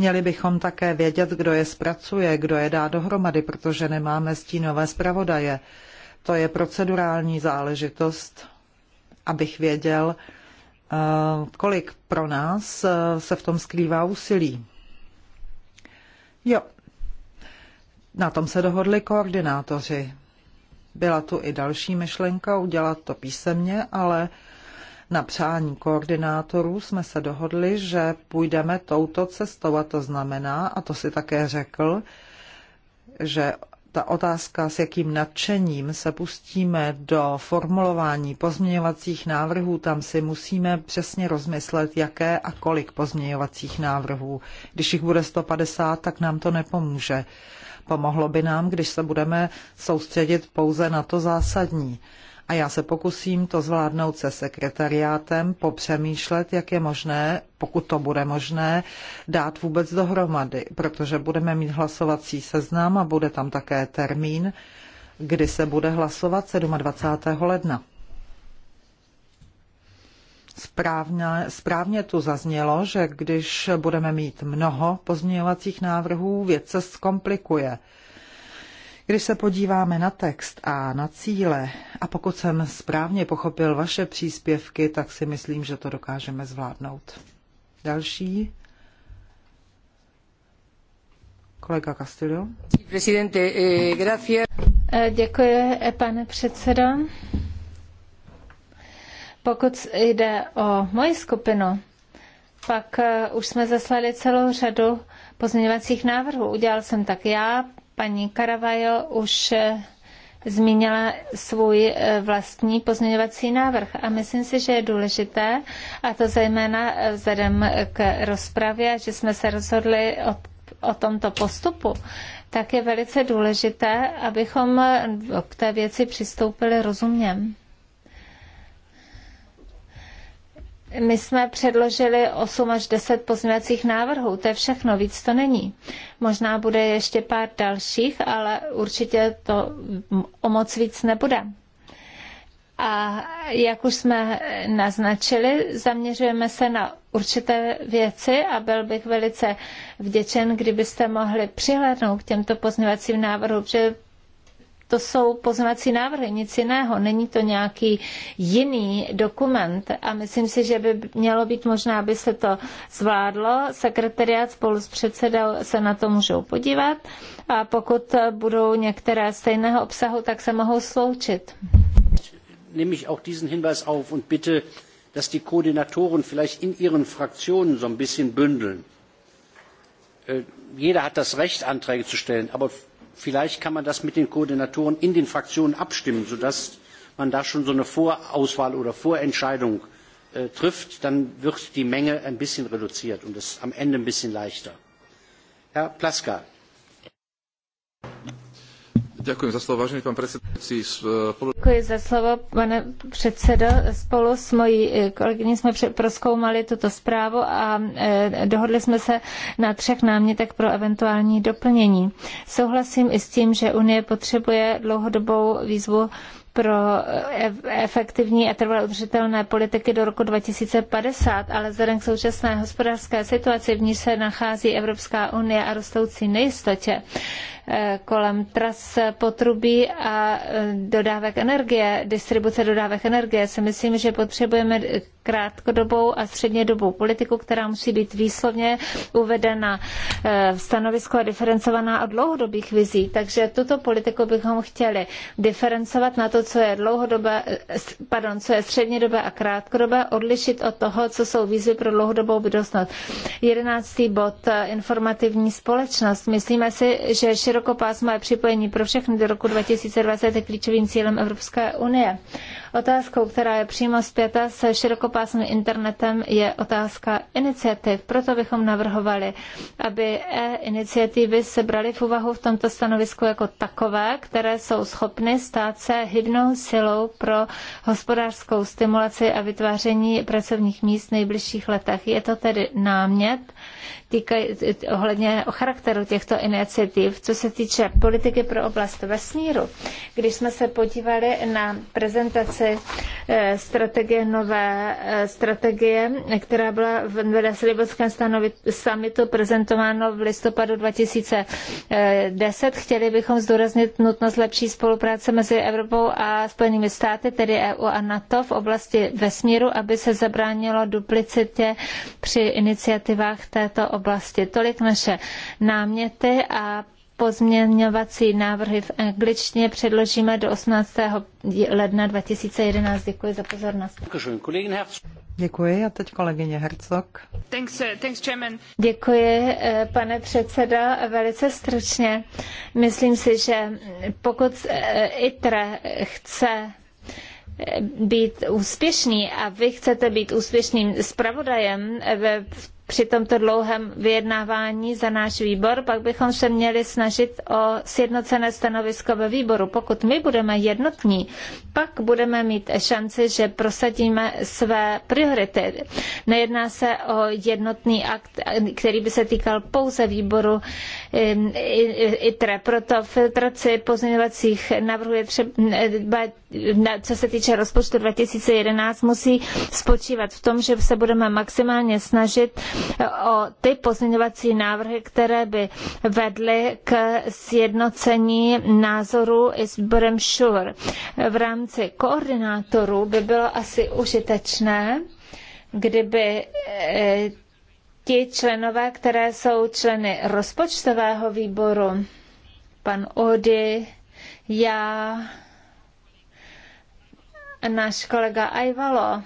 S2: Měli bychom také vědět, kdo je zpracuje, kdo je dá dohromady, protože nemáme stínové zpravodaje. To je procedurální záležitost, abych věděl, eh, kolik pro nás eh, se v tom skrývá úsilí. Jo, na tom se dohodli koordinátoři. Byla tu i další myšlenka udělat to písemně, ale uh, na přání koordinátorů jsme se dohodli, že půjdeme touto cestou a to znamená, a to si také řekl, že ta otázka, s jakým nadšením se pustíme do formulování pozměňovacích návrhů, tam si musíme přesně rozmyslet, jaké a kolik pozměňovacích návrhů. Když jich bude 150, tak nám to nepomůže. Pomohlo by nám, když se budeme soustředit pouze na to zásadní a já se pokusím to zvládnout se sekretariátem, popřemýšlet, jak je možné, pokud to bude možné, dát vůbec dohromady, protože budeme mít hlasovací seznam a bude tam také termín, kdy se bude hlasovat 27. ledna. Správně, správně tu zaznělo, že když budeme mít mnoho pozměňovacích návrhů, věc se zkomplikuje. Když se podíváme na text a na cíle, a pokud jsem správně pochopil vaše příspěvky, tak si myslím, že to dokážeme zvládnout. Další. Kolega Castillo.
S3: Eh, eh, děkuji, pane předsedo. Pokud jde o moji skupinu, pak eh, už jsme zaslali celou řadu pozměňovacích návrhů. Udělal jsem tak já, Paní Karavajo už eh, zmínila svůj eh, vlastní pozměňovací návrh. A myslím si, že je důležité, a to zejména eh, vzhledem k rozpravě, že jsme se rozhodli o, o tomto postupu, tak je velice důležité, abychom k té věci přistoupili rozumněm. My jsme předložili 8 až 10 pozměňovacích návrhů, to je všechno, víc to není. Možná bude ještě pár dalších, ale určitě to o moc víc nebude. A jak už jsme naznačili, zaměřujeme se na určité věci a byl bych velice vděčen, kdybyste mohli přihlédnout k těmto pozměňovacím návrhům, protože to jsou pozměňovací návrhy, nic jiného. Není to nějaký jiný dokument a myslím si, že by mělo být možná, aby se to zvládlo. Sekretariát spolu s předsedou se na to můžou podívat a pokud budou některé stejného obsahu, tak se mohou sloučit.
S1: Nehme ich auch diesen Hinweis auf und bitte, dass die Koordinatoren vielleicht in ihren Fraktionen so ein bisschen bündeln. Äh, jeder hat das Recht, Anträge zu stellen, aber vielleicht kann man das mit den Koordinatoren in den Fraktionen abstimmen, sodass man da schon so eine Vorauswahl oder Vorentscheidung äh, trifft. Dann wird die Menge ein bisschen reduziert und es am Ende ein bisschen leichter. Herr Plaska. Děkuji za slovo, vážený pan předsedající. Eh, spolu...
S3: Děkuji za slovo, pane předsedo. Spolu s mojí eh, kolegyní jsme prozkoumali tuto zprávu a eh, dohodli jsme se na třech námětech pro eventuální doplnění. Souhlasím i s tím, že Unie potřebuje dlouhodobou výzvu pro efektivní a trvalé udržitelné politiky do roku 2050, ale vzhledem k současné hospodářské situaci, v níž se nachází Evropská unie a rostoucí nejistotě eh, kolem tras potrubí a eh, dodávek energie, distribuce dodávek energie, si myslím, že potřebujeme krátkodobou a střednědobou politiku, která musí být výslovně uvedena eh, v stanovisku a diferencovaná od dlouhodobých vizí. Takže tuto politiku bychom chtěli diferencovat na to, to, co je dlouhodobé, pardon, co je střednědobé a krátkodobé, odlišit od toho, co jsou výzvy pro dlouhodobou budoucnost. Jedenáctý bod, informativní společnost. Myslíme si, že širokopásmové připojení pro všechny do roku 2020 je klíčovým cílem Evropské unie. Otázkou, která je přímo zpěta se širokopásným internetem, je otázka iniciativ. Proto bychom navrhovali, aby e-iniciativy se braly v úvahu v tomto stanovisku jako takové, které jsou schopny stát se hybnou silou pro hospodářskou stimulaci a vytváření pracovních míst v nejbližších letech. Je to tedy námět týkají ohledně o charakteru těchto iniciativ, co se týče politiky pro oblast vesmíru. Když jsme se podívali na prezentaci rámci eh, strategie nové eh, strategie, která byla v Veselibovském summitu prezentováno v listopadu 2010. Eh, Chtěli bychom zdůraznit nutnost lepší spolupráce mezi Evropou a Spojenými státy, tedy EU a NATO v oblasti vesmíru, aby se zabránilo duplicitě při iniciativách této oblasti. Tolik naše náměty a pozměňovací návrhy v angličtině předložíme do 18. ledna 2011. Děkuji za pozornost. Děkuji a teď kolegyně
S1: Herzog. Thanks, uh, thanks, chairman.
S3: Děkuji, eh, pane předseda, velice stručně. Myslím si, že pokud eh, ITRE chce eh, být úspěšný a vy chcete být úspěšným zpravodajem v při tomto dlouhém vyjednávání za náš výbor, pak bychom se měli snažit o sjednocené stanovisko ve výboru. Pokud my budeme jednotní, pak budeme mít šanci, že prosadíme své priority. Nejedná se o jednotný akt, který by se týkal pouze výboru ITRE. Proto filtraci pozměňovacích navrhuje třeba, co se týče rozpočtu 2011, musí spočívat v tom, že se budeme maximálně snažit o ty pozměňovací návrhy, které by vedly k sjednocení názoru i sborem SURE. V rámci koordinátorů by bylo asi užitečné, kdyby eh, ti členové, které jsou členy rozpočtového výboru, pan Ody, já, náš kolega Ajvalo,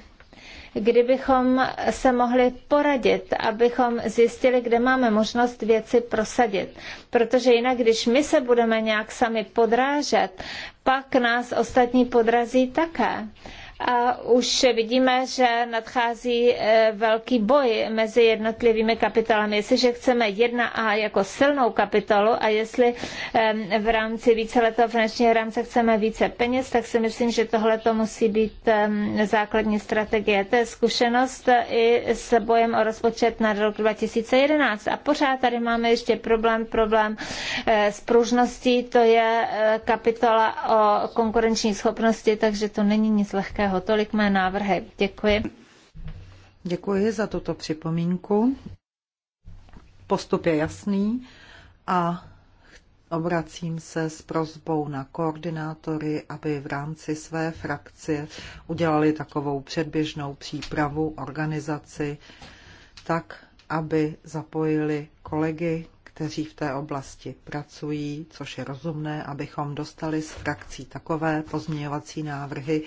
S3: kdybychom se mohli poradit, abychom zjistili, kde máme možnost věci prosadit. Protože jinak, když my se budeme nějak sami podrážet, pak nás ostatní podrazí také. A už vidíme, že nadchází e, velký boj mezi jednotlivými kapitolami. Jestliže chceme 1A jako silnou kapitolu a jestli v rámci víceletého finančního rámce chceme více peněz, tak si myslím, že tohle to musí být základní strategie. To je zkušenost i s bojem o rozpočet na rok 2011. A pořád tady máme ještě problém, problém e, s pružností, to je e, kapitola o konkurenční schopnosti, takže to není nic lehkého nového. Tolik mé návrhy. Děkuji.
S2: Děkuji za tuto připomínku. Postup je jasný a obracím se s prozbou na koordinátory, aby v rámci své frakce udělali takovou předběžnou přípravu, organizaci, tak, aby zapojili kolegy, kteří v té oblasti pracují, což je rozumné, abychom dostali z frakcí takové pozměňovací návrhy,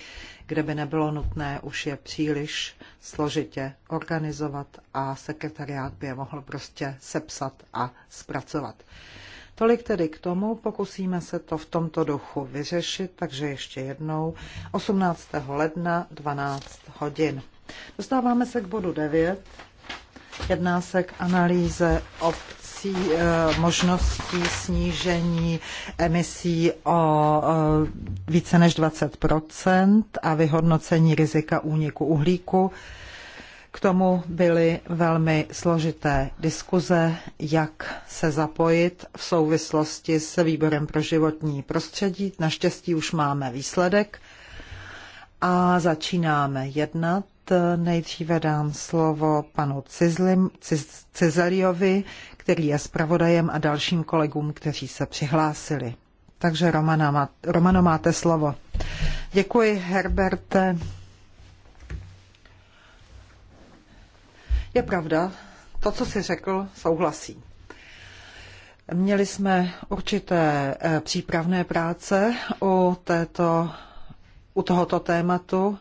S2: kde by nebylo nutné, už je příliš složitě organizovat a sekretariát by je mohl prostě sepsat a zpracovat. Tolik tedy k tomu, pokusíme se to v tomto duchu vyřešit, takže ještě jednou 18. ledna 12 hodin. Dostáváme se k bodu 9. Jedná se k analýze budoucí eh, možností snížení emisí o eh, více než 20 a vyhodnocení rizika úniku uhlíku. K tomu byly velmi složité diskuze, jak se zapojit v souvislosti s výborem pro životní prostředí. Naštěstí už máme výsledek a začínáme jednat. Nejdříve dám slovo panu Cizlim, Ciz, Cizeliovi, který je zpravodajem a dalším kolegům, kteří se přihlásili. Takže Romana, Romano, máte slovo. Děkuji, Herberte. Je pravda, to, co jsi řekl, souhlasí. Měli jsme určité eh, přípravné práce u, této, u tohoto tématu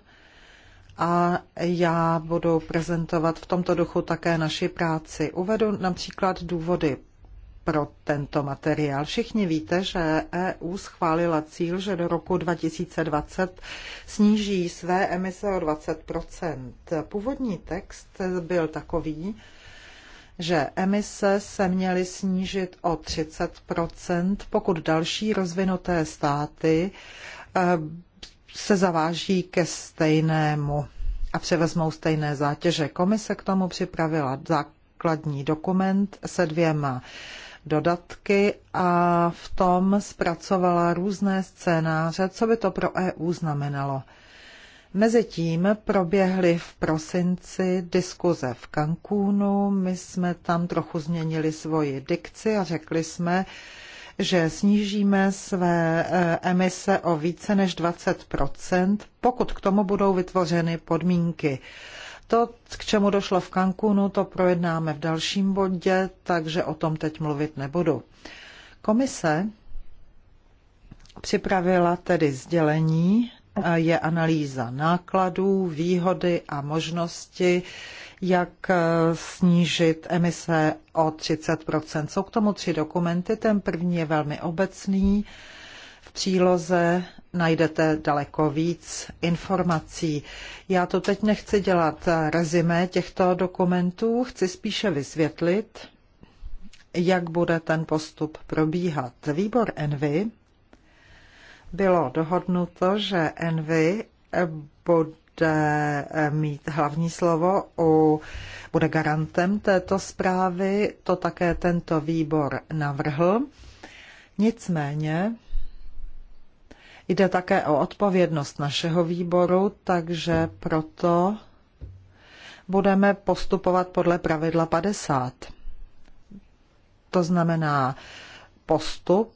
S2: a já budu prezentovat v tomto duchu také naši práci. Uvedu například důvody pro tento materiál. Všichni víte, že EU schválila cíl, že do roku 2020 sníží své emise o 20 Původní text byl takový, že emise se měly snížit o 30 pokud další rozvinuté státy eh, se zaváží ke stejnému a převezmou stejné zátěže. Komise k tomu připravila základní dokument se dvěma dodatky a v tom zpracovala různé scénáře, co by to pro EU znamenalo. Mezitím proběhly v prosinci diskuze v Cancúnu. My jsme tam trochu změnili svoji dikci a řekli jsme, že snížíme své e, emise o více než 20 pokud k tomu budou vytvořeny podmínky. To, k čemu došlo v Cancúnu, to projednáme v dalším bodě, takže o tom teď mluvit nebudu. Komise připravila tedy sdělení, je analýza nákladů, výhody a možnosti jak eh, snížit emise o 30 Jsou k tomu tři dokumenty. Ten první je velmi obecný. V příloze najdete daleko víc informací. Já to teď nechci dělat eh, rezime těchto dokumentů, chci spíše vysvětlit, jak bude ten postup probíhat. Výbor Envy bylo dohodnuto, že Envy bude bude eh, mít hlavní slovo, u, bude garantem této zprávy, to také tento výbor navrhl. Nicméně jde také o odpovědnost našeho výboru, takže proto budeme postupovat podle pravidla 50. To znamená, postup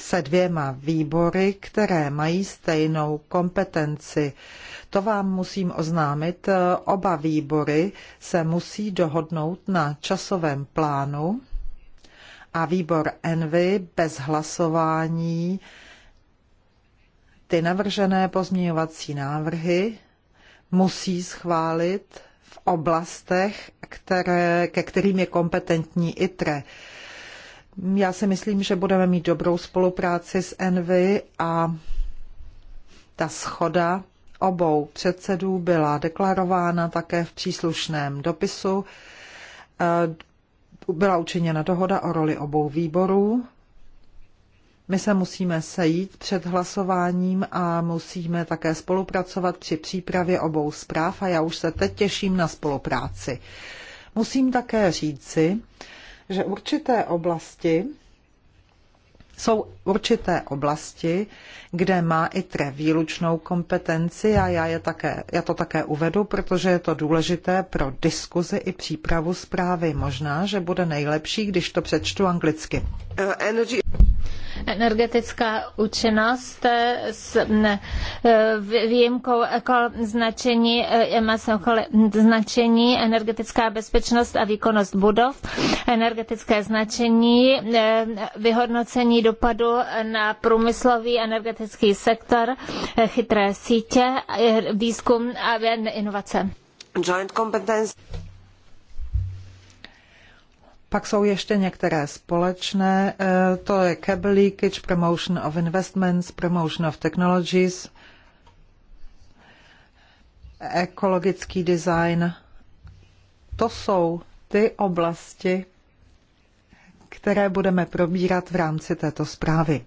S2: se dvěma výbory, které mají stejnou kompetenci. To vám musím oznámit. Oba výbory se musí dohodnout na časovém plánu a výbor Envy bez hlasování ty navržené pozměňovací návrhy musí schválit v oblastech, které, ke kterým je kompetentní ITRE. Já si myslím, že budeme mít dobrou spolupráci s Envy a ta schoda obou předsedů byla deklarována také v příslušném dopisu. Eh, byla učiněna dohoda o roli obou výborů. My se musíme sejít před hlasováním a musíme také spolupracovat při přípravě obou zpráv a já už se teď těším na spolupráci. Musím také říci, že určité oblasti jsou určité oblasti, kde má ITRE výlučnou kompetenci a já, je také, já to také uvedu, protože je to důležité pro diskuzi i přípravu zprávy. Možná, že bude nejlepší, když to přečtu anglicky.
S5: Uh, energy energetická
S3: účinnost s výjimkou značení, eh, značení, energetická bezpečnost a výkonnost budov, energetické značení, eh, vyhodnocení dopadu na průmyslový energetický sektor, eh, chytré sítě, výzkum a inovace.
S5: Joint competence
S2: pak jsou ještě některé společné, eh, to je Cable Leakage, Promotion of Investments, Promotion of Technologies, ekologický design. To jsou ty oblasti, které budeme probírat v rámci této zprávy.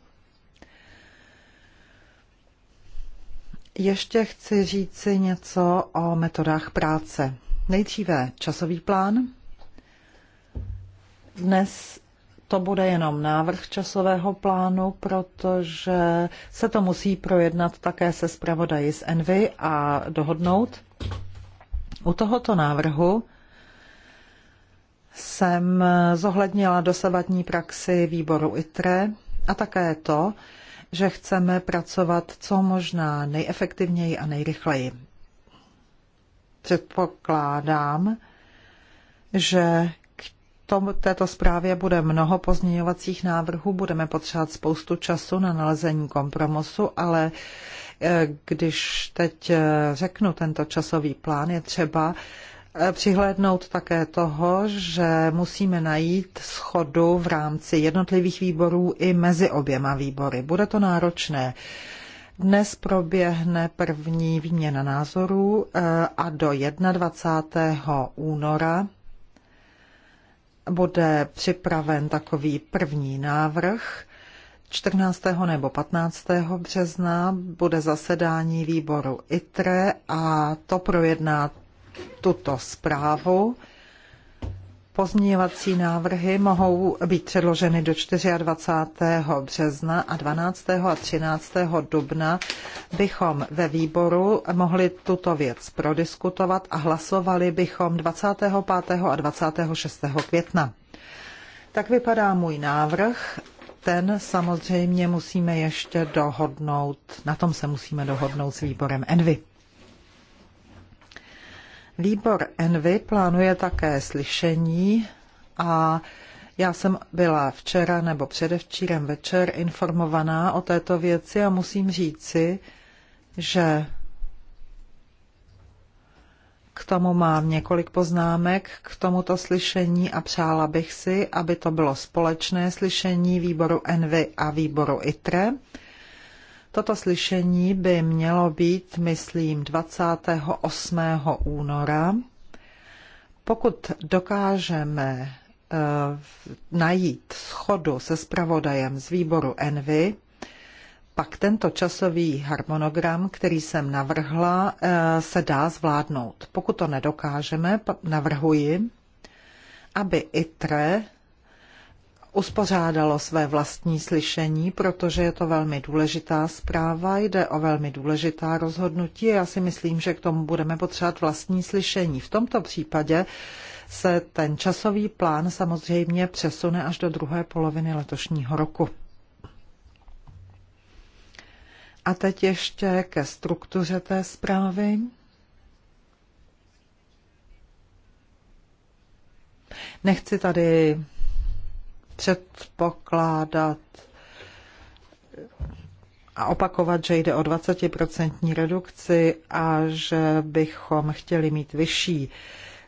S2: Ještě chci říci něco o metodách práce. Nejdříve časový plán. Dnes to bude jenom návrh časového plánu, protože se to musí projednat také se zpravodaji z Envy a dohodnout. U tohoto návrhu jsem zohlednila dosavadní praxi výboru ITRE a také to, že chceme pracovat co možná nejefektivněji a nejrychleji. Předpokládám, že tom, této zprávě bude mnoho pozměňovacích návrhů, budeme potřebovat spoustu času na nalezení kompromisu, ale eh, když teď eh, řeknu tento časový plán, je třeba eh, přihlédnout také toho, že musíme najít schodu v rámci jednotlivých výborů i mezi oběma výbory. Bude to náročné. Dnes proběhne první výměna názorů a do 21. února bude připraven takový první návrh. 14. nebo 15. března bude zasedání výboru ITRE a to projedná tuto zprávu. Pozměňovací návrhy mohou být předloženy do 24. března a 12. a 13. dubna bychom ve výboru mohli tuto věc prodiskutovat a hlasovali bychom 25. a 26. května. Tak vypadá můj návrh. Ten samozřejmě musíme ještě dohodnout, na tom se musíme dohodnout s výborem Envy. Výbor Envy plánuje také slyšení a já jsem byla včera nebo předevčírem večer informovaná o této věci a musím říci, že k tomu mám několik poznámek k tomuto slyšení a přála bych si, aby to bylo společné slyšení výboru Envy a výboru ITRE Toto slyšení by mělo být, myslím, 28. února. Pokud dokážeme eh, najít schodu se zpravodajem z výboru Envy, pak tento časový harmonogram, který jsem navrhla, eh, se dá zvládnout. Pokud to nedokážeme, navrhuji, aby ITRE uspořádalo své vlastní slyšení, protože je to velmi důležitá zpráva, jde o velmi důležitá rozhodnutí a já si myslím, že k tomu budeme potřebovat vlastní slyšení. V tomto případě se ten časový plán samozřejmě přesune až do druhé poloviny letošního roku. A teď ještě ke struktuře té zprávy. Nechci tady předpokládat a opakovat, že jde o 20% redukci a že bychom chtěli mít vyšší.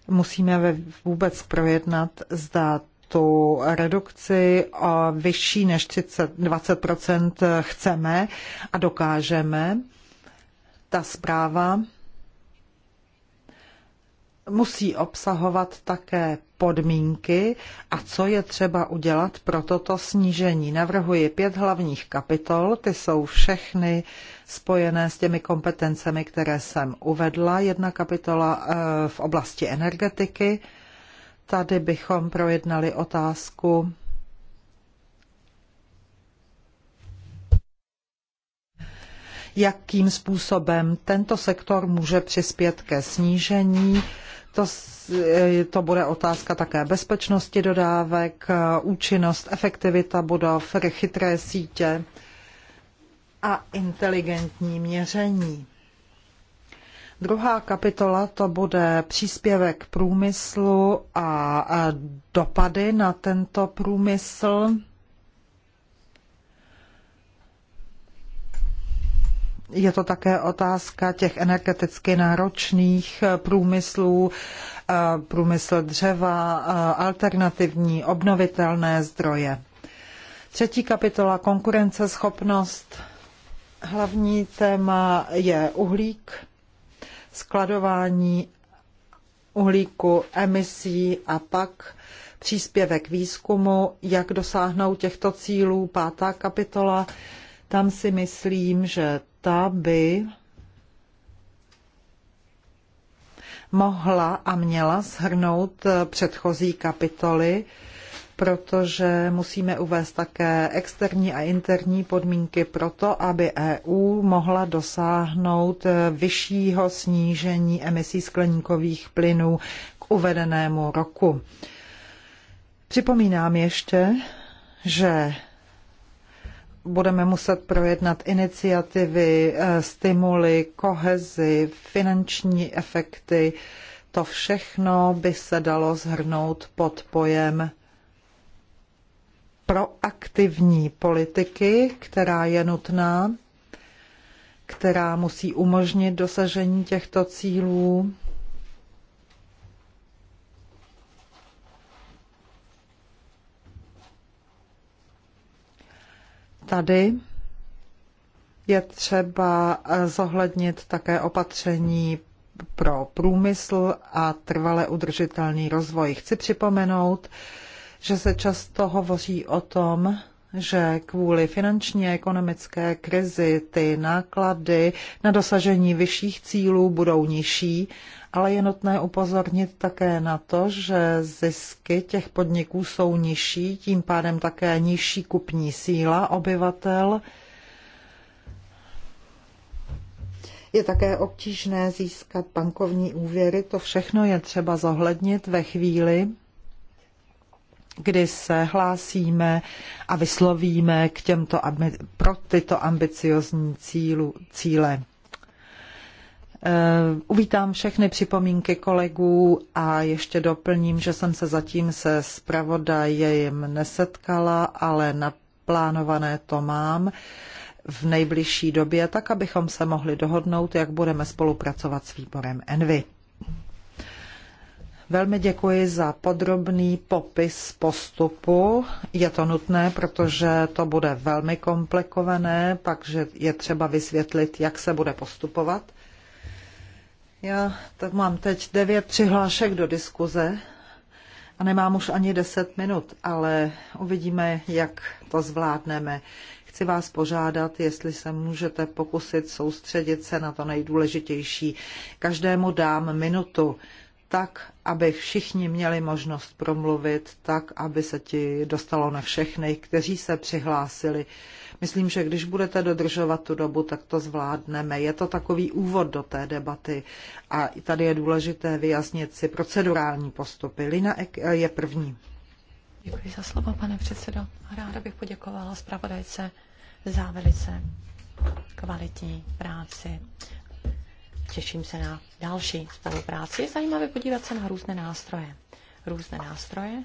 S2: Musíme vůbec projednat, zda tu redukci o vyšší než 30, 20% chceme a dokážeme. Ta zpráva musí obsahovat také podmínky a co je třeba udělat pro toto snížení. Navrhuji pět hlavních kapitol, ty jsou všechny spojené s těmi kompetencemi, které jsem uvedla. Jedna kapitola eh, v oblasti energetiky. Tady bychom projednali otázku jakým způsobem tento sektor může přispět ke snížení to, eh, to bude otázka také bezpečnosti dodávek, eh, účinnost, efektivita budov, chytré sítě a inteligentní měření. Druhá kapitola to bude příspěvek průmyslu a dopady na tento průmysl. je to také otázka těch energeticky náročných průmyslů, eh, průmysl dřeva, eh, alternativní, obnovitelné zdroje. Třetí kapitola konkurenceschopnost. Hlavní téma je uhlík, skladování uhlíku, emisí a pak příspěvek výzkumu, jak dosáhnout těchto cílů. Pátá kapitola tam si myslím, že ta by mohla a měla shrnout eh, předchozí kapitoly, protože musíme uvést také externí a interní podmínky pro to, aby EU mohla dosáhnout eh, vyššího snížení emisí skleníkových plynů k uvedenému roku. Připomínám ještě, že budeme muset projednat iniciativy, eh, stimuly, kohezi, finanční efekty. To všechno by se dalo zhrnout pod pojem proaktivní politiky, která je nutná, která musí umožnit dosažení těchto cílů Tady je třeba zohlednit také opatření pro průmysl a trvale udržitelný rozvoj. Chci připomenout, že se často hovoří o tom, že kvůli finanční a ekonomické krizi ty náklady na dosažení vyšších cílů budou nižší, ale je nutné upozornit také na to, že zisky těch podniků jsou nižší, tím pádem také nižší kupní síla obyvatel. Je také obtížné získat bankovní úvěry, to všechno je třeba zohlednit ve chvíli, kdy se hlásíme a vyslovíme k těmto, pro tyto ambiciozní cílu, cíle. Eh, uvítám všechny připomínky kolegů a ještě doplním, že jsem se zatím se zpravodajem nesetkala, ale naplánované to mám v nejbližší době, tak abychom se mohli dohodnout, jak budeme spolupracovat s výborem Envy. Velmi děkuji za podrobný popis postupu. Je to nutné, protože to bude velmi komplikované, takže je třeba vysvětlit, jak se bude postupovat. Já tak mám teď devět přihlášek do diskuze a nemám už ani deset minut, ale uvidíme, jak to zvládneme. Chci vás požádat, jestli se můžete pokusit soustředit se na to nejdůležitější. Každému dám minutu tak, aby všichni měli možnost promluvit, tak, aby se ti dostalo na všechny, kteří se přihlásili. Myslím, že když budete dodržovat tu dobu, tak to zvládneme. Je to takový úvod do té debaty a tady je důležité vyjasnit si procedurální postupy. Lina je první.
S4: Děkuji za slovo, pane předsedo. Ráda bych poděkovala zpravodajce za velice kvalitní práci těším se na další spolupráci. Je zajímavé podívat se na různé nástroje. Různé nástroje,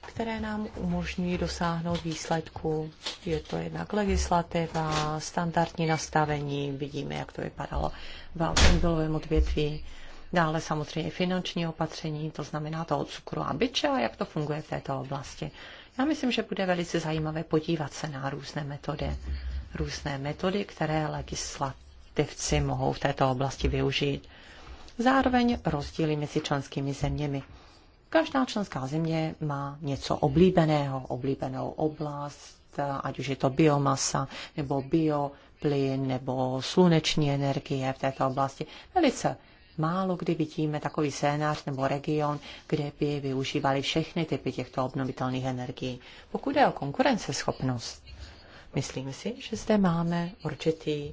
S4: které nám umožňují dosáhnout výsledku. Je to jednak legislativa, standardní nastavení, vidíme, jak to vypadalo v automobilovém odvětví. Dále samozřejmě finanční opatření, to znamená toho cukru a byče a jak to funguje v této oblasti. Já myslím, že bude velice zajímavé podívat se na různé metody. Různé metody, které legislativa jednotlivci mohou v této oblasti využít. Zároveň rozdíly mezi členskými zeměmi. Každá členská země má něco oblíbeného, oblíbenou oblast, ať už je to biomasa nebo bioplyn nebo sluneční energie v této oblasti. Velice málo kdy vidíme takový scénář nebo region, kde by využívali všechny typy těchto obnovitelných energií. Pokud je o konkurenceschopnost, myslím si, že zde máme určitý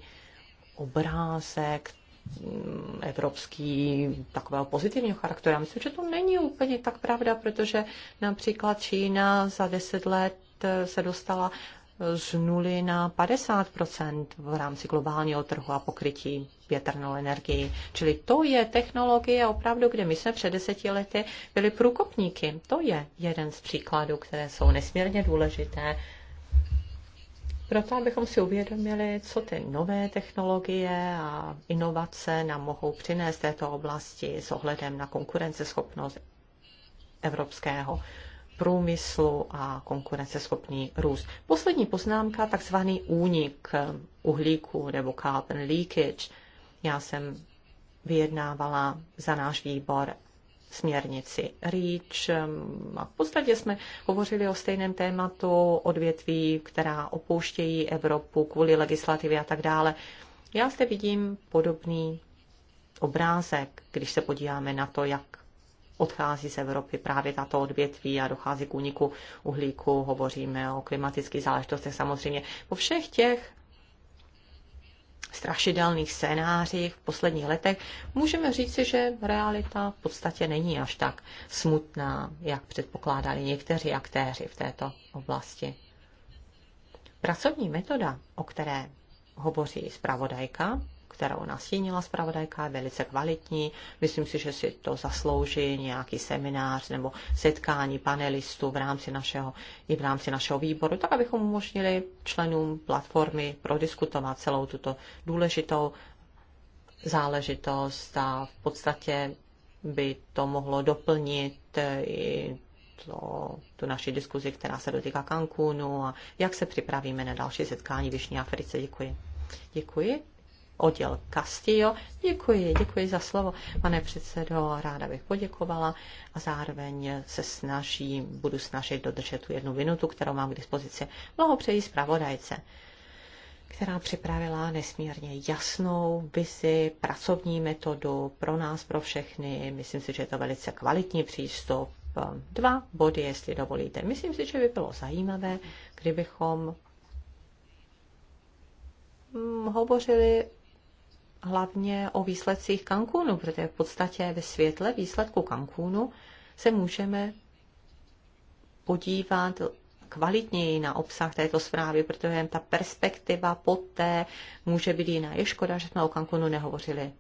S4: obrázek mm, evropský takového pozitivního charakteru. Já myslím, že to není úplně tak pravda, protože například Čína za deset let eh, se dostala eh, z nuly na 50 v rámci globálního trhu a pokrytí větrnou energii. Čili to je technologie opravdu, kde my jsme před deseti lety byli průkopníky. To je jeden z příkladů, které jsou nesmírně důležité proto, abychom si uvědomili, co ty nové technologie a inovace nám mohou přinést této oblasti s ohledem na konkurenceschopnost evropského průmyslu a konkurenceschopný růst. Poslední poznámka, takzvaný únik uhlíku nebo carbon leakage. Já jsem vyjednávala za náš výbor směrnici REACH. A v podstatě jsme hovořili o stejném tématu, odvětví, která opouštějí Evropu kvůli legislativě a tak dále. Já zde vidím podobný obrázek, když se podíváme na to, jak odchází z Evropy právě tato odvětví a dochází k úniku uhlíku, hovoříme o klimatických záležitostech samozřejmě. Po všech těch strašidelných scénářích v posledních letech, můžeme říci, že realita v podstatě není až tak smutná, jak předpokládali někteří aktéři v této oblasti. Pracovní metoda, o které hovoří zpravodajka, kterou nastínila zpravodajka, je velice kvalitní. Myslím si, že si to zaslouží nějaký seminář nebo setkání panelistů v rámci našeho, i v rámci našeho výboru, tak abychom umožnili členům platformy prodiskutovat celou tuto důležitou záležitost a v podstatě by to mohlo doplnit i to, tu naši diskuzi, která se dotýká Cancúnu a jak se připravíme na další setkání v Jižní Africe. Děkuji. Děkuji oděl Castillo. Děkuji, děkuji za slovo, pane předsedo, ráda bych poděkovala a zároveň se snažím, budu snažit dodržet tu jednu minutu, kterou mám k dispozici. Mnoho přeji zpravodajce která připravila nesmírně jasnou vizi, pracovní metodu pro nás, pro všechny. Myslím si, že je to velice kvalitní přístup. Dva body, jestli dovolíte. Myslím si, že by bylo zajímavé, kdybychom hovořili hlavně o výsledcích Cancúnu, protože v podstatě ve světle výsledku Cancúnu se můžeme podívat kvalitněji na obsah této zprávy, protože ta perspektiva poté může být jiná. Je škoda, že jsme o Cancunu nehovořili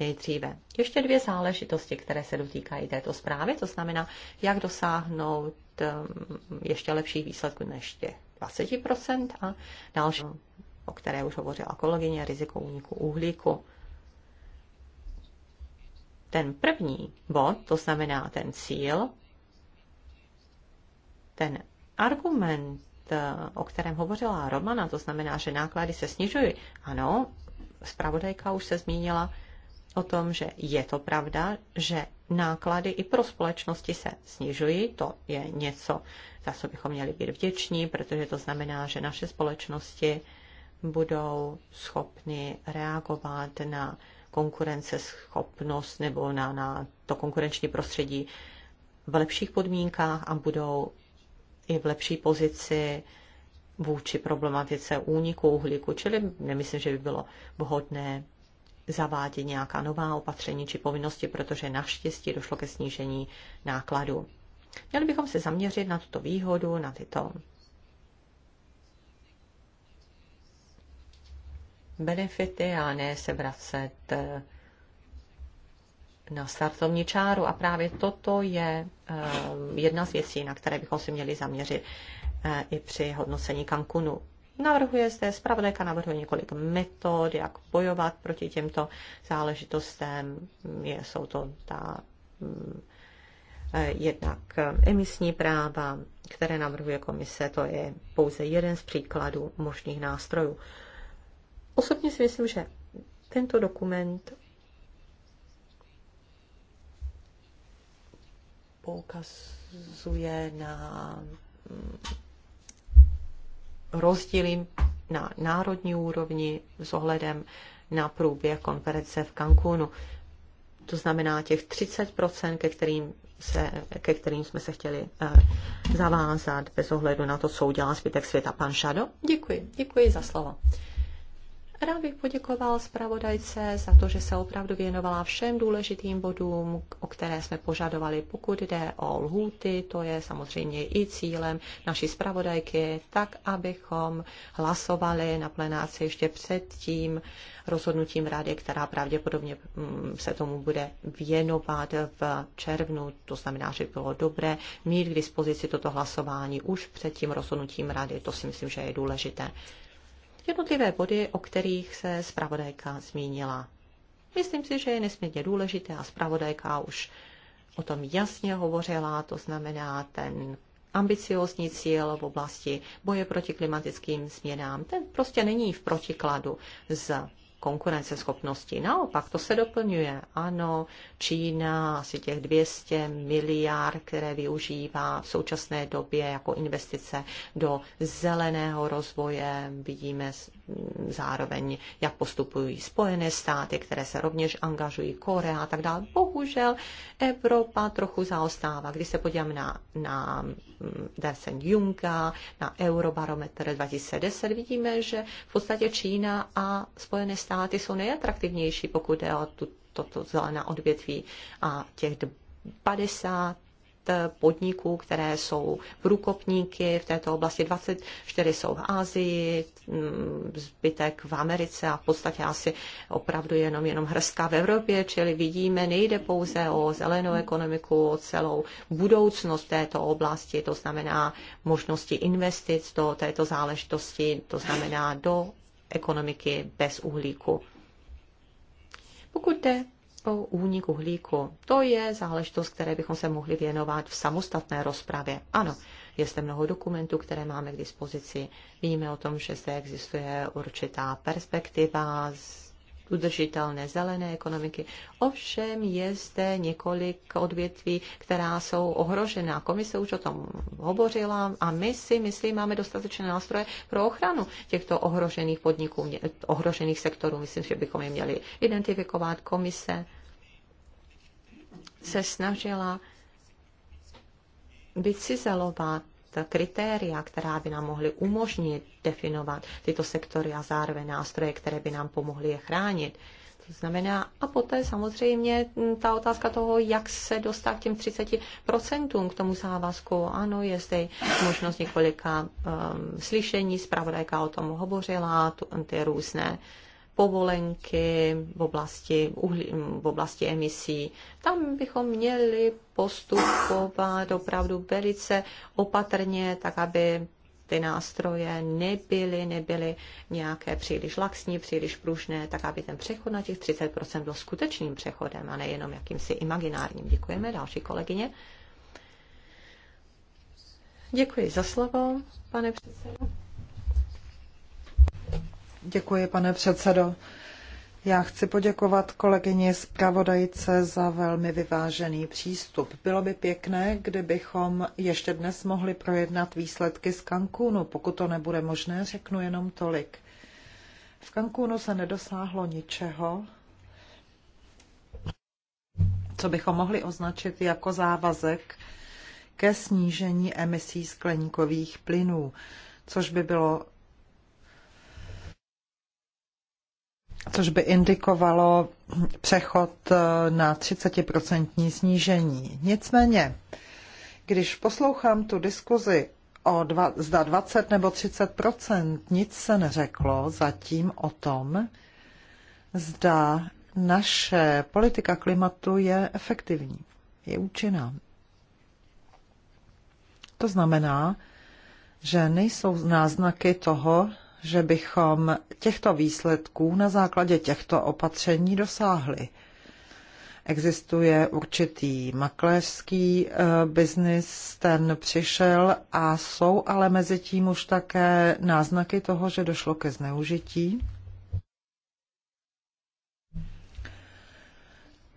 S4: nejdříve. Ještě dvě záležitosti, které se dotýkají této zprávy, to znamená, jak dosáhnout um, ještě lepších výsledků než těch 20% a další o které už hovořila kolegyně, riziko úniku uhlíku. Ten první bod, to znamená ten cíl, ten argument, o kterém hovořila Romana, to znamená, že náklady se snižují. Ano, zpravodajka už se zmínila o tom, že je to pravda, že náklady i pro společnosti se snižují. To je něco, za co bychom měli být vděční, protože to znamená, že naše společnosti budou schopni reagovat na konkurenceschopnost nebo na, na to konkurenční prostředí v lepších podmínkách a budou i v lepší pozici vůči problematice úniku uhlíku, čili nemyslím, že by bylo vhodné zavádět nějaká nová opatření či povinnosti, protože naštěstí došlo ke snížení nákladů. Měli bychom se zaměřit na tuto výhodu, na tyto benefity a ne se vracet eh, na startovní čáru. A právě toto je eh, jedna z věcí, na které bychom si měli zaměřit eh, i při hodnocení Cancunu. Navrhuje zde, zpravodajka navrhuje několik metod, jak bojovat proti těmto záležitostem. Je, jsou to ta mm, jednak emisní práva, které navrhuje komise, to je pouze jeden z příkladů možných nástrojů. Osobně si myslím, že tento dokument poukazuje na mm, rozdíly na národní úrovni s ohledem na průběh konference v Cancúnu. To znamená těch 30%, ke kterým, se, ke kterým jsme se chtěli eh, zavázat bez ohledu na to, co udělá zbytek světa. Pan Šado, děkuji, děkuji za slovo. Rád bych poděkoval zpravodajce za to, že se opravdu věnovala všem důležitým bodům, o které jsme požadovali. Pokud jde o lhůty, to je samozřejmě i cílem naší zpravodajky, tak abychom hlasovali na plenáci ještě před tím rozhodnutím rady, která pravděpodobně mm, se tomu bude věnovat v červnu. To znamená, že bylo dobré mít k dispozici toto hlasování už před tím rozhodnutím rady. To si myslím, že je důležité jednotlivé body, o kterých se zpravodajka zmínila. Myslím si, že je nesmírně důležité a zpravodajka už o tom jasně hovořila, to znamená ten ambiciózní cíl v oblasti boje proti klimatickým změnám. Ten prostě není v protikladu s konkurenceschopnosti. Naopak, to se doplňuje. Ano, Čína asi těch 200 miliard, které využívá v současné době jako investice do zeleného rozvoje. Vidíme zároveň jak postupují Spojené státy, které se rovněž angažují, Korea a tak dále. Bohužel Evropa trochu zaostává. Když se podíváme na, na Dersen mm, Junga, na Eurobarometr 2010, vidíme, že v podstatě Čína a Spojené státy jsou nejatraktivnější, pokud je o tuto toto zelená odvětví a těch 50 podniků, které jsou průkopníky v této oblasti. 24 jsou v Ázii, mm, zbytek v Americe a v podstatě asi opravdu jenom, jenom hrstka v Evropě, čili vidíme, nejde pouze o zelenou ekonomiku, o celou budoucnost této oblasti, to znamená možnosti investic do této záležitosti, to znamená do ekonomiky bez uhlíku. Pokud jde o úniku uhlíku. To je záležitost, které bychom se mohli věnovat v samostatné rozpravě. Ano, je zde mnoho dokumentů, které máme k dispozici. Víme o tom, že zde existuje určitá perspektiva z udržitelné zelené ekonomiky. Ovšem je zde několik odvětví, která jsou ohrožená. Komise už o tom hovořila a my si, myslím, máme dostatečné nástroje pro ochranu těchto ohrožených podniků, ohrožených sektorů. Myslím, že bychom je měli identifikovat. Komise se snažila vycizelovat kritéria, která by nám mohly umožnit definovat tyto sektory a zároveň nástroje, které by nám pomohly je chránit. To znamená, a poté samozřejmě ta otázka toho, jak se dostat k těm 30% k tomu závazku. Ano, je zde možnost několika um, slyšení, zpravodajka o tom hovořila, tu, ty různé povolenky v oblasti, uhlí, v oblasti emisí. Tam bychom měli postupovat opravdu velice opatrně, tak aby ty nástroje nebyly, nebyly nějaké příliš laxní, příliš pružné, tak aby ten přechod na těch 30% byl skutečným přechodem a nejenom jakýmsi imaginárním. Děkujeme. Další kolegyně.
S2: Děkuji za slovo,
S4: pane předsedo.
S2: Děkuji, pane předsedo. Já chci poděkovat kolegyni zpravodajce za velmi vyvážený přístup. Bylo by pěkné, kdybychom ještě dnes mohli projednat výsledky z Cancúnu. Pokud to nebude možné, řeknu jenom tolik. V Cancúnu se nedosáhlo ničeho, co bychom mohli označit jako závazek ke snížení emisí skleníkových plynů, což by bylo což by indikovalo přechod eh, na 30% snížení. Nicméně, když poslouchám tu diskuzi o dva, zda 20 nebo 30 nic se neřeklo zatím o tom, zda naše politika klimatu je efektivní, je účinná. To znamená, že nejsou náznaky toho, že bychom těchto výsledků na základě těchto opatření dosáhli. Existuje určitý makléřský eh, biznis, ten přišel a jsou ale mezi tím už také náznaky toho, že došlo ke zneužití.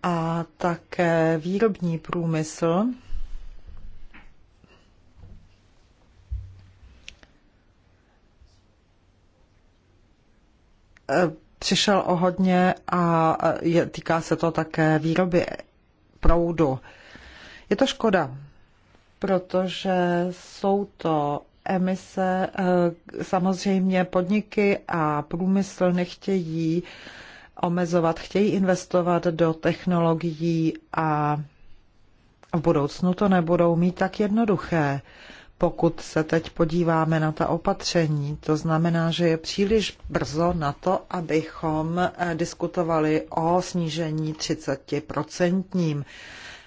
S2: A také výrobní průmysl Eh, přišel o hodně a eh, je, týká se to také výroby proudu. Je to škoda, protože jsou to emise. Eh, samozřejmě podniky a průmysl nechtějí omezovat, chtějí investovat do technologií a v budoucnu to nebudou mít tak jednoduché pokud se teď podíváme na ta opatření, to znamená, že je příliš brzo na to, abychom eh, diskutovali o snížení 30%.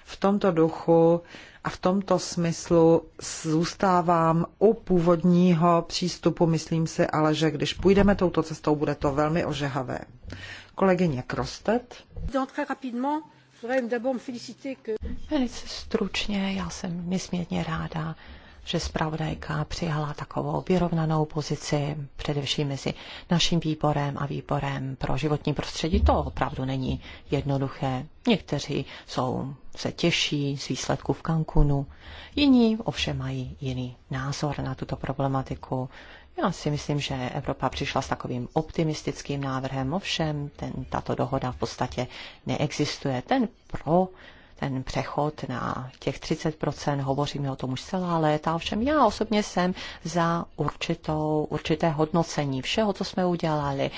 S2: V tomto duchu a v tomto smyslu zůstávám u původního přístupu. Myslím si ale, že když půjdeme touto cestou, bude to velmi ožehavé. Kolegyně Krostet. Velice stručně, já jsem
S4: nesmírně ráda, že zpravodajka přijala takovou vyrovnanou pozici, především mezi naším výborem a výborem pro životní prostředí. To opravdu není jednoduché. Někteří jsou, se těší z výsledku v Cancunu, jiní ovšem mají jiný názor na tuto problematiku. Já si myslím, že Evropa přišla s takovým optimistickým návrhem, ovšem ten, tato dohoda v podstatě neexistuje. Ten pro ten přechod na těch 30%, hovoříme o tom už celá léta, ovšem já osobně jsem za určitou, určité hodnocení všeho, co jsme udělali,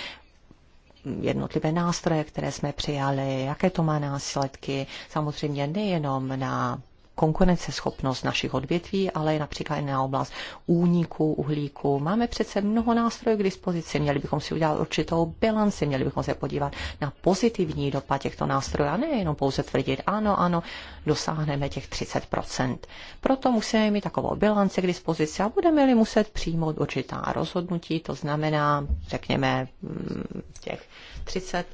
S4: jednotlivé nástroje, které jsme přijali, jaké to má následky, samozřejmě nejenom na konkurenceschopnost našich odvětví, ale i například i na oblast úniku, uhlíku. Máme přece mnoho nástrojů k dispozici, měli bychom si udělat určitou bilanci, měli bychom se podívat na pozitivní dopad těchto nástrojů a nejenom pouze tvrdit, ano, ano, dosáhneme těch 30%. Proto musíme mít takovou bilanci k dispozici a budeme-li muset přijmout určitá rozhodnutí, to znamená, řekněme, mm, těch 30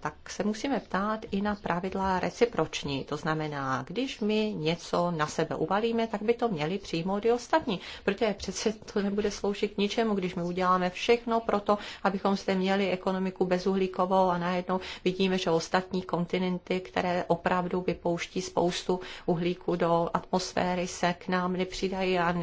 S4: tak se musíme ptát i na pravidla reciproční. To znamená, když my něco na sebe uvalíme, tak by to měli přijmout i ostatní, protože přece to nebude sloužit k ničemu, když my uděláme všechno pro to, abychom zde měli ekonomiku bezuhlíkovou a najednou vidíme, že ostatní kontinenty, které opravdu vypouští spoustu uhlíku do atmosféry, se k nám nepřidají a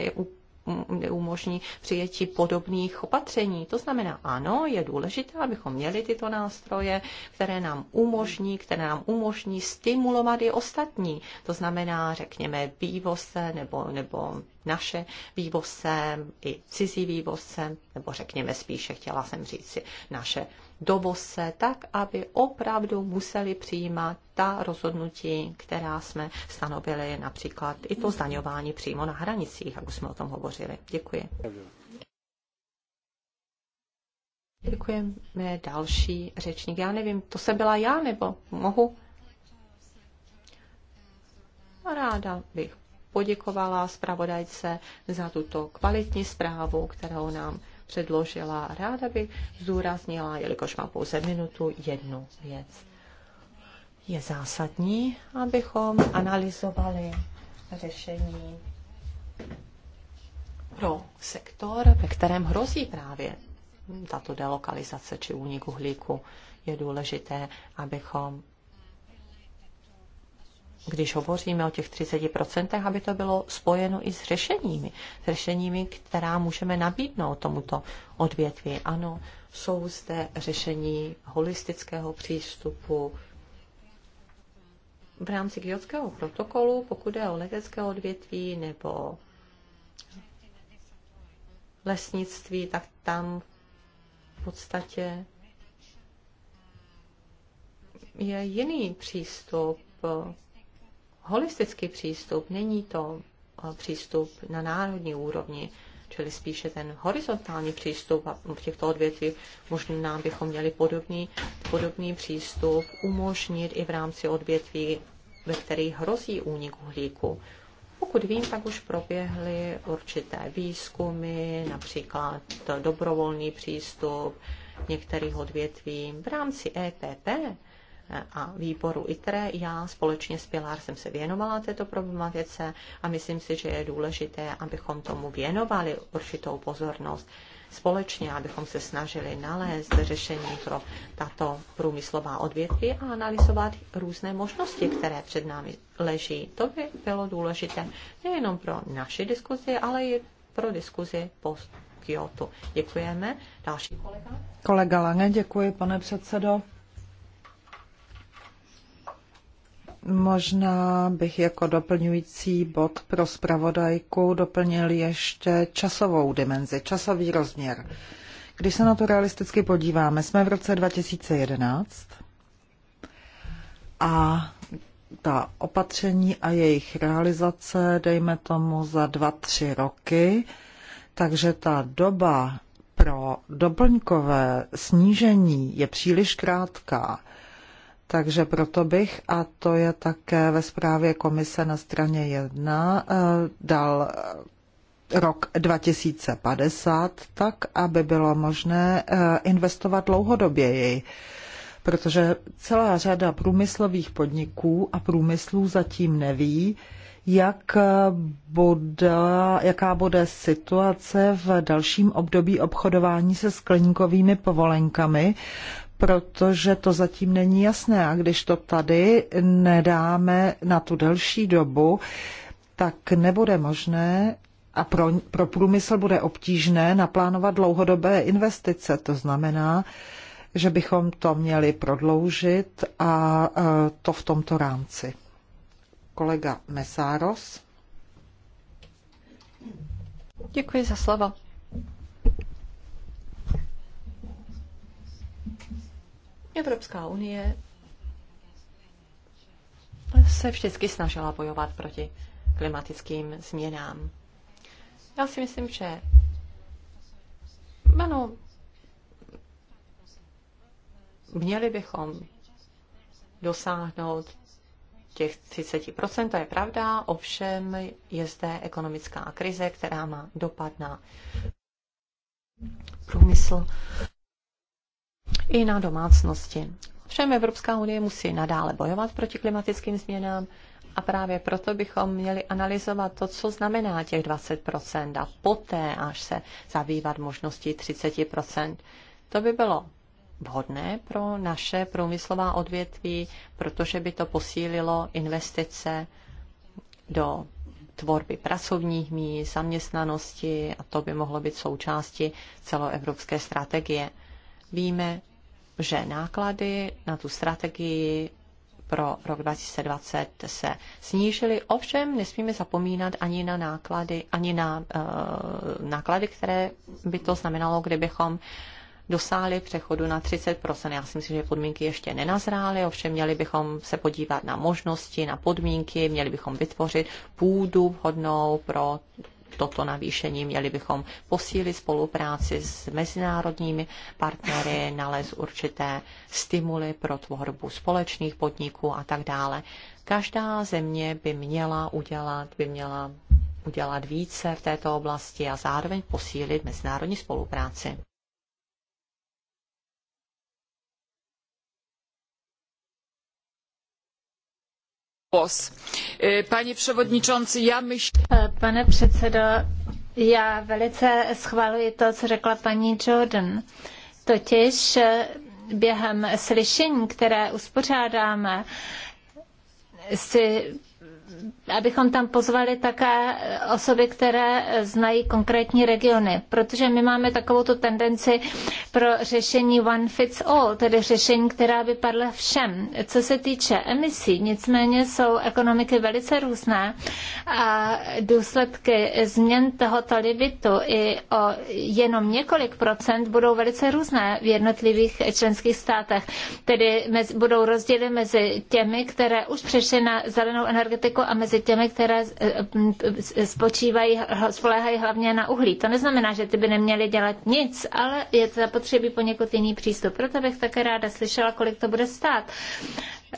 S4: neumožní přijetí podobných opatření. To znamená, ano, je důležité, abychom měli tyto nástroje, které nám umožní, které nám umožní stimulovat i ostatní. To znamená, řekněme, vývozce nebo, nebo naše vývozce, i cizí vývozce, nebo řekněme spíše, chtěla jsem říct si, naše dovozce, tak aby opravdu museli přijímat ta rozhodnutí, která jsme stanovili, například i to zdaňování přímo na hranicích, jak už jsme o tom hovořili. Děkuji. Děkujeme. Další řečník. Já nevím, to jsem byla já, nebo mohu? Ráda bych poděkovala zpravodajce za tuto kvalitní zprávu, kterou nám předložila. Ráda bych zdůraznila, jelikož mám pouze minutu, jednu věc. Je zásadní, abychom analyzovali řešení pro sektor, ve kterém hrozí právě tato delokalizace či únik uhlíku. Je důležité, abychom když hovoříme o těch 30%, aby to bylo spojeno i s řešeními. S řešeními, která můžeme nabídnout tomuto odvětví. Ano, jsou zde řešení holistického přístupu. V rámci Kyotského protokolu, pokud je o letecké odvětví nebo lesnictví, tak tam v podstatě je jiný přístup holistický přístup, není to eh, přístup na národní úrovni, čili spíše ten horizontální přístup a v těchto odvětví možná bychom měli podobný, podobný přístup umožnit i v rámci odvětví, ve kterých hrozí únik uhlíku. Pokud vím, tak už proběhly určité výzkumy, například dobrovolný přístup některých odvětví. V rámci EPP a výboru ITRE. Já společně s Pilar jsem se věnovala této problematice a myslím si, že je důležité, abychom tomu věnovali určitou pozornost společně, abychom se snažili nalézt řešení pro tato průmyslová odvětví a analyzovat různé možnosti, které před námi leží. To by bylo důležité nejenom pro naši diskuzi, ale i pro diskuzi po Kyoto. Děkujeme. Další kolega.
S2: Kolega Lange, děkuji, pane předsedo. Možná bych jako doplňující bod pro zpravodajku doplnil ještě časovou dimenzi, časový rozměr. Když se na to realisticky podíváme, jsme v roce 2011 a ta opatření a jejich realizace, dejme tomu za dva, tři roky, takže ta doba pro doplňkové snížení je příliš krátká. Takže proto bych, a to je také ve zprávě komise na straně 1, eh, dal rok 2050 tak, aby bylo možné eh, investovat dlouhodoběji. Protože celá řada průmyslových podniků a průmyslů zatím neví, jak eh, bude, jaká bude situace v dalším období obchodování se skleníkovými povolenkami protože to zatím není jasné. A když to tady nedáme na tu delší dobu, tak nebude možné a pro, pro průmysl bude obtížné naplánovat dlouhodobé investice. To znamená, že bychom to měli prodloužit a e, to v tomto rámci. Kolega Mesáros.
S4: Děkuji za slovo. Evropská unie se vždycky snažila bojovat proti klimatickým změnám. Já si myslím, že ano, měli bychom dosáhnout těch 30%, to je pravda, ovšem je zde ekonomická krize, která má dopad na průmysl i na domácnosti. Všem Evropská unie musí nadále bojovat proti klimatickým změnám a právě proto bychom měli analyzovat to, co znamená těch 20% a poté až se zabývat možností 30%. To by bylo vhodné pro naše průmyslová odvětví, protože by to posílilo investice do tvorby pracovních míst, zaměstnanosti a to by mohlo být součástí celoevropské strategie. Víme, že náklady na tu strategii pro rok 2020 se snížily. Ovšem nesmíme zapomínat ani na náklady, ani na uh, náklady, které by to znamenalo, kdybychom dosáhli přechodu na 30%. Já si myslím, že podmínky ještě nenazrály, ovšem měli bychom se podívat na možnosti, na podmínky, měli bychom vytvořit půdu vhodnou pro toto navýšení. Měli bychom posílit spolupráci s mezinárodními partnery, nalézt určité stimuly pro tvorbu společných podniků a tak dále. Každá země by měla udělat, by měla udělat více v této oblasti a zároveň posílit mezinárodní spolupráci.
S3: E, e, pane předsedající, já předsedo, já velice schvaluji to, co řekla paní Jordan. Totiž e, během slyšení, které uspořádáme, si abychom tam pozvali také osoby, které znají konkrétní regiony, protože my máme takovou tu tendenci pro řešení one fits all, tedy řešení, která by padla všem. Co se týče emisí, nicméně jsou ekonomiky velice různé a důsledky změn tohoto limitu i o jenom několik procent budou velice různé v jednotlivých členských státech. Tedy budou rozdíly mezi těmi, které už přešly na zelenou energetiku a a mezi těmi, které eh, spočívají, spolehají hlavně na uhlí. To neznamená, že ty by neměly dělat nic, ale je to zapotřebí poněkud jiný přístup. Proto bych také ráda slyšela, kolik to bude stát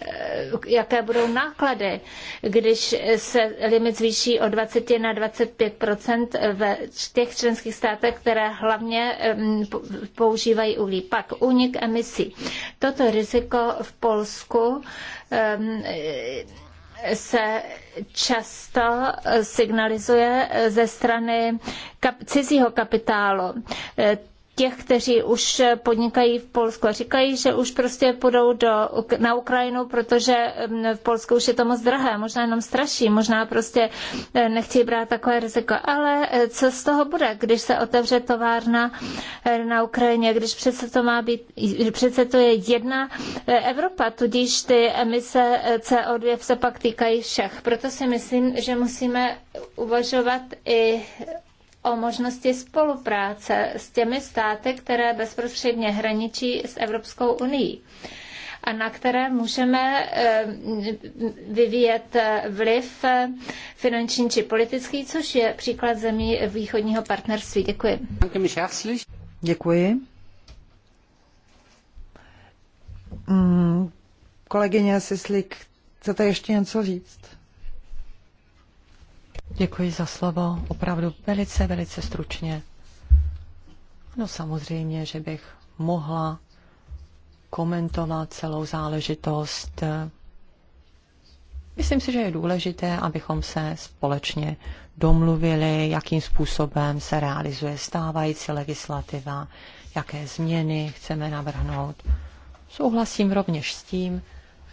S3: eh, jaké budou náklady, když se limit zvýší o 20 na 25 ve těch členských státech, které hlavně eh, používají uhlí. Pak únik emisí. Toto riziko v Polsku se často signalizuje ze strany cizího kapitálu těch, kteří už podnikají v Polsku. Říkají, že už prostě půjdou do, na Ukrajinu, protože v Polsku už je to moc drahé, možná jenom straší, možná prostě eh, nechtějí brát takové riziko. Ale eh, co z toho bude, když se otevře továrna eh, na Ukrajině, když přece to má být, přece to je jedna Evropa, tudíž ty emise CO2 se pak týkají všech. Proto si myslím, že musíme uvažovat i o možnosti spolupráce s těmi státy, které bezprostředně hraničí s Evropskou unii a na které můžeme eh, vyvíjet vliv finanční či politický, což je příklad zemí východního partnerství. Děkuji.
S2: Děkuji. Mm, kolegyně Sislik, chcete ještě něco říct?
S4: Děkuji za slovo. Opravdu velice, velice stručně. No samozřejmě, že bych mohla komentovat celou záležitost. Myslím si, že je důležité, abychom se společně domluvili, jakým způsobem se realizuje stávající legislativa, jaké změny chceme navrhnout. Souhlasím rovněž s tím,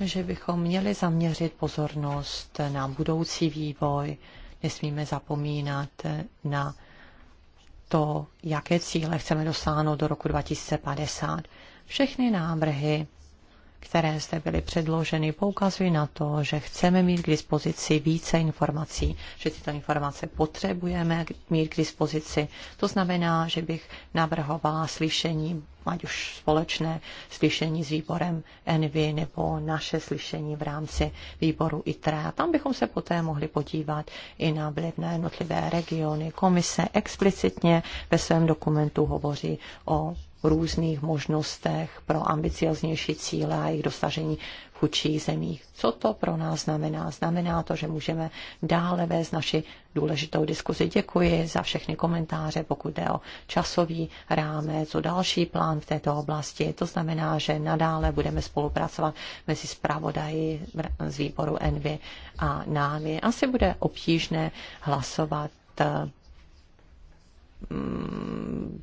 S4: že bychom měli zaměřit pozornost na budoucí vývoj, nesmíme zapomínat na to, jaké cíle chceme dosáhnout do roku 2050. Všechny návrhy které zde byly předloženy, poukazují na to, že chceme mít k dispozici více informací, že tyto informace potřebujeme mít k dispozici. To znamená, že bych navrhovala slyšení, ať už společné slyšení s výborem Envy nebo naše slyšení v rámci výboru ITRE. A tam bychom se poté mohli podívat i na vliv na jednotlivé regiony. Komise explicitně ve svém dokumentu hovoří o různých možnostech pro ambicioznější cíle a jejich dosažení v chudších zemích. Co to pro nás znamená? Znamená to, že můžeme dále vést naši důležitou diskuzi. Děkuji za všechny komentáře, pokud jde o časový rámec, o další plán v této oblasti. To znamená, že nadále budeme spolupracovat mezi zpravodaji z výboru Envy a námi. Asi bude obtížné hlasovat mm,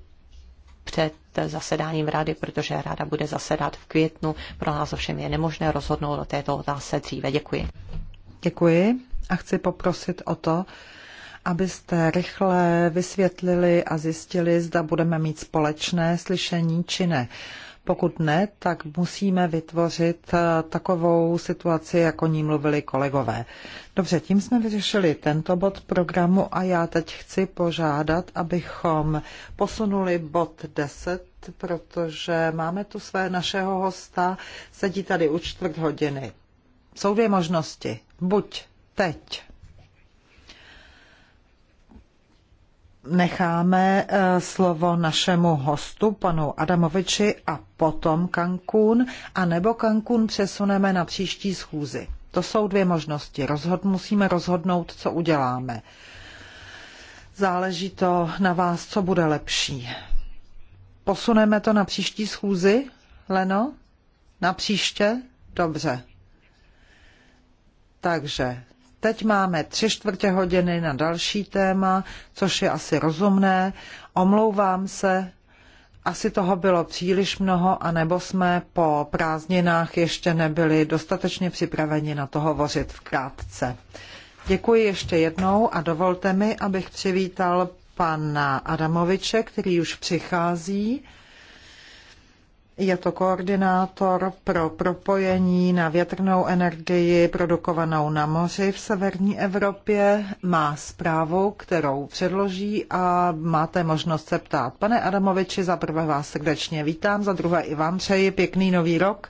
S4: před zasedáním rady, protože rada bude zasedat v květnu. Pro nás ovšem je nemožné
S2: rozhodnout o této otázce dříve. Děkuji. Děkuji a chci poprosit o to, abyste rychle vysvětlili a zjistili, zda budeme mít společné slyšení či ne. Pokud ne, tak musíme vytvořit eh, takovou situaci, jako ní mluvili kolegové. Dobře, tím jsme vyřešili tento bod programu a já teď chci požádat, abychom posunuli bod 10 protože máme tu své našeho hosta, sedí tady u čtvrt hodiny. Jsou dvě možnosti. Buď teď necháme eh, slovo našemu hostu, panu Adamoviči, a potom Cancún, nebo Cancún přesuneme na příští schůzi. To jsou dvě možnosti. Rozhod, musíme rozhodnout, co uděláme. Záleží to na vás, co bude lepší. Posuneme to na příští schůzi, Leno? Na příště? Dobře. Takže Teď máme tři čtvrtě hodiny na další téma, což je asi rozumné. Omlouvám se, asi toho bylo příliš mnoho, anebo jsme po prázdninách ještě nebyli dostatečně připraveni na to hovořit v krátce. Děkuji ještě jednou a dovolte mi, abych přivítal pana Adamoviče, který už přichází. Je to koordinátor pro propojení na větrnou energii produkovanou na moři v severní Evropě. Má zprávu, kterou předloží a máte možnost se ptát. Pane Adamoviči, za prvé vás srdečně vítám, za druhé i vám přeji pěkný nový rok.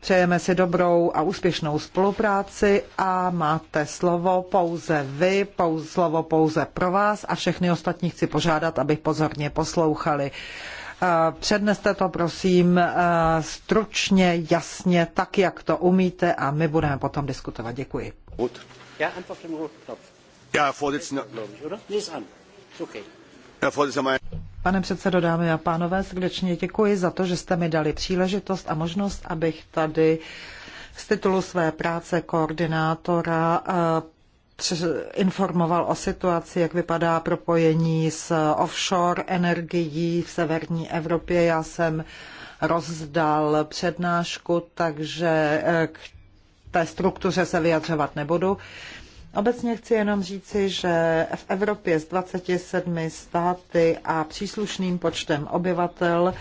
S2: Přejeme si dobrou a úspěšnou spolupráci a máte slovo pouze vy, pouze, slovo pouze pro vás a všechny ostatní chci požádat, aby pozorně poslouchali. Předneste to prosím stručně, jasně, tak, jak to umíte a my budeme potom diskutovat. Děkuji. Pane předsedo, dámy a pánové, srdečně děkuji za to, že jste mi dali příležitost a možnost, abych tady z titulu své práce koordinátora eh, informoval o situaci, jak vypadá propojení s offshore energií v severní Evropě. Já jsem rozdal přednášku, takže eh, k té struktuře se vyjadřovat nebudu. Obecně chci jenom říci, že v Evropě s 27 státy a příslušným počtem obyvatel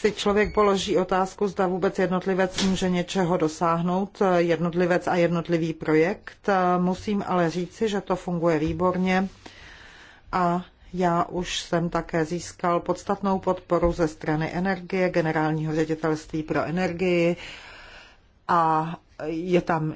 S2: si člověk položí otázku, zda vůbec jednotlivec může něčeho dosáhnout, jednotlivec a jednotlivý projekt. Musím ale říci, že to funguje výborně a já už jsem také získal podstatnou podporu ze strany energie, generálního ředitelství pro energii a je tam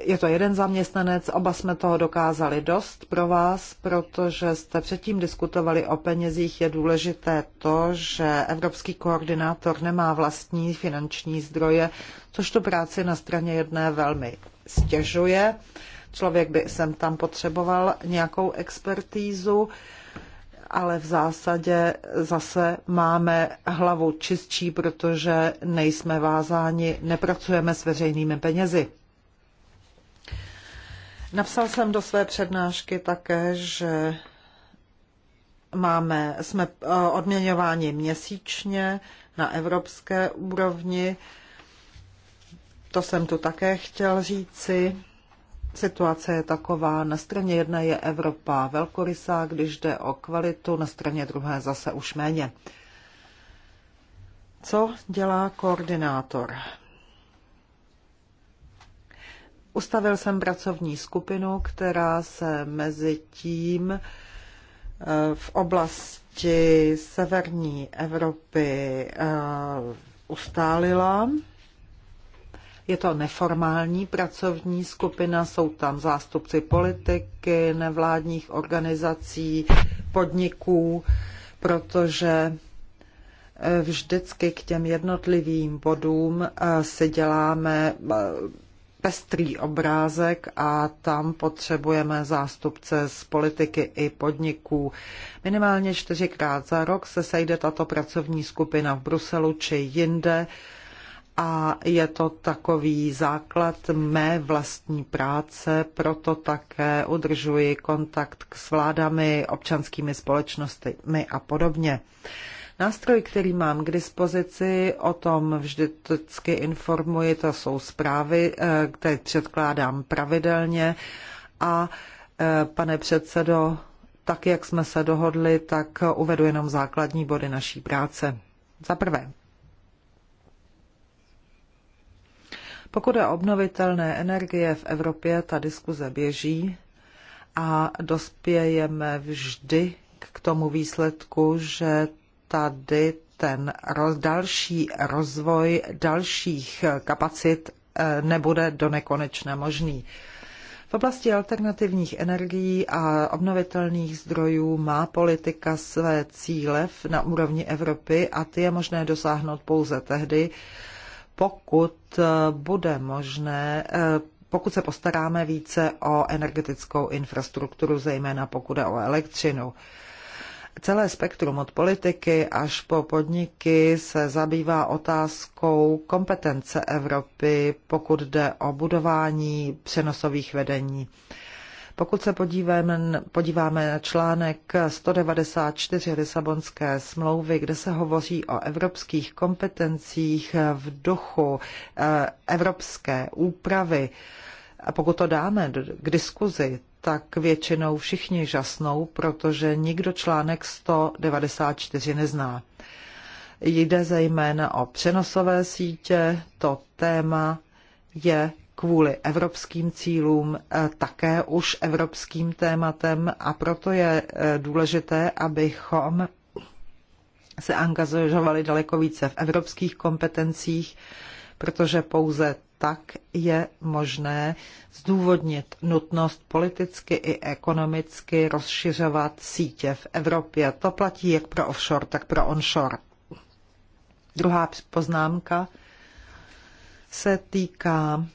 S2: je to jeden zaměstnanec, oba jsme toho dokázali dost pro vás, protože jste předtím diskutovali o penězích. Je důležité to, že evropský koordinátor nemá vlastní finanční zdroje, což tu práci na straně jedné velmi stěžuje. Člověk by sem tam potřeboval nějakou expertízu ale v zásadě zase máme hlavu čistší, protože nejsme vázáni, nepracujeme s veřejnými penězi. Napsal jsem do své přednášky také, že máme, jsme eh, odměňováni měsíčně na evropské úrovni. To jsem tu také chtěl říci. Situace je taková, na straně jedné je Evropa velkorysá, když jde o kvalitu, na straně druhé zase už méně. Co dělá koordinátor? Ustavil jsem pracovní skupinu, která se mezi tím eh, v oblasti severní Evropy eh, ustálila. Je to neformální pracovní skupina, jsou tam zástupci politiky, nevládních organizací, podniků, protože eh, vždycky k těm jednotlivým bodům si děláme pestrý obrázek a tam potřebujeme zástupce z politiky i podniků. Minimálně čtyřikrát za rok se sejde tato pracovní skupina v Bruselu či jinde a je to takový základ mé vlastní práce, proto také udržuji kontakt s vládami, občanskými společnostmi a podobně. Nástroj, který mám k dispozici, o tom vždycky informuji, to jsou zprávy, eh, které předkládám pravidelně a eh, pane předsedo, tak jak jsme se dohodli, tak uvedu jenom základní body naší práce. Za prvé, Pokud je obnovitelné energie v Evropě, ta diskuze běží a dospějeme vždy k tomu výsledku, že tady ten roz, další rozvoj dalších kapacit eh, nebude do nekonečna možný. V oblasti alternativních energií a obnovitelných zdrojů má politika své cíle na úrovni Evropy a ty je možné dosáhnout pouze tehdy, pokud eh, bude možné eh, pokud se postaráme více o energetickou infrastrukturu, zejména pokud je o elektřinu celé spektrum od politiky až po podniky se zabývá otázkou kompetence Evropy, pokud jde o budování přenosových vedení. Pokud se podíváme, podíváme na článek 194 Lisabonské smlouvy, kde se hovoří o evropských kompetencích v duchu eh, evropské úpravy, a pokud to dáme k diskuzi, tak většinou všichni žasnou, protože nikdo článek 194 nezná. Jde zejména o přenosové sítě, to téma je kvůli evropským cílům eh, také už evropským tématem a proto je eh, důležité, abychom se angažovali daleko více v evropských kompetencích, protože pouze tak je možné zdůvodnit nutnost politicky i ekonomicky rozšiřovat sítě v Evropě. To platí jak pro offshore, tak pro onshore. Druhá poznámka se týká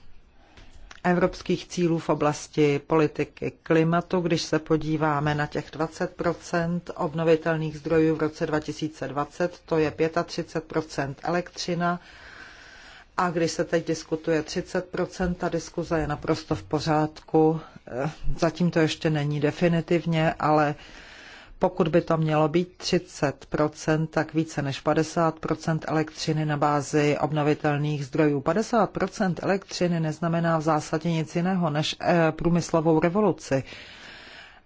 S2: evropských cílů v oblasti politiky klimatu. Když se podíváme na těch 20 obnovitelných zdrojů v roce 2020, to je 35 elektřina, a když se teď diskutuje 30%, ta diskuze je naprosto v pořádku. Eh, zatím to ještě není definitivně, ale pokud by to mělo být 30%, tak více než 50% elektřiny na bázi obnovitelných zdrojů. 50% elektřiny neznamená v zásadě nic jiného než eh, průmyslovou revoluci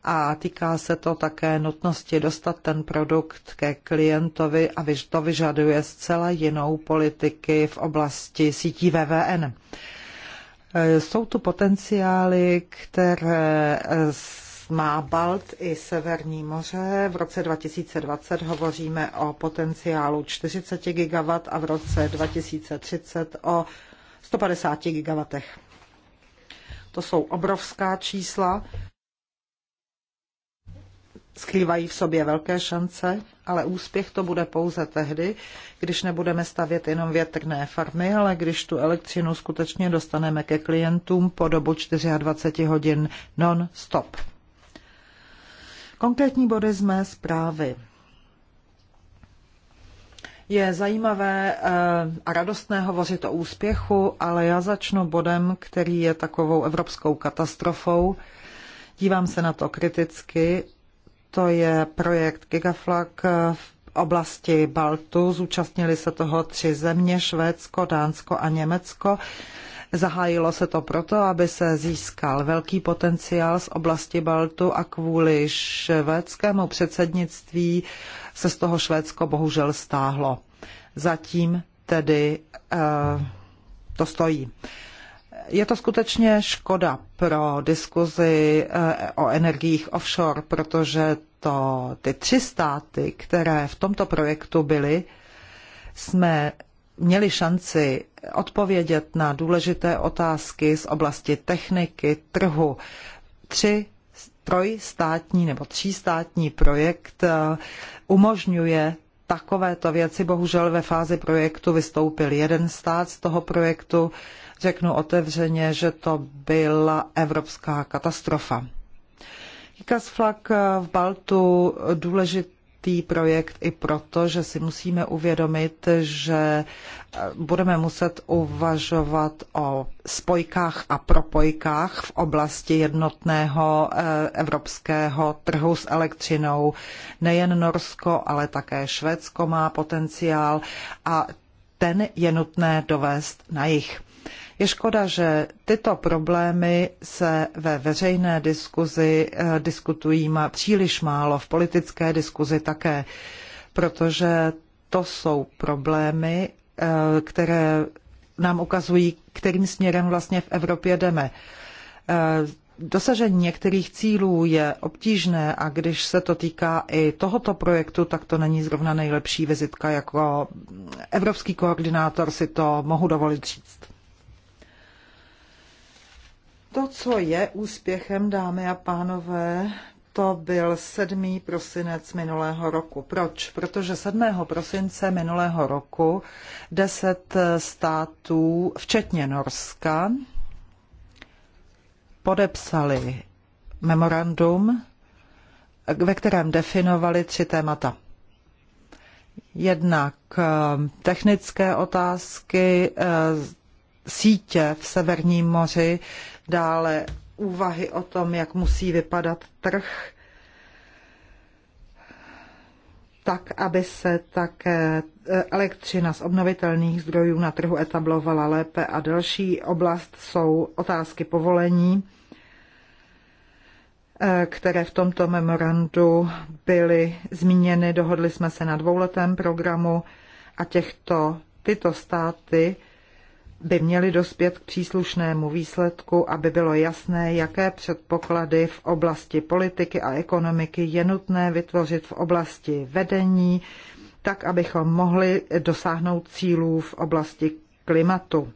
S2: a týká se to také nutnosti dostat ten produkt ke klientovi a to vyžaduje zcela jinou politiky v oblasti sítí VVN. E, jsou tu potenciály, které e, má Balt i Severní moře. V roce 2020 hovoříme o potenciálu 40 GW a v roce 2030 o 150 GW. To jsou obrovská čísla skrývají v sobě velké šance, ale úspěch to bude pouze tehdy, když nebudeme stavět jenom větrné farmy, ale když tu elektřinu skutečně dostaneme ke klientům po dobu 24 hodin non-stop. Konkrétní body z mé zprávy. Je zajímavé eh, a radostné hovořit o úspěchu, ale já začnu bodem, který je takovou evropskou katastrofou. Dívám se na to kriticky to je projekt Gigaflag v oblasti Baltu. Zúčastnili se toho tři země, Švédsko, Dánsko a Německo. Zahájilo se to proto, aby se získal velký potenciál z oblasti Baltu a kvůli švédskému předsednictví se z toho Švédsko bohužel stáhlo. Zatím tedy eh, to stojí. Eh, je to skutečně škoda pro diskuzi eh, o energiích offshore, protože to, ty tři státy, které v tomto projektu byly, jsme měli šanci odpovědět na důležité otázky z oblasti techniky, trhu. Tři trojstátní nebo třístátní projekt eh, umožňuje takovéto věci. Bohužel ve fázi projektu vystoupil jeden stát z toho projektu, řeknu otevřeně, že to byla evropská katastrofa. Kikas Flak v Baltu důležitý projekt i proto, že si musíme uvědomit, že eh, budeme muset uvažovat o spojkách a propojkách v oblasti jednotného eh, evropského trhu s elektřinou. Nejen Norsko, ale také Švédsko má potenciál a ten je nutné dovést na jich. Je škoda, že tyto problémy se ve veřejné diskuzi eh, diskutují má příliš málo, v politické diskuzi také, protože to jsou problémy, eh, které nám ukazují, kterým směrem vlastně v Evropě jdeme. Eh, dosažení některých cílů je obtížné a když se to týká i tohoto projektu, tak to není zrovna nejlepší vizitka. Jako evropský koordinátor si to mohu dovolit říct. To, co je úspěchem, dámy a pánové, to byl 7. prosinec minulého roku. Proč? Protože 7. prosince minulého roku 10 států, včetně Norska, podepsali memorandum, ve kterém definovali tři témata. Jednak eh, technické otázky, eh, sítě v Severním moři, dále úvahy o tom, jak musí vypadat trh, tak, aby se také eh, elektřina z obnovitelných zdrojů na trhu etablovala lépe. A další oblast jsou otázky povolení, eh, které v tomto memorandu byly zmíněny. Dohodli jsme se na dvouletém programu a těchto tyto státy by měly dospět k příslušnému výsledku, aby bylo jasné, jaké předpoklady v oblasti politiky a ekonomiky je nutné vytvořit v oblasti vedení, tak abychom mohli dosáhnout cílů v oblasti klimatu.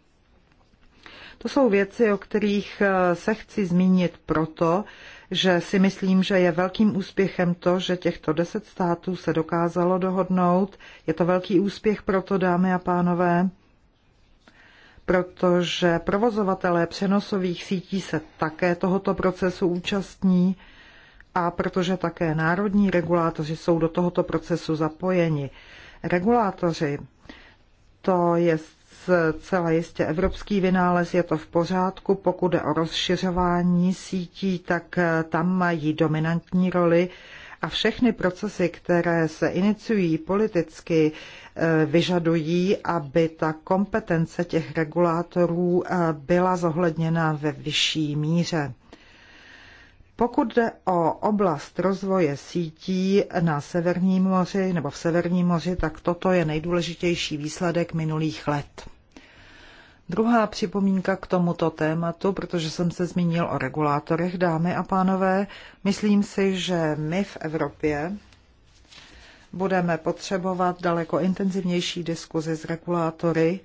S2: To jsou věci, o kterých eh, se chci zmínit proto, že si myslím, že je velkým úspěchem to, že těchto deset států se dokázalo dohodnout. Je to velký úspěch proto, dámy a pánové, protože provozovatelé přenosových sítí se také tohoto procesu účastní a protože také národní regulátoři jsou do tohoto procesu zapojeni. Regulátoři, to je zcela jistě evropský vynález, je to v pořádku. Pokud jde o rozšiřování sítí, tak tam mají dominantní roli a všechny procesy, které se iniciují politicky, e, vyžadují, aby ta kompetence těch regulátorů e, byla zohledněna ve vyšší míře. Pokud jde o oblast rozvoje sítí na Severním moři nebo v Severním moři, tak toto je nejdůležitější výsledek minulých let. Druhá připomínka k tomuto tématu, protože jsem se zmínil o regulátorech, dámy a pánové, myslím si, že my v Evropě budeme potřebovat daleko intenzivnější diskuzi s regulátory,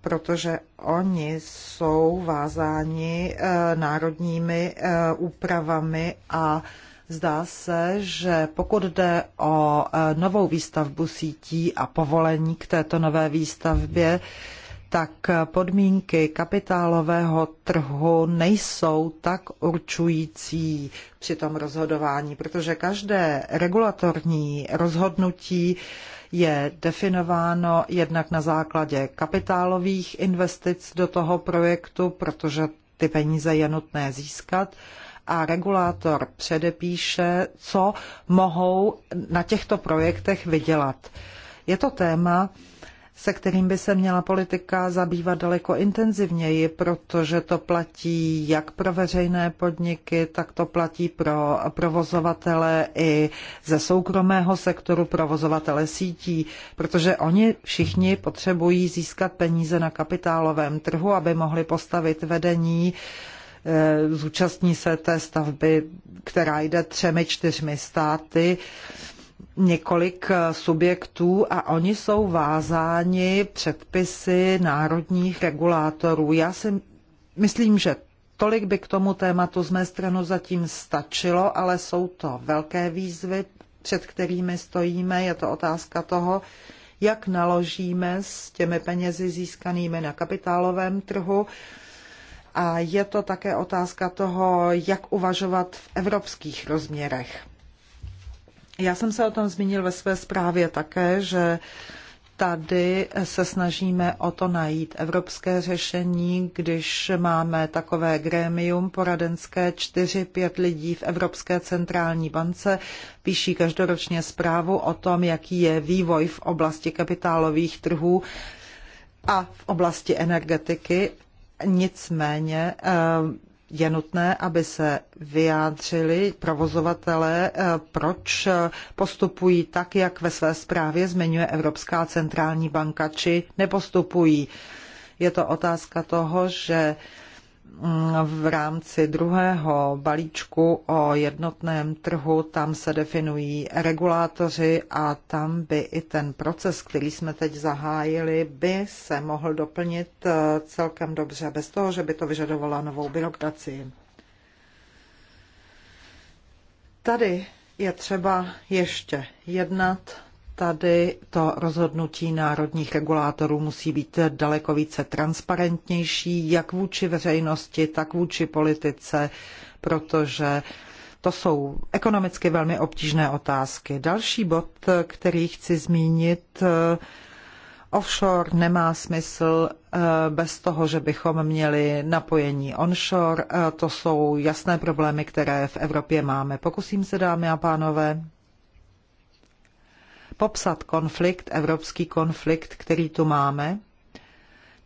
S2: protože oni jsou vázáni eh, národními eh, úpravami a Zdá se, že pokud jde o eh, novou výstavbu sítí a povolení k této nové výstavbě, tak podmínky kapitálového trhu nejsou tak určující při tom rozhodování, protože každé regulatorní rozhodnutí je definováno jednak na základě kapitálových investic do toho projektu, protože ty peníze je nutné získat, a regulátor předepíše, co mohou na těchto projektech vydělat. Je to téma, se kterým by se měla politika zabývat daleko intenzivněji, protože to platí jak pro veřejné podniky, tak to platí pro provozovatele i ze soukromého sektoru, provozovatele sítí, protože oni všichni potřebují získat peníze na kapitálovém trhu, aby mohli postavit vedení eh, zúčastní se té stavby, která jde třemi, čtyřmi státy několik eh, subjektů a oni jsou vázáni předpisy národních regulátorů. Já si myslím, že tolik by k tomu tématu z mé strany zatím stačilo, ale jsou to velké výzvy, před kterými stojíme. Je to otázka toho, jak naložíme s těmi penězi získanými na kapitálovém trhu. A je to také otázka toho, jak uvažovat v evropských rozměrech. Já jsem se o tom zmínil ve své zprávě také, že tady se snažíme o to najít evropské řešení, když máme takové grémium poradenské 4-5 lidí v Evropské centrální bance, píší každoročně zprávu o tom, jaký je vývoj v oblasti kapitálových trhů a v oblasti energetiky. Nicméně eh, je nutné, aby se vyjádřili provozovatelé, eh, proč postupují tak, jak ve své zprávě zmiňuje Evropská centrální banka, či nepostupují. Je to otázka toho, že v rámci druhého balíčku o jednotném trhu, tam se definují regulátoři a tam by i ten proces, který jsme teď zahájili, by se mohl doplnit eh, celkem dobře, bez toho, že by to vyžadovalo novou byrokracii. Tady je třeba ještě jednat tady to rozhodnutí národních regulátorů musí být daleko více transparentnější, jak vůči veřejnosti, tak vůči politice, protože to jsou ekonomicky velmi obtížné otázky. Další bod, který chci zmínit, offshore nemá smysl eh, bez toho, že bychom měli napojení onshore. Eh, to jsou jasné problémy, které v Evropě máme. Pokusím se, dámy a pánové, popsat konflikt, evropský konflikt, který tu máme.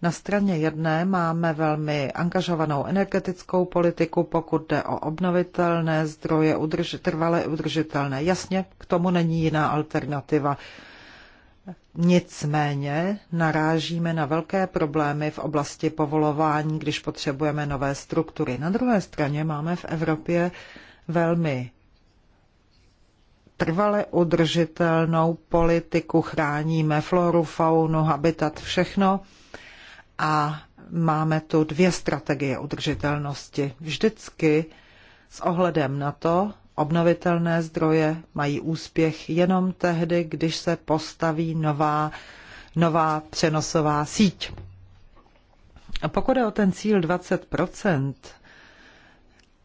S2: Na straně jedné máme velmi angažovanou energetickou politiku, pokud jde o obnovitelné zdroje, udrž, trvalé udržitelné. Jasně, k tomu není jiná alternativa. Nicméně narážíme na velké problémy v oblasti povolování, když potřebujeme nové struktury. Na druhé straně máme v Evropě velmi trvale udržitelnou politiku, chráníme floru, faunu, habitat, všechno a máme tu dvě strategie udržitelnosti. Vždycky s ohledem na to, obnovitelné zdroje mají úspěch jenom tehdy, když se postaví nová, nová přenosová síť. A pokud je o ten cíl 20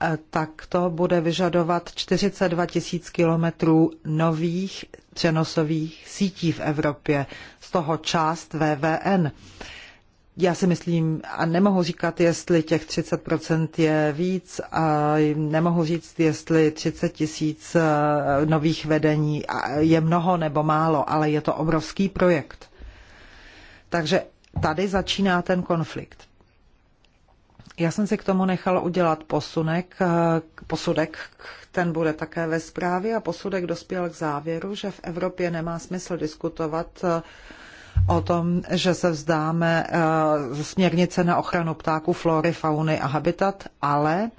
S2: Eh, tak to bude vyžadovat 42 tisíc kilometrů nových přenosových sítí v Evropě, z toho část VVN. Já si myslím, a nemohu říkat, jestli těch 30% je víc, a nemohu říct, jestli 30 tisíc eh, nových vedení je mnoho nebo málo, ale je to obrovský projekt. Takže tady začíná ten konflikt. Já jsem si k tomu nechala udělat posunek, eh, posudek, ten bude také ve zprávě a posudek dospěl k závěru, že v Evropě nemá smysl diskutovat eh, o tom, že se vzdáme eh, směrnice na ochranu ptáků, flory, fauny a habitat, ale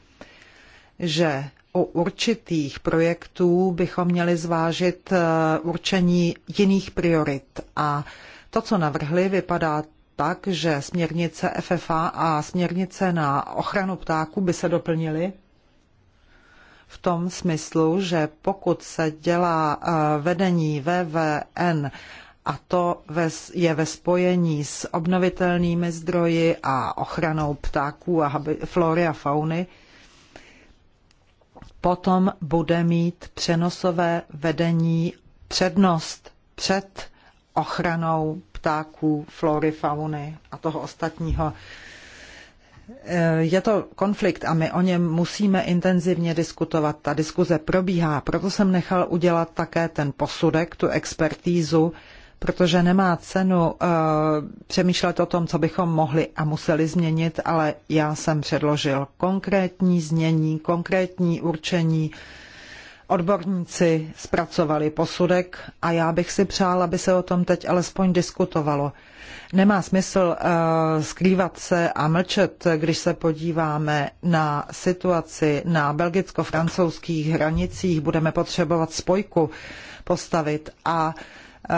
S2: že u určitých projektů bychom měli zvážit určení jiných priorit a to, co navrhli, vypadá tak, že směrnice FFA a směrnice na ochranu ptáků by se doplnily? v tom smyslu, že pokud se dělá eh, vedení VVN a to je ve spojení s obnovitelnými zdroji a ochranou ptáků a flory a fauny, potom bude mít přenosové vedení přednost před ochranou ptáků, flory, fauny a toho ostatního. Eh, je to konflikt a my o něm musíme intenzivně diskutovat. Ta diskuze probíhá, proto jsem nechal udělat také ten posudek, tu expertízu, protože nemá cenu uh, přemýšlet o tom, co bychom mohli a museli změnit, ale já jsem předložil konkrétní znění, konkrétní určení uh, Odborníci zpracovali posudek a já bych si přál, aby se o tom teď alespoň diskutovalo. Nemá smysl uh, skrývat se a mlčet, když se podíváme na situaci na belgicko-francouzských hranicích. Budeme potřebovat spojku postavit a uh,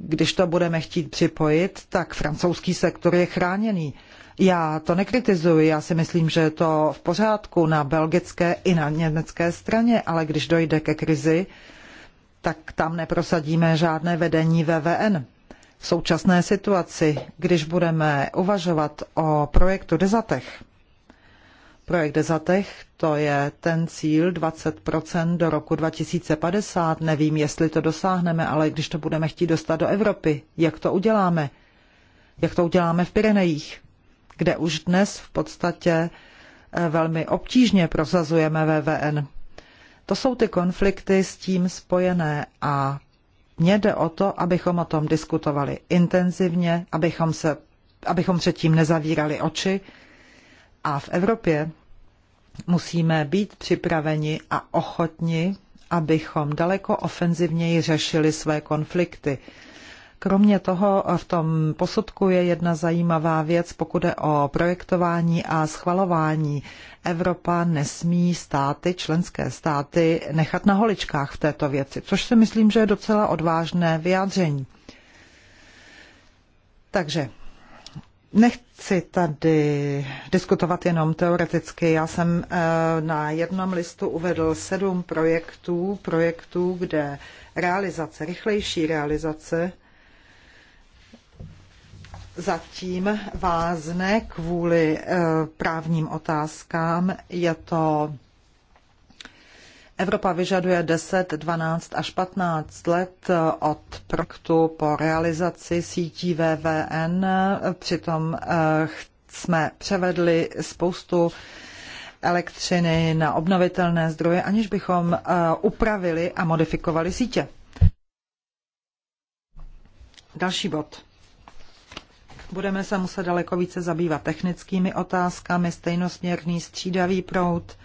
S2: když to budeme chtít připojit, tak francouzský sektor je chráněný. Uh, já to nekritizuji, já si myslím, že je to v pořádku na belgické i na německé straně, ale když dojde ke krizi, tak tam neprosadíme žádné vedení VVN. V současné situaci, když budeme uvažovat o projektu Dezatech, projekt Dezatech, to je ten cíl 20% do roku 2050, nevím, jestli to dosáhneme, ale když to budeme chtít dostat do Evropy, jak to uděláme? Jak to uděláme v Pirenejích? kde už dnes v podstatě eh, velmi obtížně prosazujeme VVN. To jsou ty konflikty s tím spojené a mně jde o to, abychom o tom diskutovali intenzivně, abychom, se, abychom předtím nezavírali oči a v Evropě musíme být připraveni a ochotni, abychom daleko ofenzivněji řešili své konflikty Kromě toho v tom posudku je jedna zajímavá věc, pokud je o projektování a schvalování. Evropa nesmí státy, členské státy, nechat na holičkách v této věci, což si myslím, že je docela odvážné vyjádření. Takže Nechci tady diskutovat jenom teoreticky. Já jsem eh, na jednom listu uvedl sedm projektů, projektů, kde realizace, rychlejší realizace zatím vázne kvůli eh, právním otázkám. Je to Evropa vyžaduje 10, 12 až 15 let eh, od projektu po realizaci sítí VVN. Přitom eh, jsme převedli spoustu elektřiny na obnovitelné zdroje, aniž bychom upravili a modifikovali sítě. Další bod. Budeme se muset daleko více zabývat technickými otázkami, stejnosměrný střídavý proud,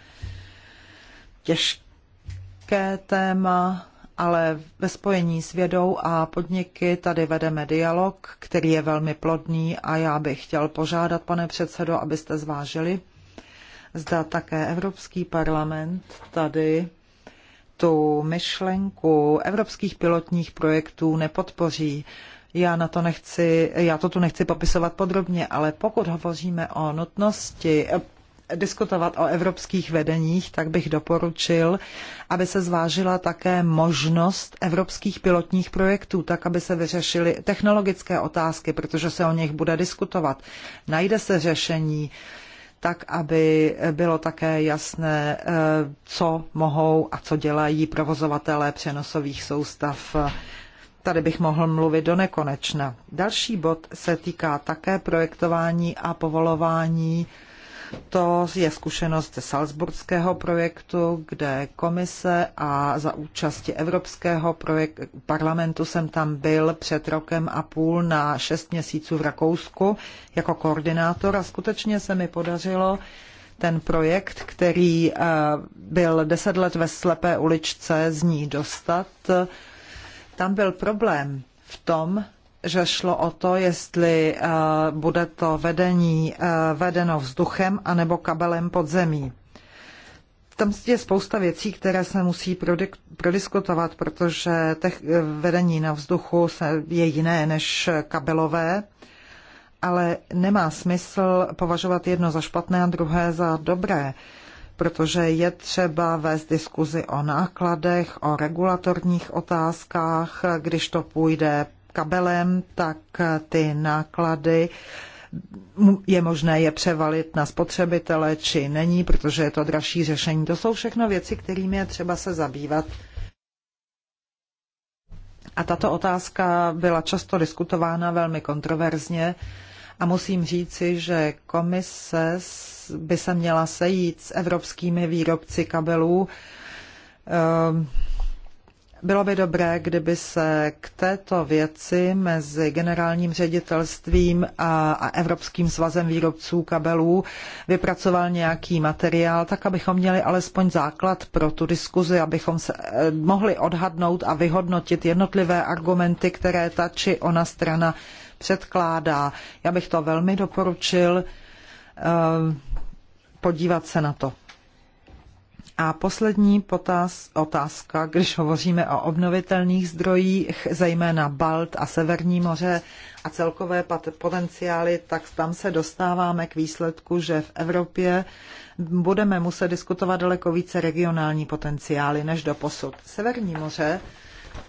S2: těžké téma, ale ve spojení s vědou a podniky tady vedeme dialog, který je velmi plodný a já bych chtěl požádat, pane předsedo, abyste zvážili, zda také Evropský parlament tady tu myšlenku evropských pilotních projektů nepodpoří. Já na to nechci, já to tu nechci popisovat podrobně, ale pokud hovoříme o nutnosti diskutovat o evropských vedeních, tak bych doporučil, aby se zvážila také možnost evropských pilotních projektů, tak aby se vyřešily technologické otázky, protože se o nich bude diskutovat. Najde se řešení tak, aby bylo také jasné, eh, co mohou a co dělají provozovatelé přenosových soustav Tady bych mohl mluvit do nekonečna. Další bod se týká také projektování a povolování. To je zkušenost ze Salzburského projektu, kde komise a za účasti Evropského projekt, parlamentu jsem tam byl před rokem a půl na šest měsíců v Rakousku jako koordinátor a skutečně se mi podařilo ten projekt, který eh, byl deset let ve slepé uličce, z ní dostat tam byl problém v tom, že šlo o to, jestli uh, bude to vedení uh, vedeno vzduchem anebo kabelem pod zemí. Tam je spousta věcí, které se musí prodiskutovat, protože tech, vedení na vzduchu se, je jiné než kabelové, ale nemá smysl považovat jedno za špatné a druhé za dobré. Uh, protože je třeba vést diskuzi o nákladech, o regulatorních otázkách. Když to půjde kabelem, tak ty náklady je možné je převalit na spotřebitele, či není, protože je to dražší řešení. To jsou všechno věci, kterými je třeba se zabývat. A tato otázka byla často diskutována velmi kontroverzně. A musím říci, že komise by se měla sejít s evropskými výrobci kabelů. Ehm, bylo by dobré, kdyby se k této věci mezi generálním ředitelstvím a, Evropským svazem výrobců kabelů vypracoval nějaký materiál, tak abychom měli alespoň základ pro tu diskuzi, abychom se, eh, mohli odhadnout a vyhodnotit jednotlivé argumenty, které ta či ona strana předkládá. Já bych to velmi doporučil eh, podívat se na to. A poslední potaz, otázka, když hovoříme o obnovitelných zdrojích, zejména Balt a Severní moře a celkové potenciály, tak tam se dostáváme k výsledku, že v Evropě budeme muset diskutovat daleko více regionální potenciály než do posud. Severní moře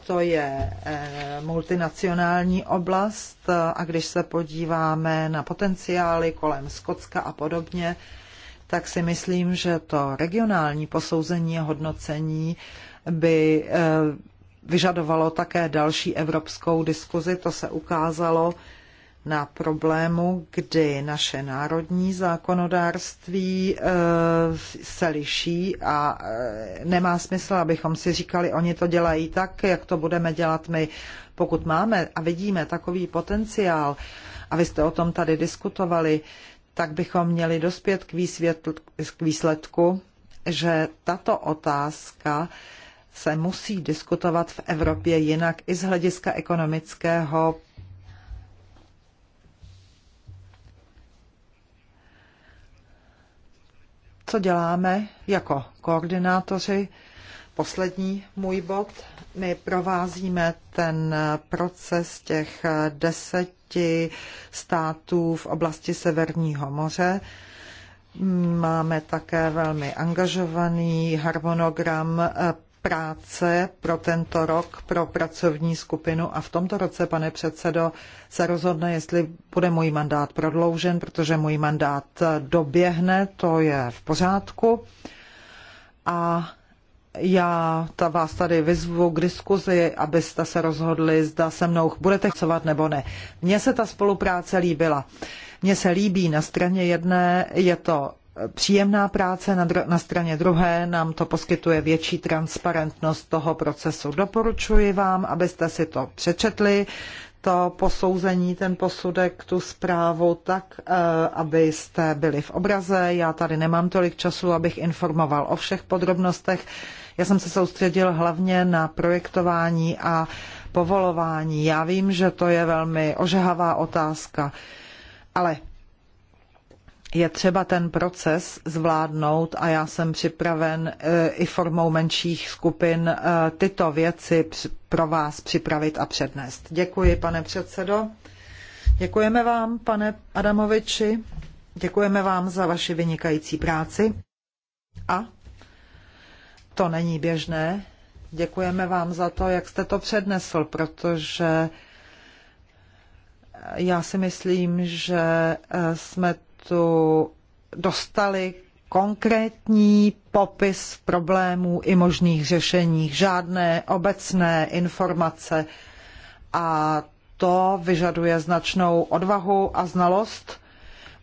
S2: to je eh, multinacionální oblast eh, a když se podíváme na potenciály kolem Skotska a podobně, tak si myslím, že to regionální posouzení a hodnocení by eh, vyžadovalo také další evropskou diskuzi. To se ukázalo na problému, kdy naše národní zákonodárství eh, se liší a eh, nemá smysl, abychom si říkali, oni to dělají tak, jak to budeme dělat my. Pokud máme a vidíme takový potenciál, a vy jste o tom tady diskutovali, tak bychom měli dospět k, výsvětl, k výsledku, že tato otázka se musí diskutovat v Evropě jinak i z hlediska ekonomického, co děláme jako koordinátoři. Poslední můj bod. My provázíme ten proces těch deseti států v oblasti Severního moře. Máme také velmi angažovaný harmonogram práce pro tento rok pro pracovní skupinu a v tomto roce, pane předsedo, se rozhodne, jestli bude můj mandát prodloužen, protože můj mandát doběhne, to je v pořádku. A já ta vás tady vyzvu k diskuzi, abyste se rozhodli, zda se mnou budete chcovat nebo ne. Mně se ta spolupráce líbila. Mně se líbí na straně jedné, je to příjemná práce, na, na straně druhé nám to poskytuje větší transparentnost toho procesu. Doporučuji vám, abyste si to přečetli, to posouzení, ten posudek, tu zprávu, tak, eh, abyste byli v obraze. Já tady nemám tolik času, abych informoval o všech podrobnostech. Já jsem se soustředil hlavně na projektování a povolování. Já vím, že to je velmi ožehavá otázka, ale je třeba ten proces zvládnout a já jsem připraven eh, i formou menších skupin eh, tyto věci pro vás připravit a přednést. Děkuji, pane předsedo. Děkujeme vám, pane Adamoviči. Děkujeme vám za vaši vynikající práci. A to není běžné. Děkujeme vám za to, jak jste to přednesl, protože já si myslím, že eh, jsme tu dostali konkrétní popis problémů i možných řešení, žádné obecné informace a to vyžaduje značnou odvahu a znalost.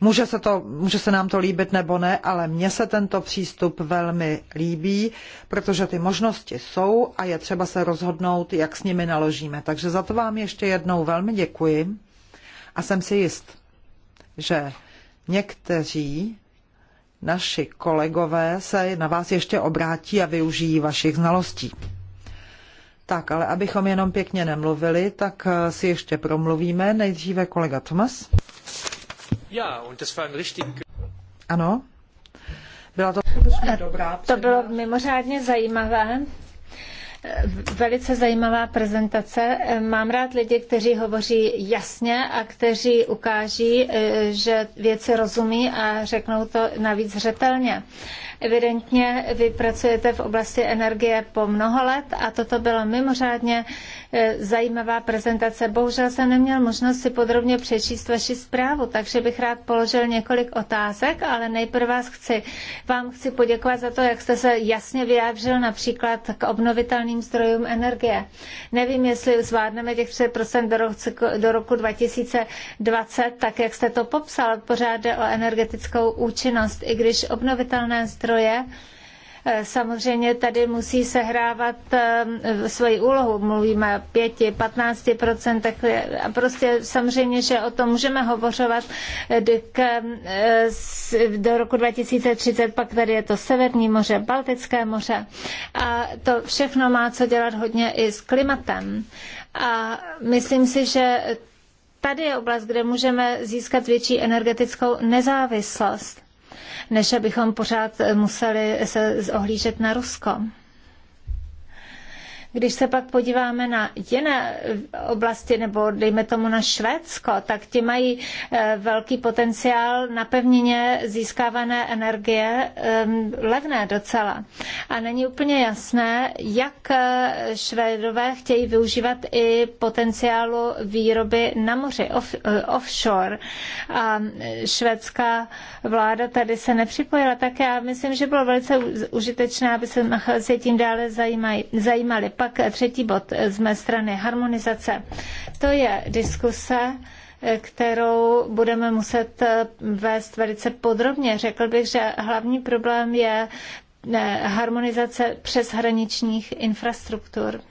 S2: Může se, to, může se nám to líbit nebo ne, ale mně se tento přístup velmi líbí, protože ty možnosti jsou a je třeba se rozhodnout, jak s nimi naložíme. Takže za to vám ještě jednou velmi děkuji a jsem si jist, že Někteří naši kolegové se na vás ještě obrátí a využijí vašich znalostí. Tak, ale abychom jenom pěkně nemluvili, tak eh, si ještě promluvíme. Nejdříve kolega Thomas.
S1: Ja, und das war ein richtig... Ano. Byla to eh, dobrá. To bylo
S3: mimořádně zajímavé Velice zajímavá prezentace. Mám rád lidi, kteří hovoří jasně a kteří ukáží, eh, že věci rozumí a řeknou to navíc řetelně. Evidentně vy pracujete v oblasti energie po mnoho let a toto byla mimořádně eh, zajímavá prezentace. Bohužel jsem neměl možnost si podrobně přečíst vaši zprávu, takže bych rád položil několik otázek, ale nejprve vás chci, vám chci poděkovat za to, jak jste se jasně vyjádřil například k obnovitelným zdrojům energie. Nevím, jestli zvládneme těch 3% do roku, do roku 2020, tak jak jste to popsal, pořád jde o energetickou účinnost, i když obnovitelné zdroje nástroje, eh, samozřejmě tady musí sehrávat eh, svoji úlohu. Mluvíme o pěti, patnácti procentech a prostě samozřejmě, že o tom můžeme hovořovat eh, k, do roku 2030, pak tady je to Severní moře, Baltické moře a to všechno má co dělat hodně i s klimatem. A myslím si, že tady je oblast, kde můžeme získat větší energetickou nezávislost než abychom pořád museli se ohlížet na Rusko. Když se pak podíváme na jiné oblasti, nebo dejme tomu na Švédsko, tak ti mají eh, velký potenciál na pevnině získávané energie, ehm, levné docela. A není úplně jasné, jak eh, Švédové chtějí využívat i potenciálu výroby na moři, off, eh, offshore. A ehm, švédská vláda tady se nepřipojila, tak já myslím, že bylo velice užitečné, aby se tím dále zajímali pak třetí bod z mé strany, harmonizace. To je diskuse, kterou budeme muset eh, vést velice podrobně. Řekl bych, že hlavní problém je eh, harmonizace přeshraničních infrastruktur.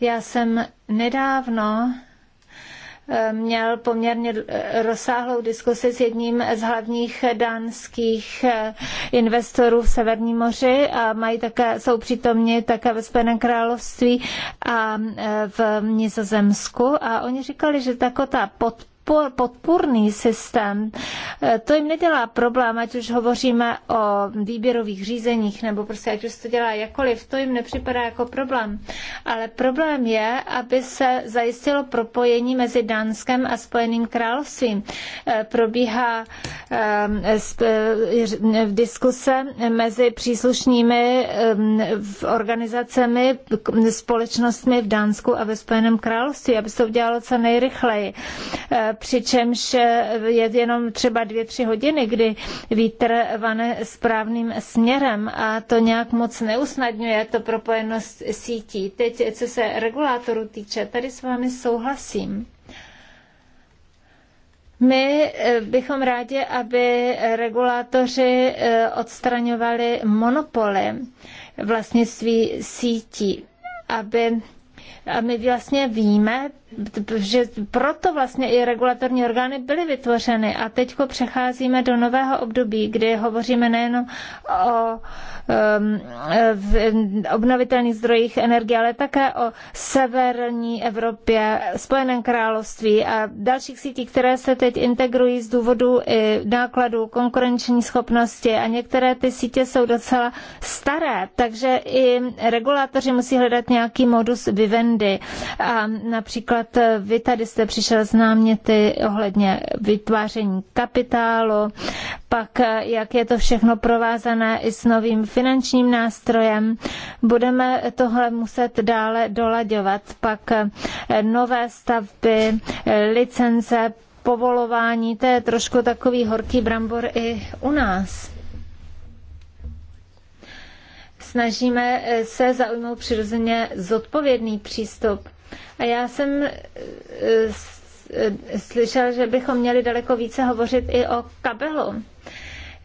S3: Já jsem nedávno měl poměrně rozsáhlou diskusi s jedním z hlavních dánských eh, investorů v Severním moři a mají také, jsou přítomni také ve Spojeném království a eh, v Nizozemsku. A oni říkali, že taková ta podpora podpůrný systém, eh, to jim nedělá problém, ať už hovoříme o výběrových řízeních, nebo prostě ať už to dělá jakoliv, to jim nepřipadá jako problém. Ale problém je, aby se zajistilo propojení mezi Dánskem a Spojeným královstvím. Eh, probíhá v eh, diskuse mezi příslušnými organizacemi, společnostmi v Dánsku a ve Spojeném království, aby se to udělalo co nejrychleji přičemž je jenom třeba dvě, tři hodiny, kdy vítr vane správným směrem a to nějak moc neusnadňuje to propojenost sítí. Teď, co se regulátoru týče, tady s vámi souhlasím. My eh, bychom rádi, aby regulátoři eh, odstraňovali monopoly vlastnictví sítí, aby a my vlastně víme že proto vlastně i regulatorní orgány byly vytvořeny a teď přecházíme do nového období, kdy hovoříme nejen o um, obnovitelných zdrojích energie, ale také o severní Evropě, Spojeném království a dalších sítí, které se teď integrují z důvodu i nákladů, konkurenční schopnosti a některé ty sítě jsou docela staré, takže i regulátoři musí hledat nějaký modus vivendi a například například eh, vy tady jste přišel s náměty ohledně vytváření kapitálu, pak eh, jak je to všechno provázané i s novým finančním nástrojem. Budeme tohle muset dále dolaďovat. Pak eh, nové stavby, licence, povolování, to je trošku takový horký brambor i u nás. Snažíme se zaujmout přirozeně zodpovědný přístup a já jsem eh, eh, slyšel, že bychom měli daleko více hovořit i o kabelu.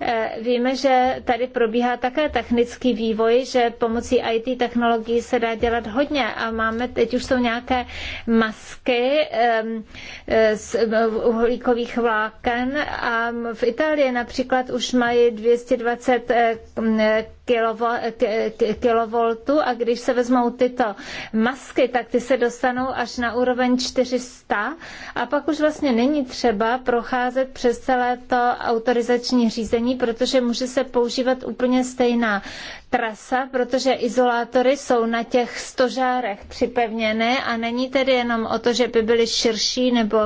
S3: Eh, víme, že tady probíhá také technický vývoj, že pomocí IT technologií se dá dělat hodně a máme, teď už jsou nějaké masky eh, z eh, uhlíkových vláken a v Itálii například už mají 220 hm, kilovoltu a když se vezmou tyto masky, tak ty se dostanou až na úroveň 400 a pak už vlastně není třeba procházet přes celé to autorizační řízení efektivní, protože může se používat úplně stejná trasa, protože izolátory jsou na těch stožárech připevněné a není tedy jenom o to, že by byly širší nebo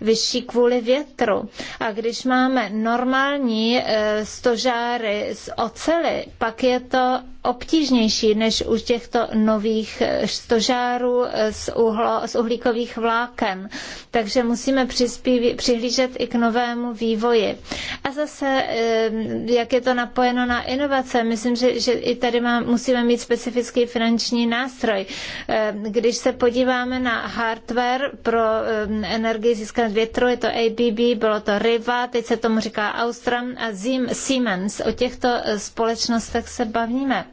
S3: vyšší kvůli větru. A když máme normální eh, stožáry z ocely, pak je to obtížnější než u těchto nových eh, stožárů eh, z, uhlo, z uhlíkových vláken. Takže musíme přispív, přihlížet i k novému vývoji. A zase, eh, jak je to napojeno na inovace, myslím, že, že i tady má, musíme mít specifický finanční nástroj. Když se podíváme na hardware pro energii získané z větru, je to ABB, bylo to Riva, teď se tomu říká Austram a Siemens. O těchto společnostech se bavíme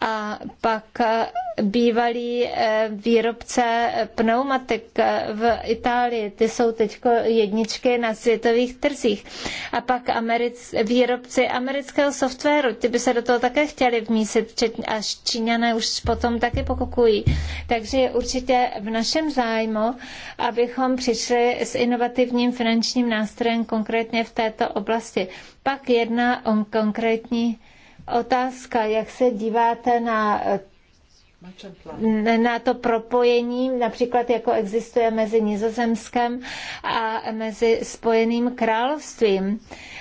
S3: a pak eh, bývalý eh, výrobce pneumatik eh, v Itálii. Ty jsou teď jedničky na světových trzích. A pak americ, výrobci amerického softwaru, ty by se do toho také chtěli vmísit, a Číňané už potom taky pokokují. Takže je určitě v našem zájmu, abychom přišli s inovativním finančním nástrojem konkrétně v této oblasti. Pak jedna on konkrétní Otázka, jak se díváte na na to propojení, například jako existuje mezi Nizozemskem a mezi Spojeným královstvím.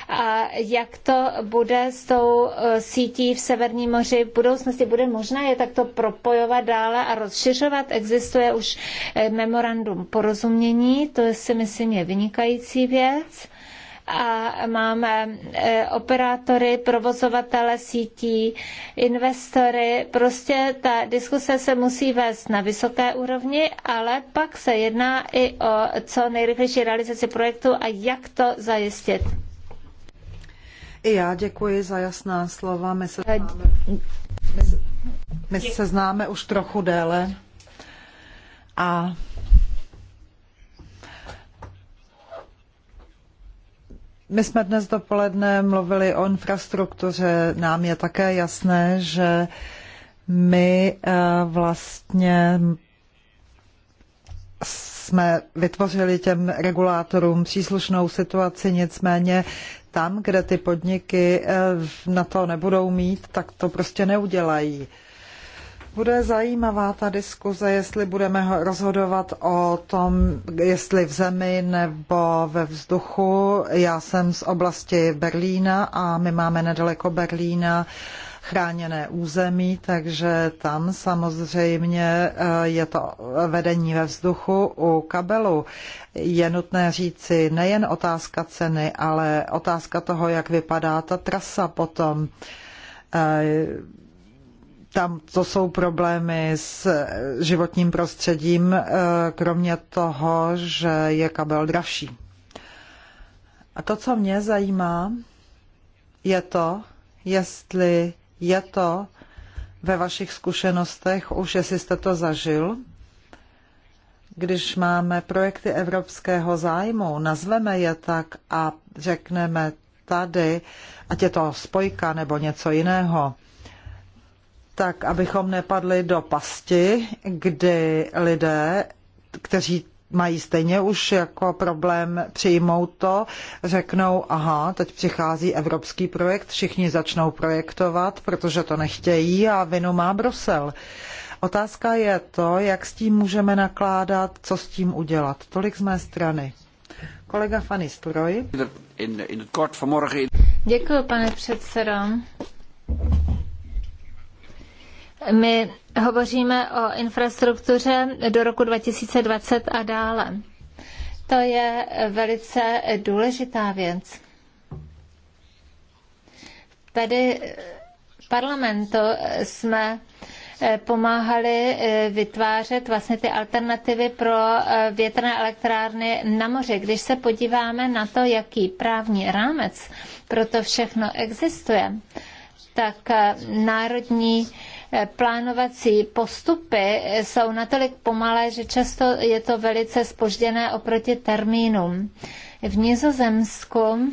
S3: A jak to bude s tou eh, sítí v Severním moři v budoucnosti? Bude možné je takto propojovat dále a rozšiřovat? Existuje už eh, memorandum porozumění, to si myslím je vynikající věc a máme e, operátory, provozovatele sítí, investory. Prostě ta diskuse se musí vést na vysoké úrovni, ale pak se jedná i o co nejrychlejší realizaci projektu a jak to zajistit.
S2: I já děkuji za jasná slova. My se, e, známe, my, my se známe už trochu déle a My jsme dnes dopoledne mluvili o infrastruktuře. Nám je také jasné, že my eh, vlastně jsme vytvořili těm regulátorům příslušnou situaci, nicméně tam, kde ty podniky eh, na to nebudou mít, tak to prostě neudělají. Bude zajímavá ta diskuze, jestli budeme rozhodovat o tom, jestli v zemi nebo ve vzduchu. Já jsem z oblasti Berlína a my máme nedaleko Berlína chráněné území, takže tam samozřejmě eh, je to vedení ve vzduchu u kabelu. Je nutné říci nejen otázka ceny, ale otázka toho, jak vypadá ta trasa potom eh, tam to jsou problémy s životním prostředím, e, kromě toho, že je kabel dražší. A to, co mě zajímá, je to, jestli je to ve vašich zkušenostech, už jestli jste to zažil, když máme projekty evropského zájmu, nazveme je tak a řekneme tady, ať je to spojka nebo něco jiného, tak abychom nepadli do pasti, kdy lidé, kteří mají stejně už jako problém přijmout to, řeknou, aha, teď přichází evropský projekt, všichni začnou projektovat, protože to nechtějí a vinu má Brusel. Otázka je to, jak s tím můžeme nakládat, co s tím udělat. Tolik z mé strany. Kolega Fanny
S1: Stroj.
S3: Děkuji, pane předsedo. My hovoříme o infrastruktuře do roku 2020 a dále. To je velice důležitá věc. Tady parlamentu jsme eh, pomáhali eh, vytvářet vlastně ty alternativy pro eh, větrné elektrárny na moři. Když se podíváme na to, jaký právní rámec pro to všechno existuje, tak národní Eh, plánovací postupy jsou natolik pomalé, že často je to velice spožděné oproti termínům. V Nizozemsku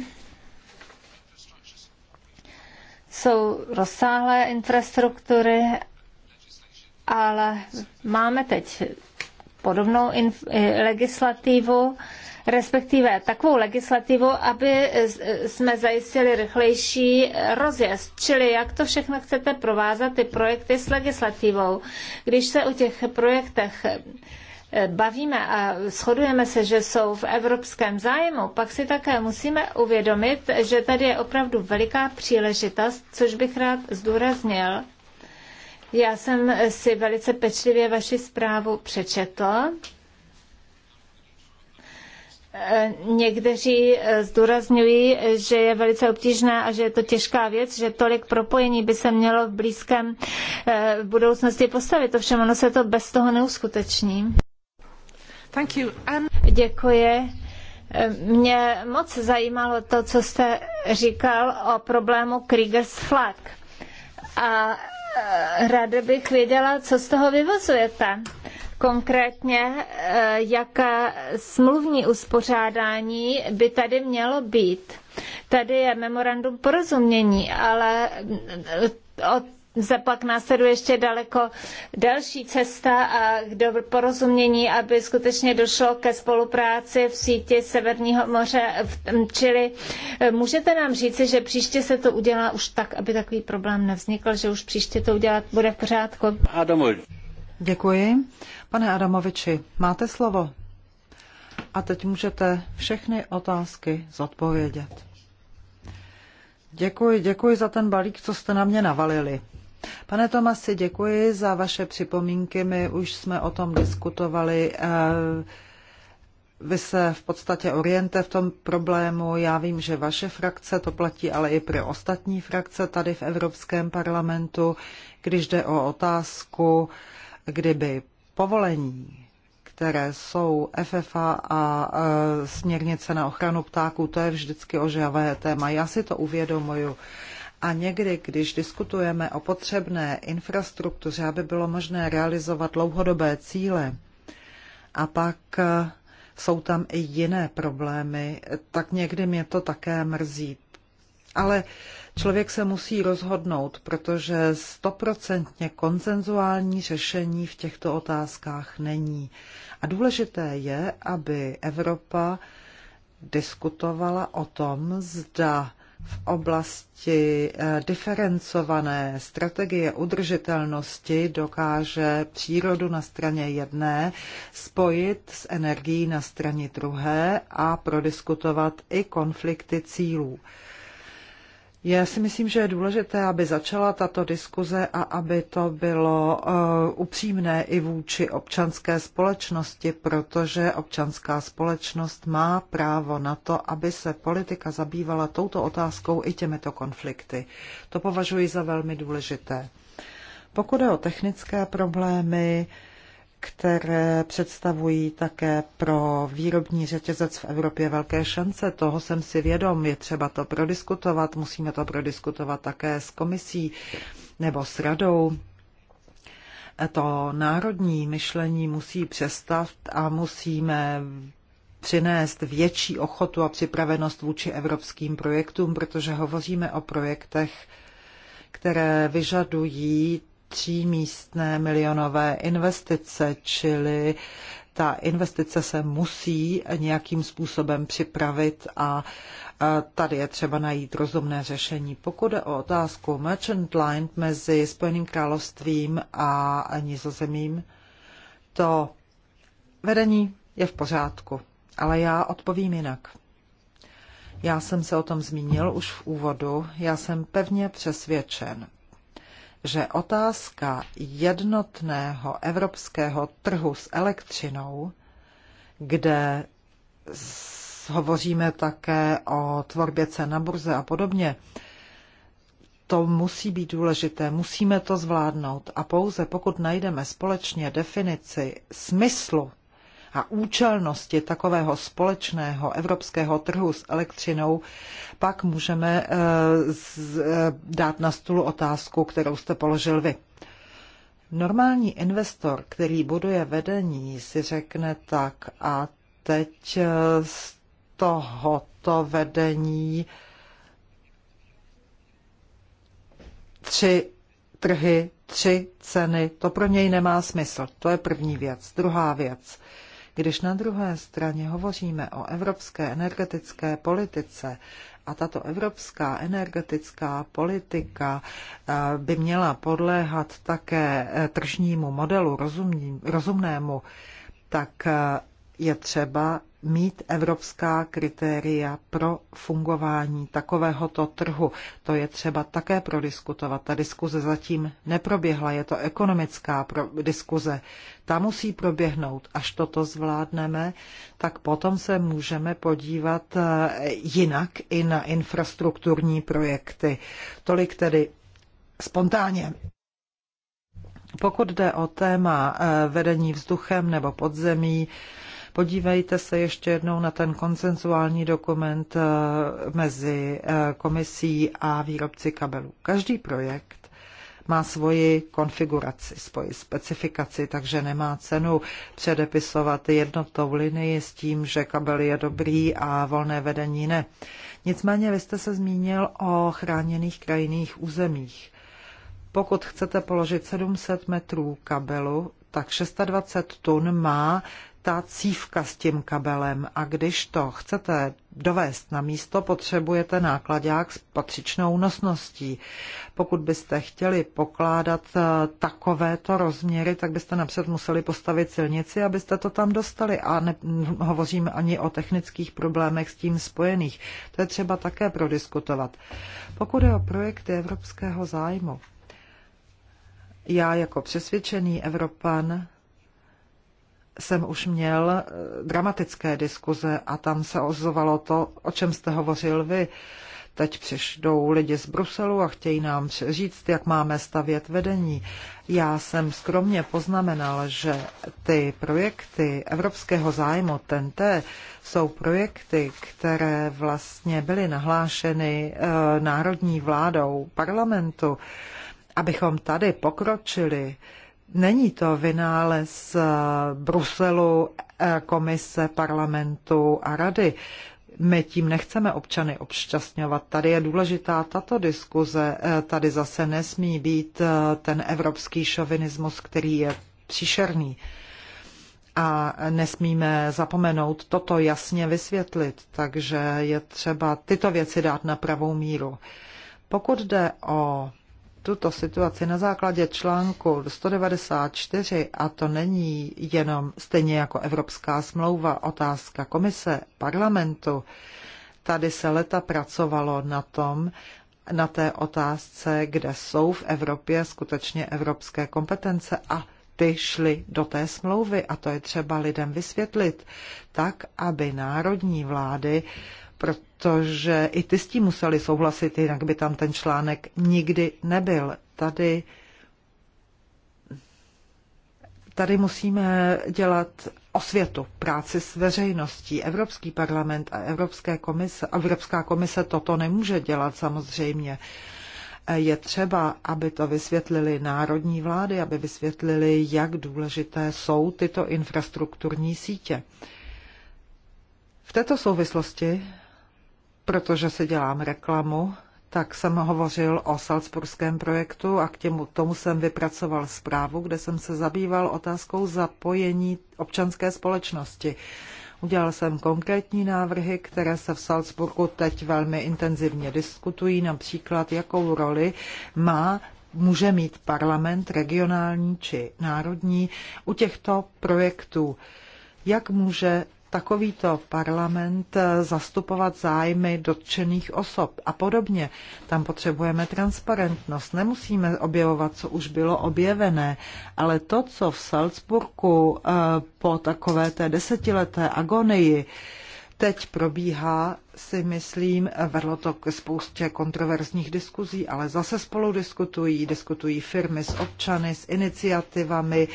S3: jsou rozsáhlé infrastruktury, ale máme teď podobnou eh, legislativu, respektive takovou legislativu, aby jsme zajistili rychlejší rozjezd. Čili jak to všechno chcete provázat, ty projekty s legislativou. Když se o těch projektech eh, bavíme a shodujeme se, že jsou v evropském zájmu, pak si také musíme uvědomit, že tady je opravdu veliká příležitost, což bych rád zdůraznil. Já jsem si velice pečlivě vaši zprávu přečetla. Někteří eh, zdůrazňují, že je velice obtížné a že je to těžká věc, že tolik propojení by se mělo v blízkém v eh, budoucnosti postavit. Ovšem ono se to bez toho neuskuteční. Thank you. Um, Děkuji. Eh, mě moc zajímalo to, co jste říkal o problému Kriegers Flag. A ráda bych věděla, co z toho vyvozujete konkrétně, eh, jaké smluvní uspořádání by tady mělo být. Tady je memorandum porozumění, ale eh, od pak následuje ještě daleko další cesta a do porozumění, aby skutečně došlo ke spolupráci v síti Severního moře. Čili eh, můžete nám říci, že příště se to udělá už tak, aby takový problém nevznikl, že už příště to udělat bude v pořádku? Adamu. Děkuji.
S2: Pane Adamoviči, máte slovo. A teď můžete všechny otázky zodpovědět. Děkuji, děkuji za ten balík, co jste na mě navalili. Pane Tomasi, děkuji za vaše připomínky. My už jsme o tom diskutovali. Eh, vy se v podstatě oriente v tom problému. Já vím, že vaše frakce, to platí ale i pro ostatní frakce tady v Evropském parlamentu, když jde o otázku, kdyby povolení, které jsou FFA a e, směrnice na ochranu ptáků, to je vždycky ožavé téma. Já si to uvědomuju. A někdy, když diskutujeme o potřebné infrastruktuře, aby bylo možné realizovat dlouhodobé cíle, a pak e, jsou tam i jiné problémy, tak někdy mě to také mrzí. Ale Člověk se musí rozhodnout, protože stoprocentně konsenzuální řešení v těchto otázkách není. A důležité je, aby Evropa diskutovala o tom, zda v oblasti eh, diferencované strategie udržitelnosti dokáže přírodu na straně jedné spojit s energií na straně druhé a prodiskutovat i konflikty cílů. Já si myslím, že je důležité, aby začala tato diskuze a aby to bylo eh, upřímné i vůči občanské společnosti, protože občanská společnost má právo na to, aby se politika zabývala touto otázkou i těmito konflikty. To považuji za velmi důležité. Pokud je o technické problémy, uh, které představují také pro výrobní řetězec v Evropě velké šance. Toho jsem si vědom, je třeba to prodiskutovat, musíme to prodiskutovat také s komisí nebo s radou. To národní myšlení musí přestat a musíme přinést větší ochotu a připravenost vůči evropským projektům, protože hovoříme o projektech, které vyžadují třímístné milionové investice, čili ta investice se musí nějakým způsobem připravit a tady je třeba najít rozumné řešení. Pokud je o otázku Merchant Line mezi Spojeným královstvím a Nizozemím, to vedení je v pořádku, ale já odpovím jinak. Já jsem se o tom zmínil už v úvodu. Já jsem pevně přesvědčen, že otázka jednotného evropského trhu s elektřinou, kde hovoříme také o tvorbě cen na burze a podobně, to musí být důležité, musíme to zvládnout a pouze pokud najdeme společně definici smyslu a účelnosti takového společného evropského trhu s elektřinou, pak můžeme eh, eh, dát na stůl otázku, kterou jste položil vy. Normální investor, který buduje vedení, si řekne tak a teď eh, z tohoto vedení tři trhy, tři ceny, to pro něj nemá smysl. To je první věc. Druhá věc. Když na druhé straně hovoříme o evropské energetické politice a tato evropská energetická politika eh, by měla podléhat také eh, tržnímu modelu rozumnému, tak eh, je třeba mít evropská kritéria pro fungování takovéhoto trhu. To je třeba také prodiskutovat. Ta diskuze zatím neproběhla, je to ekonomická diskuze. Ta musí proběhnout. Až toto zvládneme, tak potom se můžeme podívat eh, jinak i na infrastrukturní projekty. Tolik tedy spontánně. Pokud jde o téma eh, vedení vzduchem nebo podzemí, Podívejte se ještě jednou na ten konsenzuální dokument eh, mezi eh, komisí a výrobci kabelů. Každý projekt má svoji konfiguraci, svoji specifikaci, takže nemá cenu předepisovat jednotou linii s tím, že kabel je dobrý a volné vedení ne. Nicméně vy jste se zmínil o chráněných krajinných územích. Pokud chcete položit 700 metrů kabelu, tak 620 tun má ta cívka s tím kabelem a když to chcete dovést na místo, potřebujete nákladák s patřičnou nosností. Pokud byste chtěli pokládat eh, takovéto rozměry, tak byste napřed museli postavit silnici, abyste to tam dostali. A nehovořím ani o technických problémech s tím spojených. To je třeba také prodiskutovat. Pokud je o projekty evropského zájmu, já jako přesvědčený Evropan jsem už měl eh, dramatické diskuze a tam se ozvalo to, o čem jste hovořil vy. Teď přišdou lidi z Bruselu a chtějí nám říct, jak máme stavět vedení. Já jsem skromně poznamenal, že ty projekty evropského zájmu TNT jsou projekty, které vlastně byly nahlášeny eh, národní vládou parlamentu. Abychom tady pokročili, Není to vynález eh, Bruselu, eh, komise, parlamentu a rady. My tím nechceme občany obšťastňovat. Tady je důležitá tato diskuze. Eh, tady zase nesmí být ten evropský šovinismus, který je příšerný. A nesmíme zapomenout toto jasně vysvětlit, takže je třeba tyto věci dát na pravou míru. Pokud jde o tuto situaci na základě článku 194, a to není jenom stejně jako Evropská smlouva, otázka komise, parlamentu, tady se leta pracovalo na tom, na té otázce, kde jsou v Evropě skutečně evropské kompetence a ty šly do té smlouvy a to je třeba lidem vysvětlit tak, aby národní vlády protože i ty s tím museli souhlasit, jinak by tam ten článek nikdy nebyl. Tady, tady musíme dělat osvětu, práci s veřejností. Evropský parlament a Evropské komise, Evropská komise toto nemůže dělat samozřejmě. Je třeba, aby to vysvětlili národní vlády, aby vysvětlili, jak důležité jsou tyto infrastrukturní sítě. V této souvislosti protože se dělám reklamu, tak jsem hovořil o salzburském projektu a k těmu, tomu jsem vypracoval zprávu, kde jsem se zabýval otázkou zapojení občanské společnosti. Udělal jsem konkrétní návrhy, které se v Salzburgu teď velmi intenzivně diskutují, například jakou roli má může mít parlament regionální či národní u těchto projektů. Jak může takovýto parlament eh, zastupovat zájmy dotčených osob a podobně. Tam potřebujeme transparentnost. Nemusíme objevovat, co už bylo objevené, ale to, co v Salzburku eh, po takové té desetileté agonii teď probíhá, si myslím, vedlo to k spoustě kontroverzních diskuzí, ale zase spolu diskutují, diskutují firmy s občany, s iniciativami,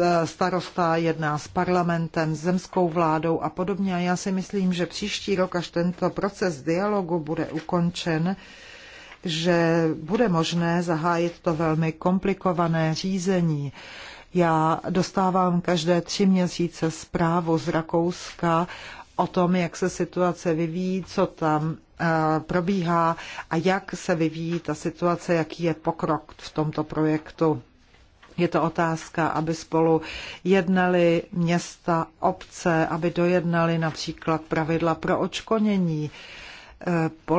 S2: eh, starosta jedná s parlamentem, s zemskou vládou a podobně. A já si myslím, že příští rok, až tento proces dialogu bude ukončen, že bude možné zahájit to velmi komplikované řízení. Já dostávám každé tři měsíce zprávu z Rakouska o tom, jak se situace vyvíjí, co tam eh, probíhá a jak se vyvíjí ta situace, jaký je pokrok v tomto projektu. Je to otázka, aby spolu jednali města, obce, aby dojednali například pravidla pro očkonění,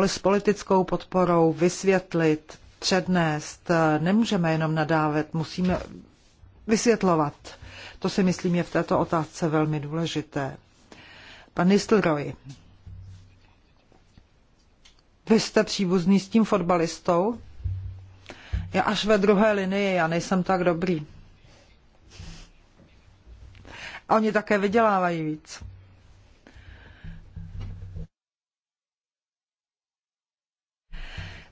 S2: eh, s politickou podporou vysvětlit, přednést. Nemůžeme jenom nadávat, musíme vysvětlovat. To si myslím je v této otázce velmi důležité. Pan Nistelrooy. Vy jste příbuzný s tím fotbalistou? Já až ve druhé linii, já nejsem tak dobrý. A oni také vydělávají víc.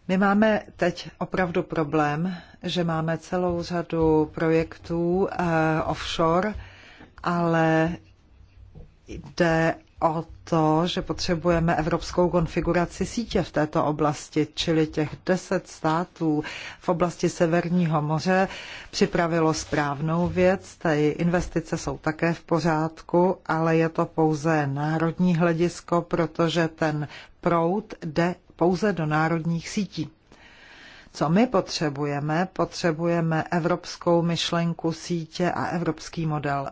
S2: My máme teď opravdu problém, že máme celou řadu projektů eh, offshore, ale jde o to, že potřebujeme evropskou konfiguraci sítě v této oblasti, čili těch deset států v oblasti Severního moře připravilo správnou věc, ty investice jsou také v pořádku, ale je to pouze národní hledisko, protože ten proud jde pouze do národních sítí. Co my potřebujeme? Potřebujeme evropskou myšlenku sítě a evropský model.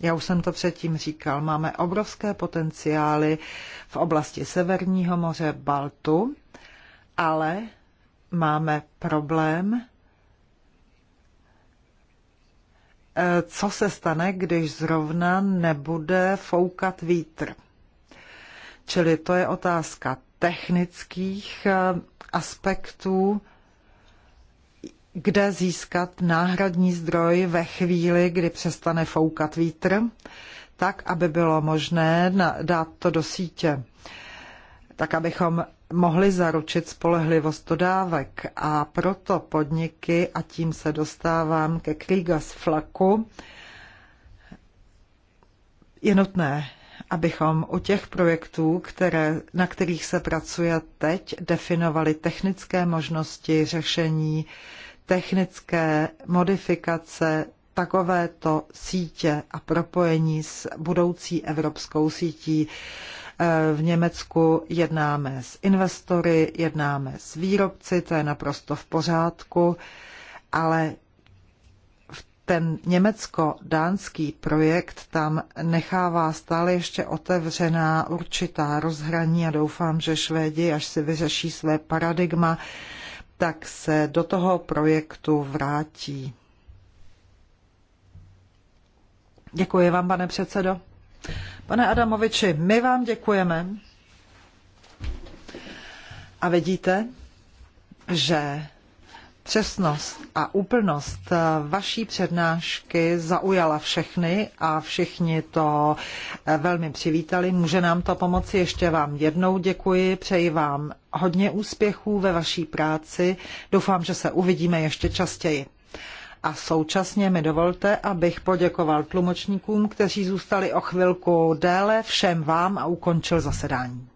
S2: Já už jsem to předtím říkal, máme obrovské potenciály v oblasti Severního moře, Baltu, ale máme problém, eh, co se stane, když zrovna nebude foukat vítr. Čili to je otázka technických eh, aspektů kde získat náhradní zdroj ve chvíli, kdy přestane foukat vítr, tak, aby bylo možné dát to do sítě, tak abychom mohli zaručit spolehlivost dodávek. A proto podniky, a tím se dostávám ke Krigas flaku, je nutné, abychom u těch projektů, které, na kterých se pracuje teď, definovali technické možnosti řešení technické modifikace takovéto sítě a propojení s budoucí evropskou sítí. E, v Německu jednáme s investory, jednáme s výrobci, to je naprosto v pořádku, ale ten německo-dánský projekt tam nechává stále ještě otevřená určitá rozhraní a doufám, že Švédi, až si vyřeší své paradigma, tak se do toho projektu vrátí. Děkuji vám, pane předsedo. Pane Adamoviči, my vám děkujeme. A vidíte, že přesnost a úplnost eh, vaší přednášky zaujala všechny a všichni to eh, velmi přivítali. Může nám to pomoci. Ještě vám jednou děkuji, přeji vám hodně úspěchů ve vaší práci. Doufám, že se uvidíme ještě častěji. A současně mi dovolte, abych poděkoval tlumočníkům, kteří zůstali o chvilku déle, všem vám a ukončil zasedání.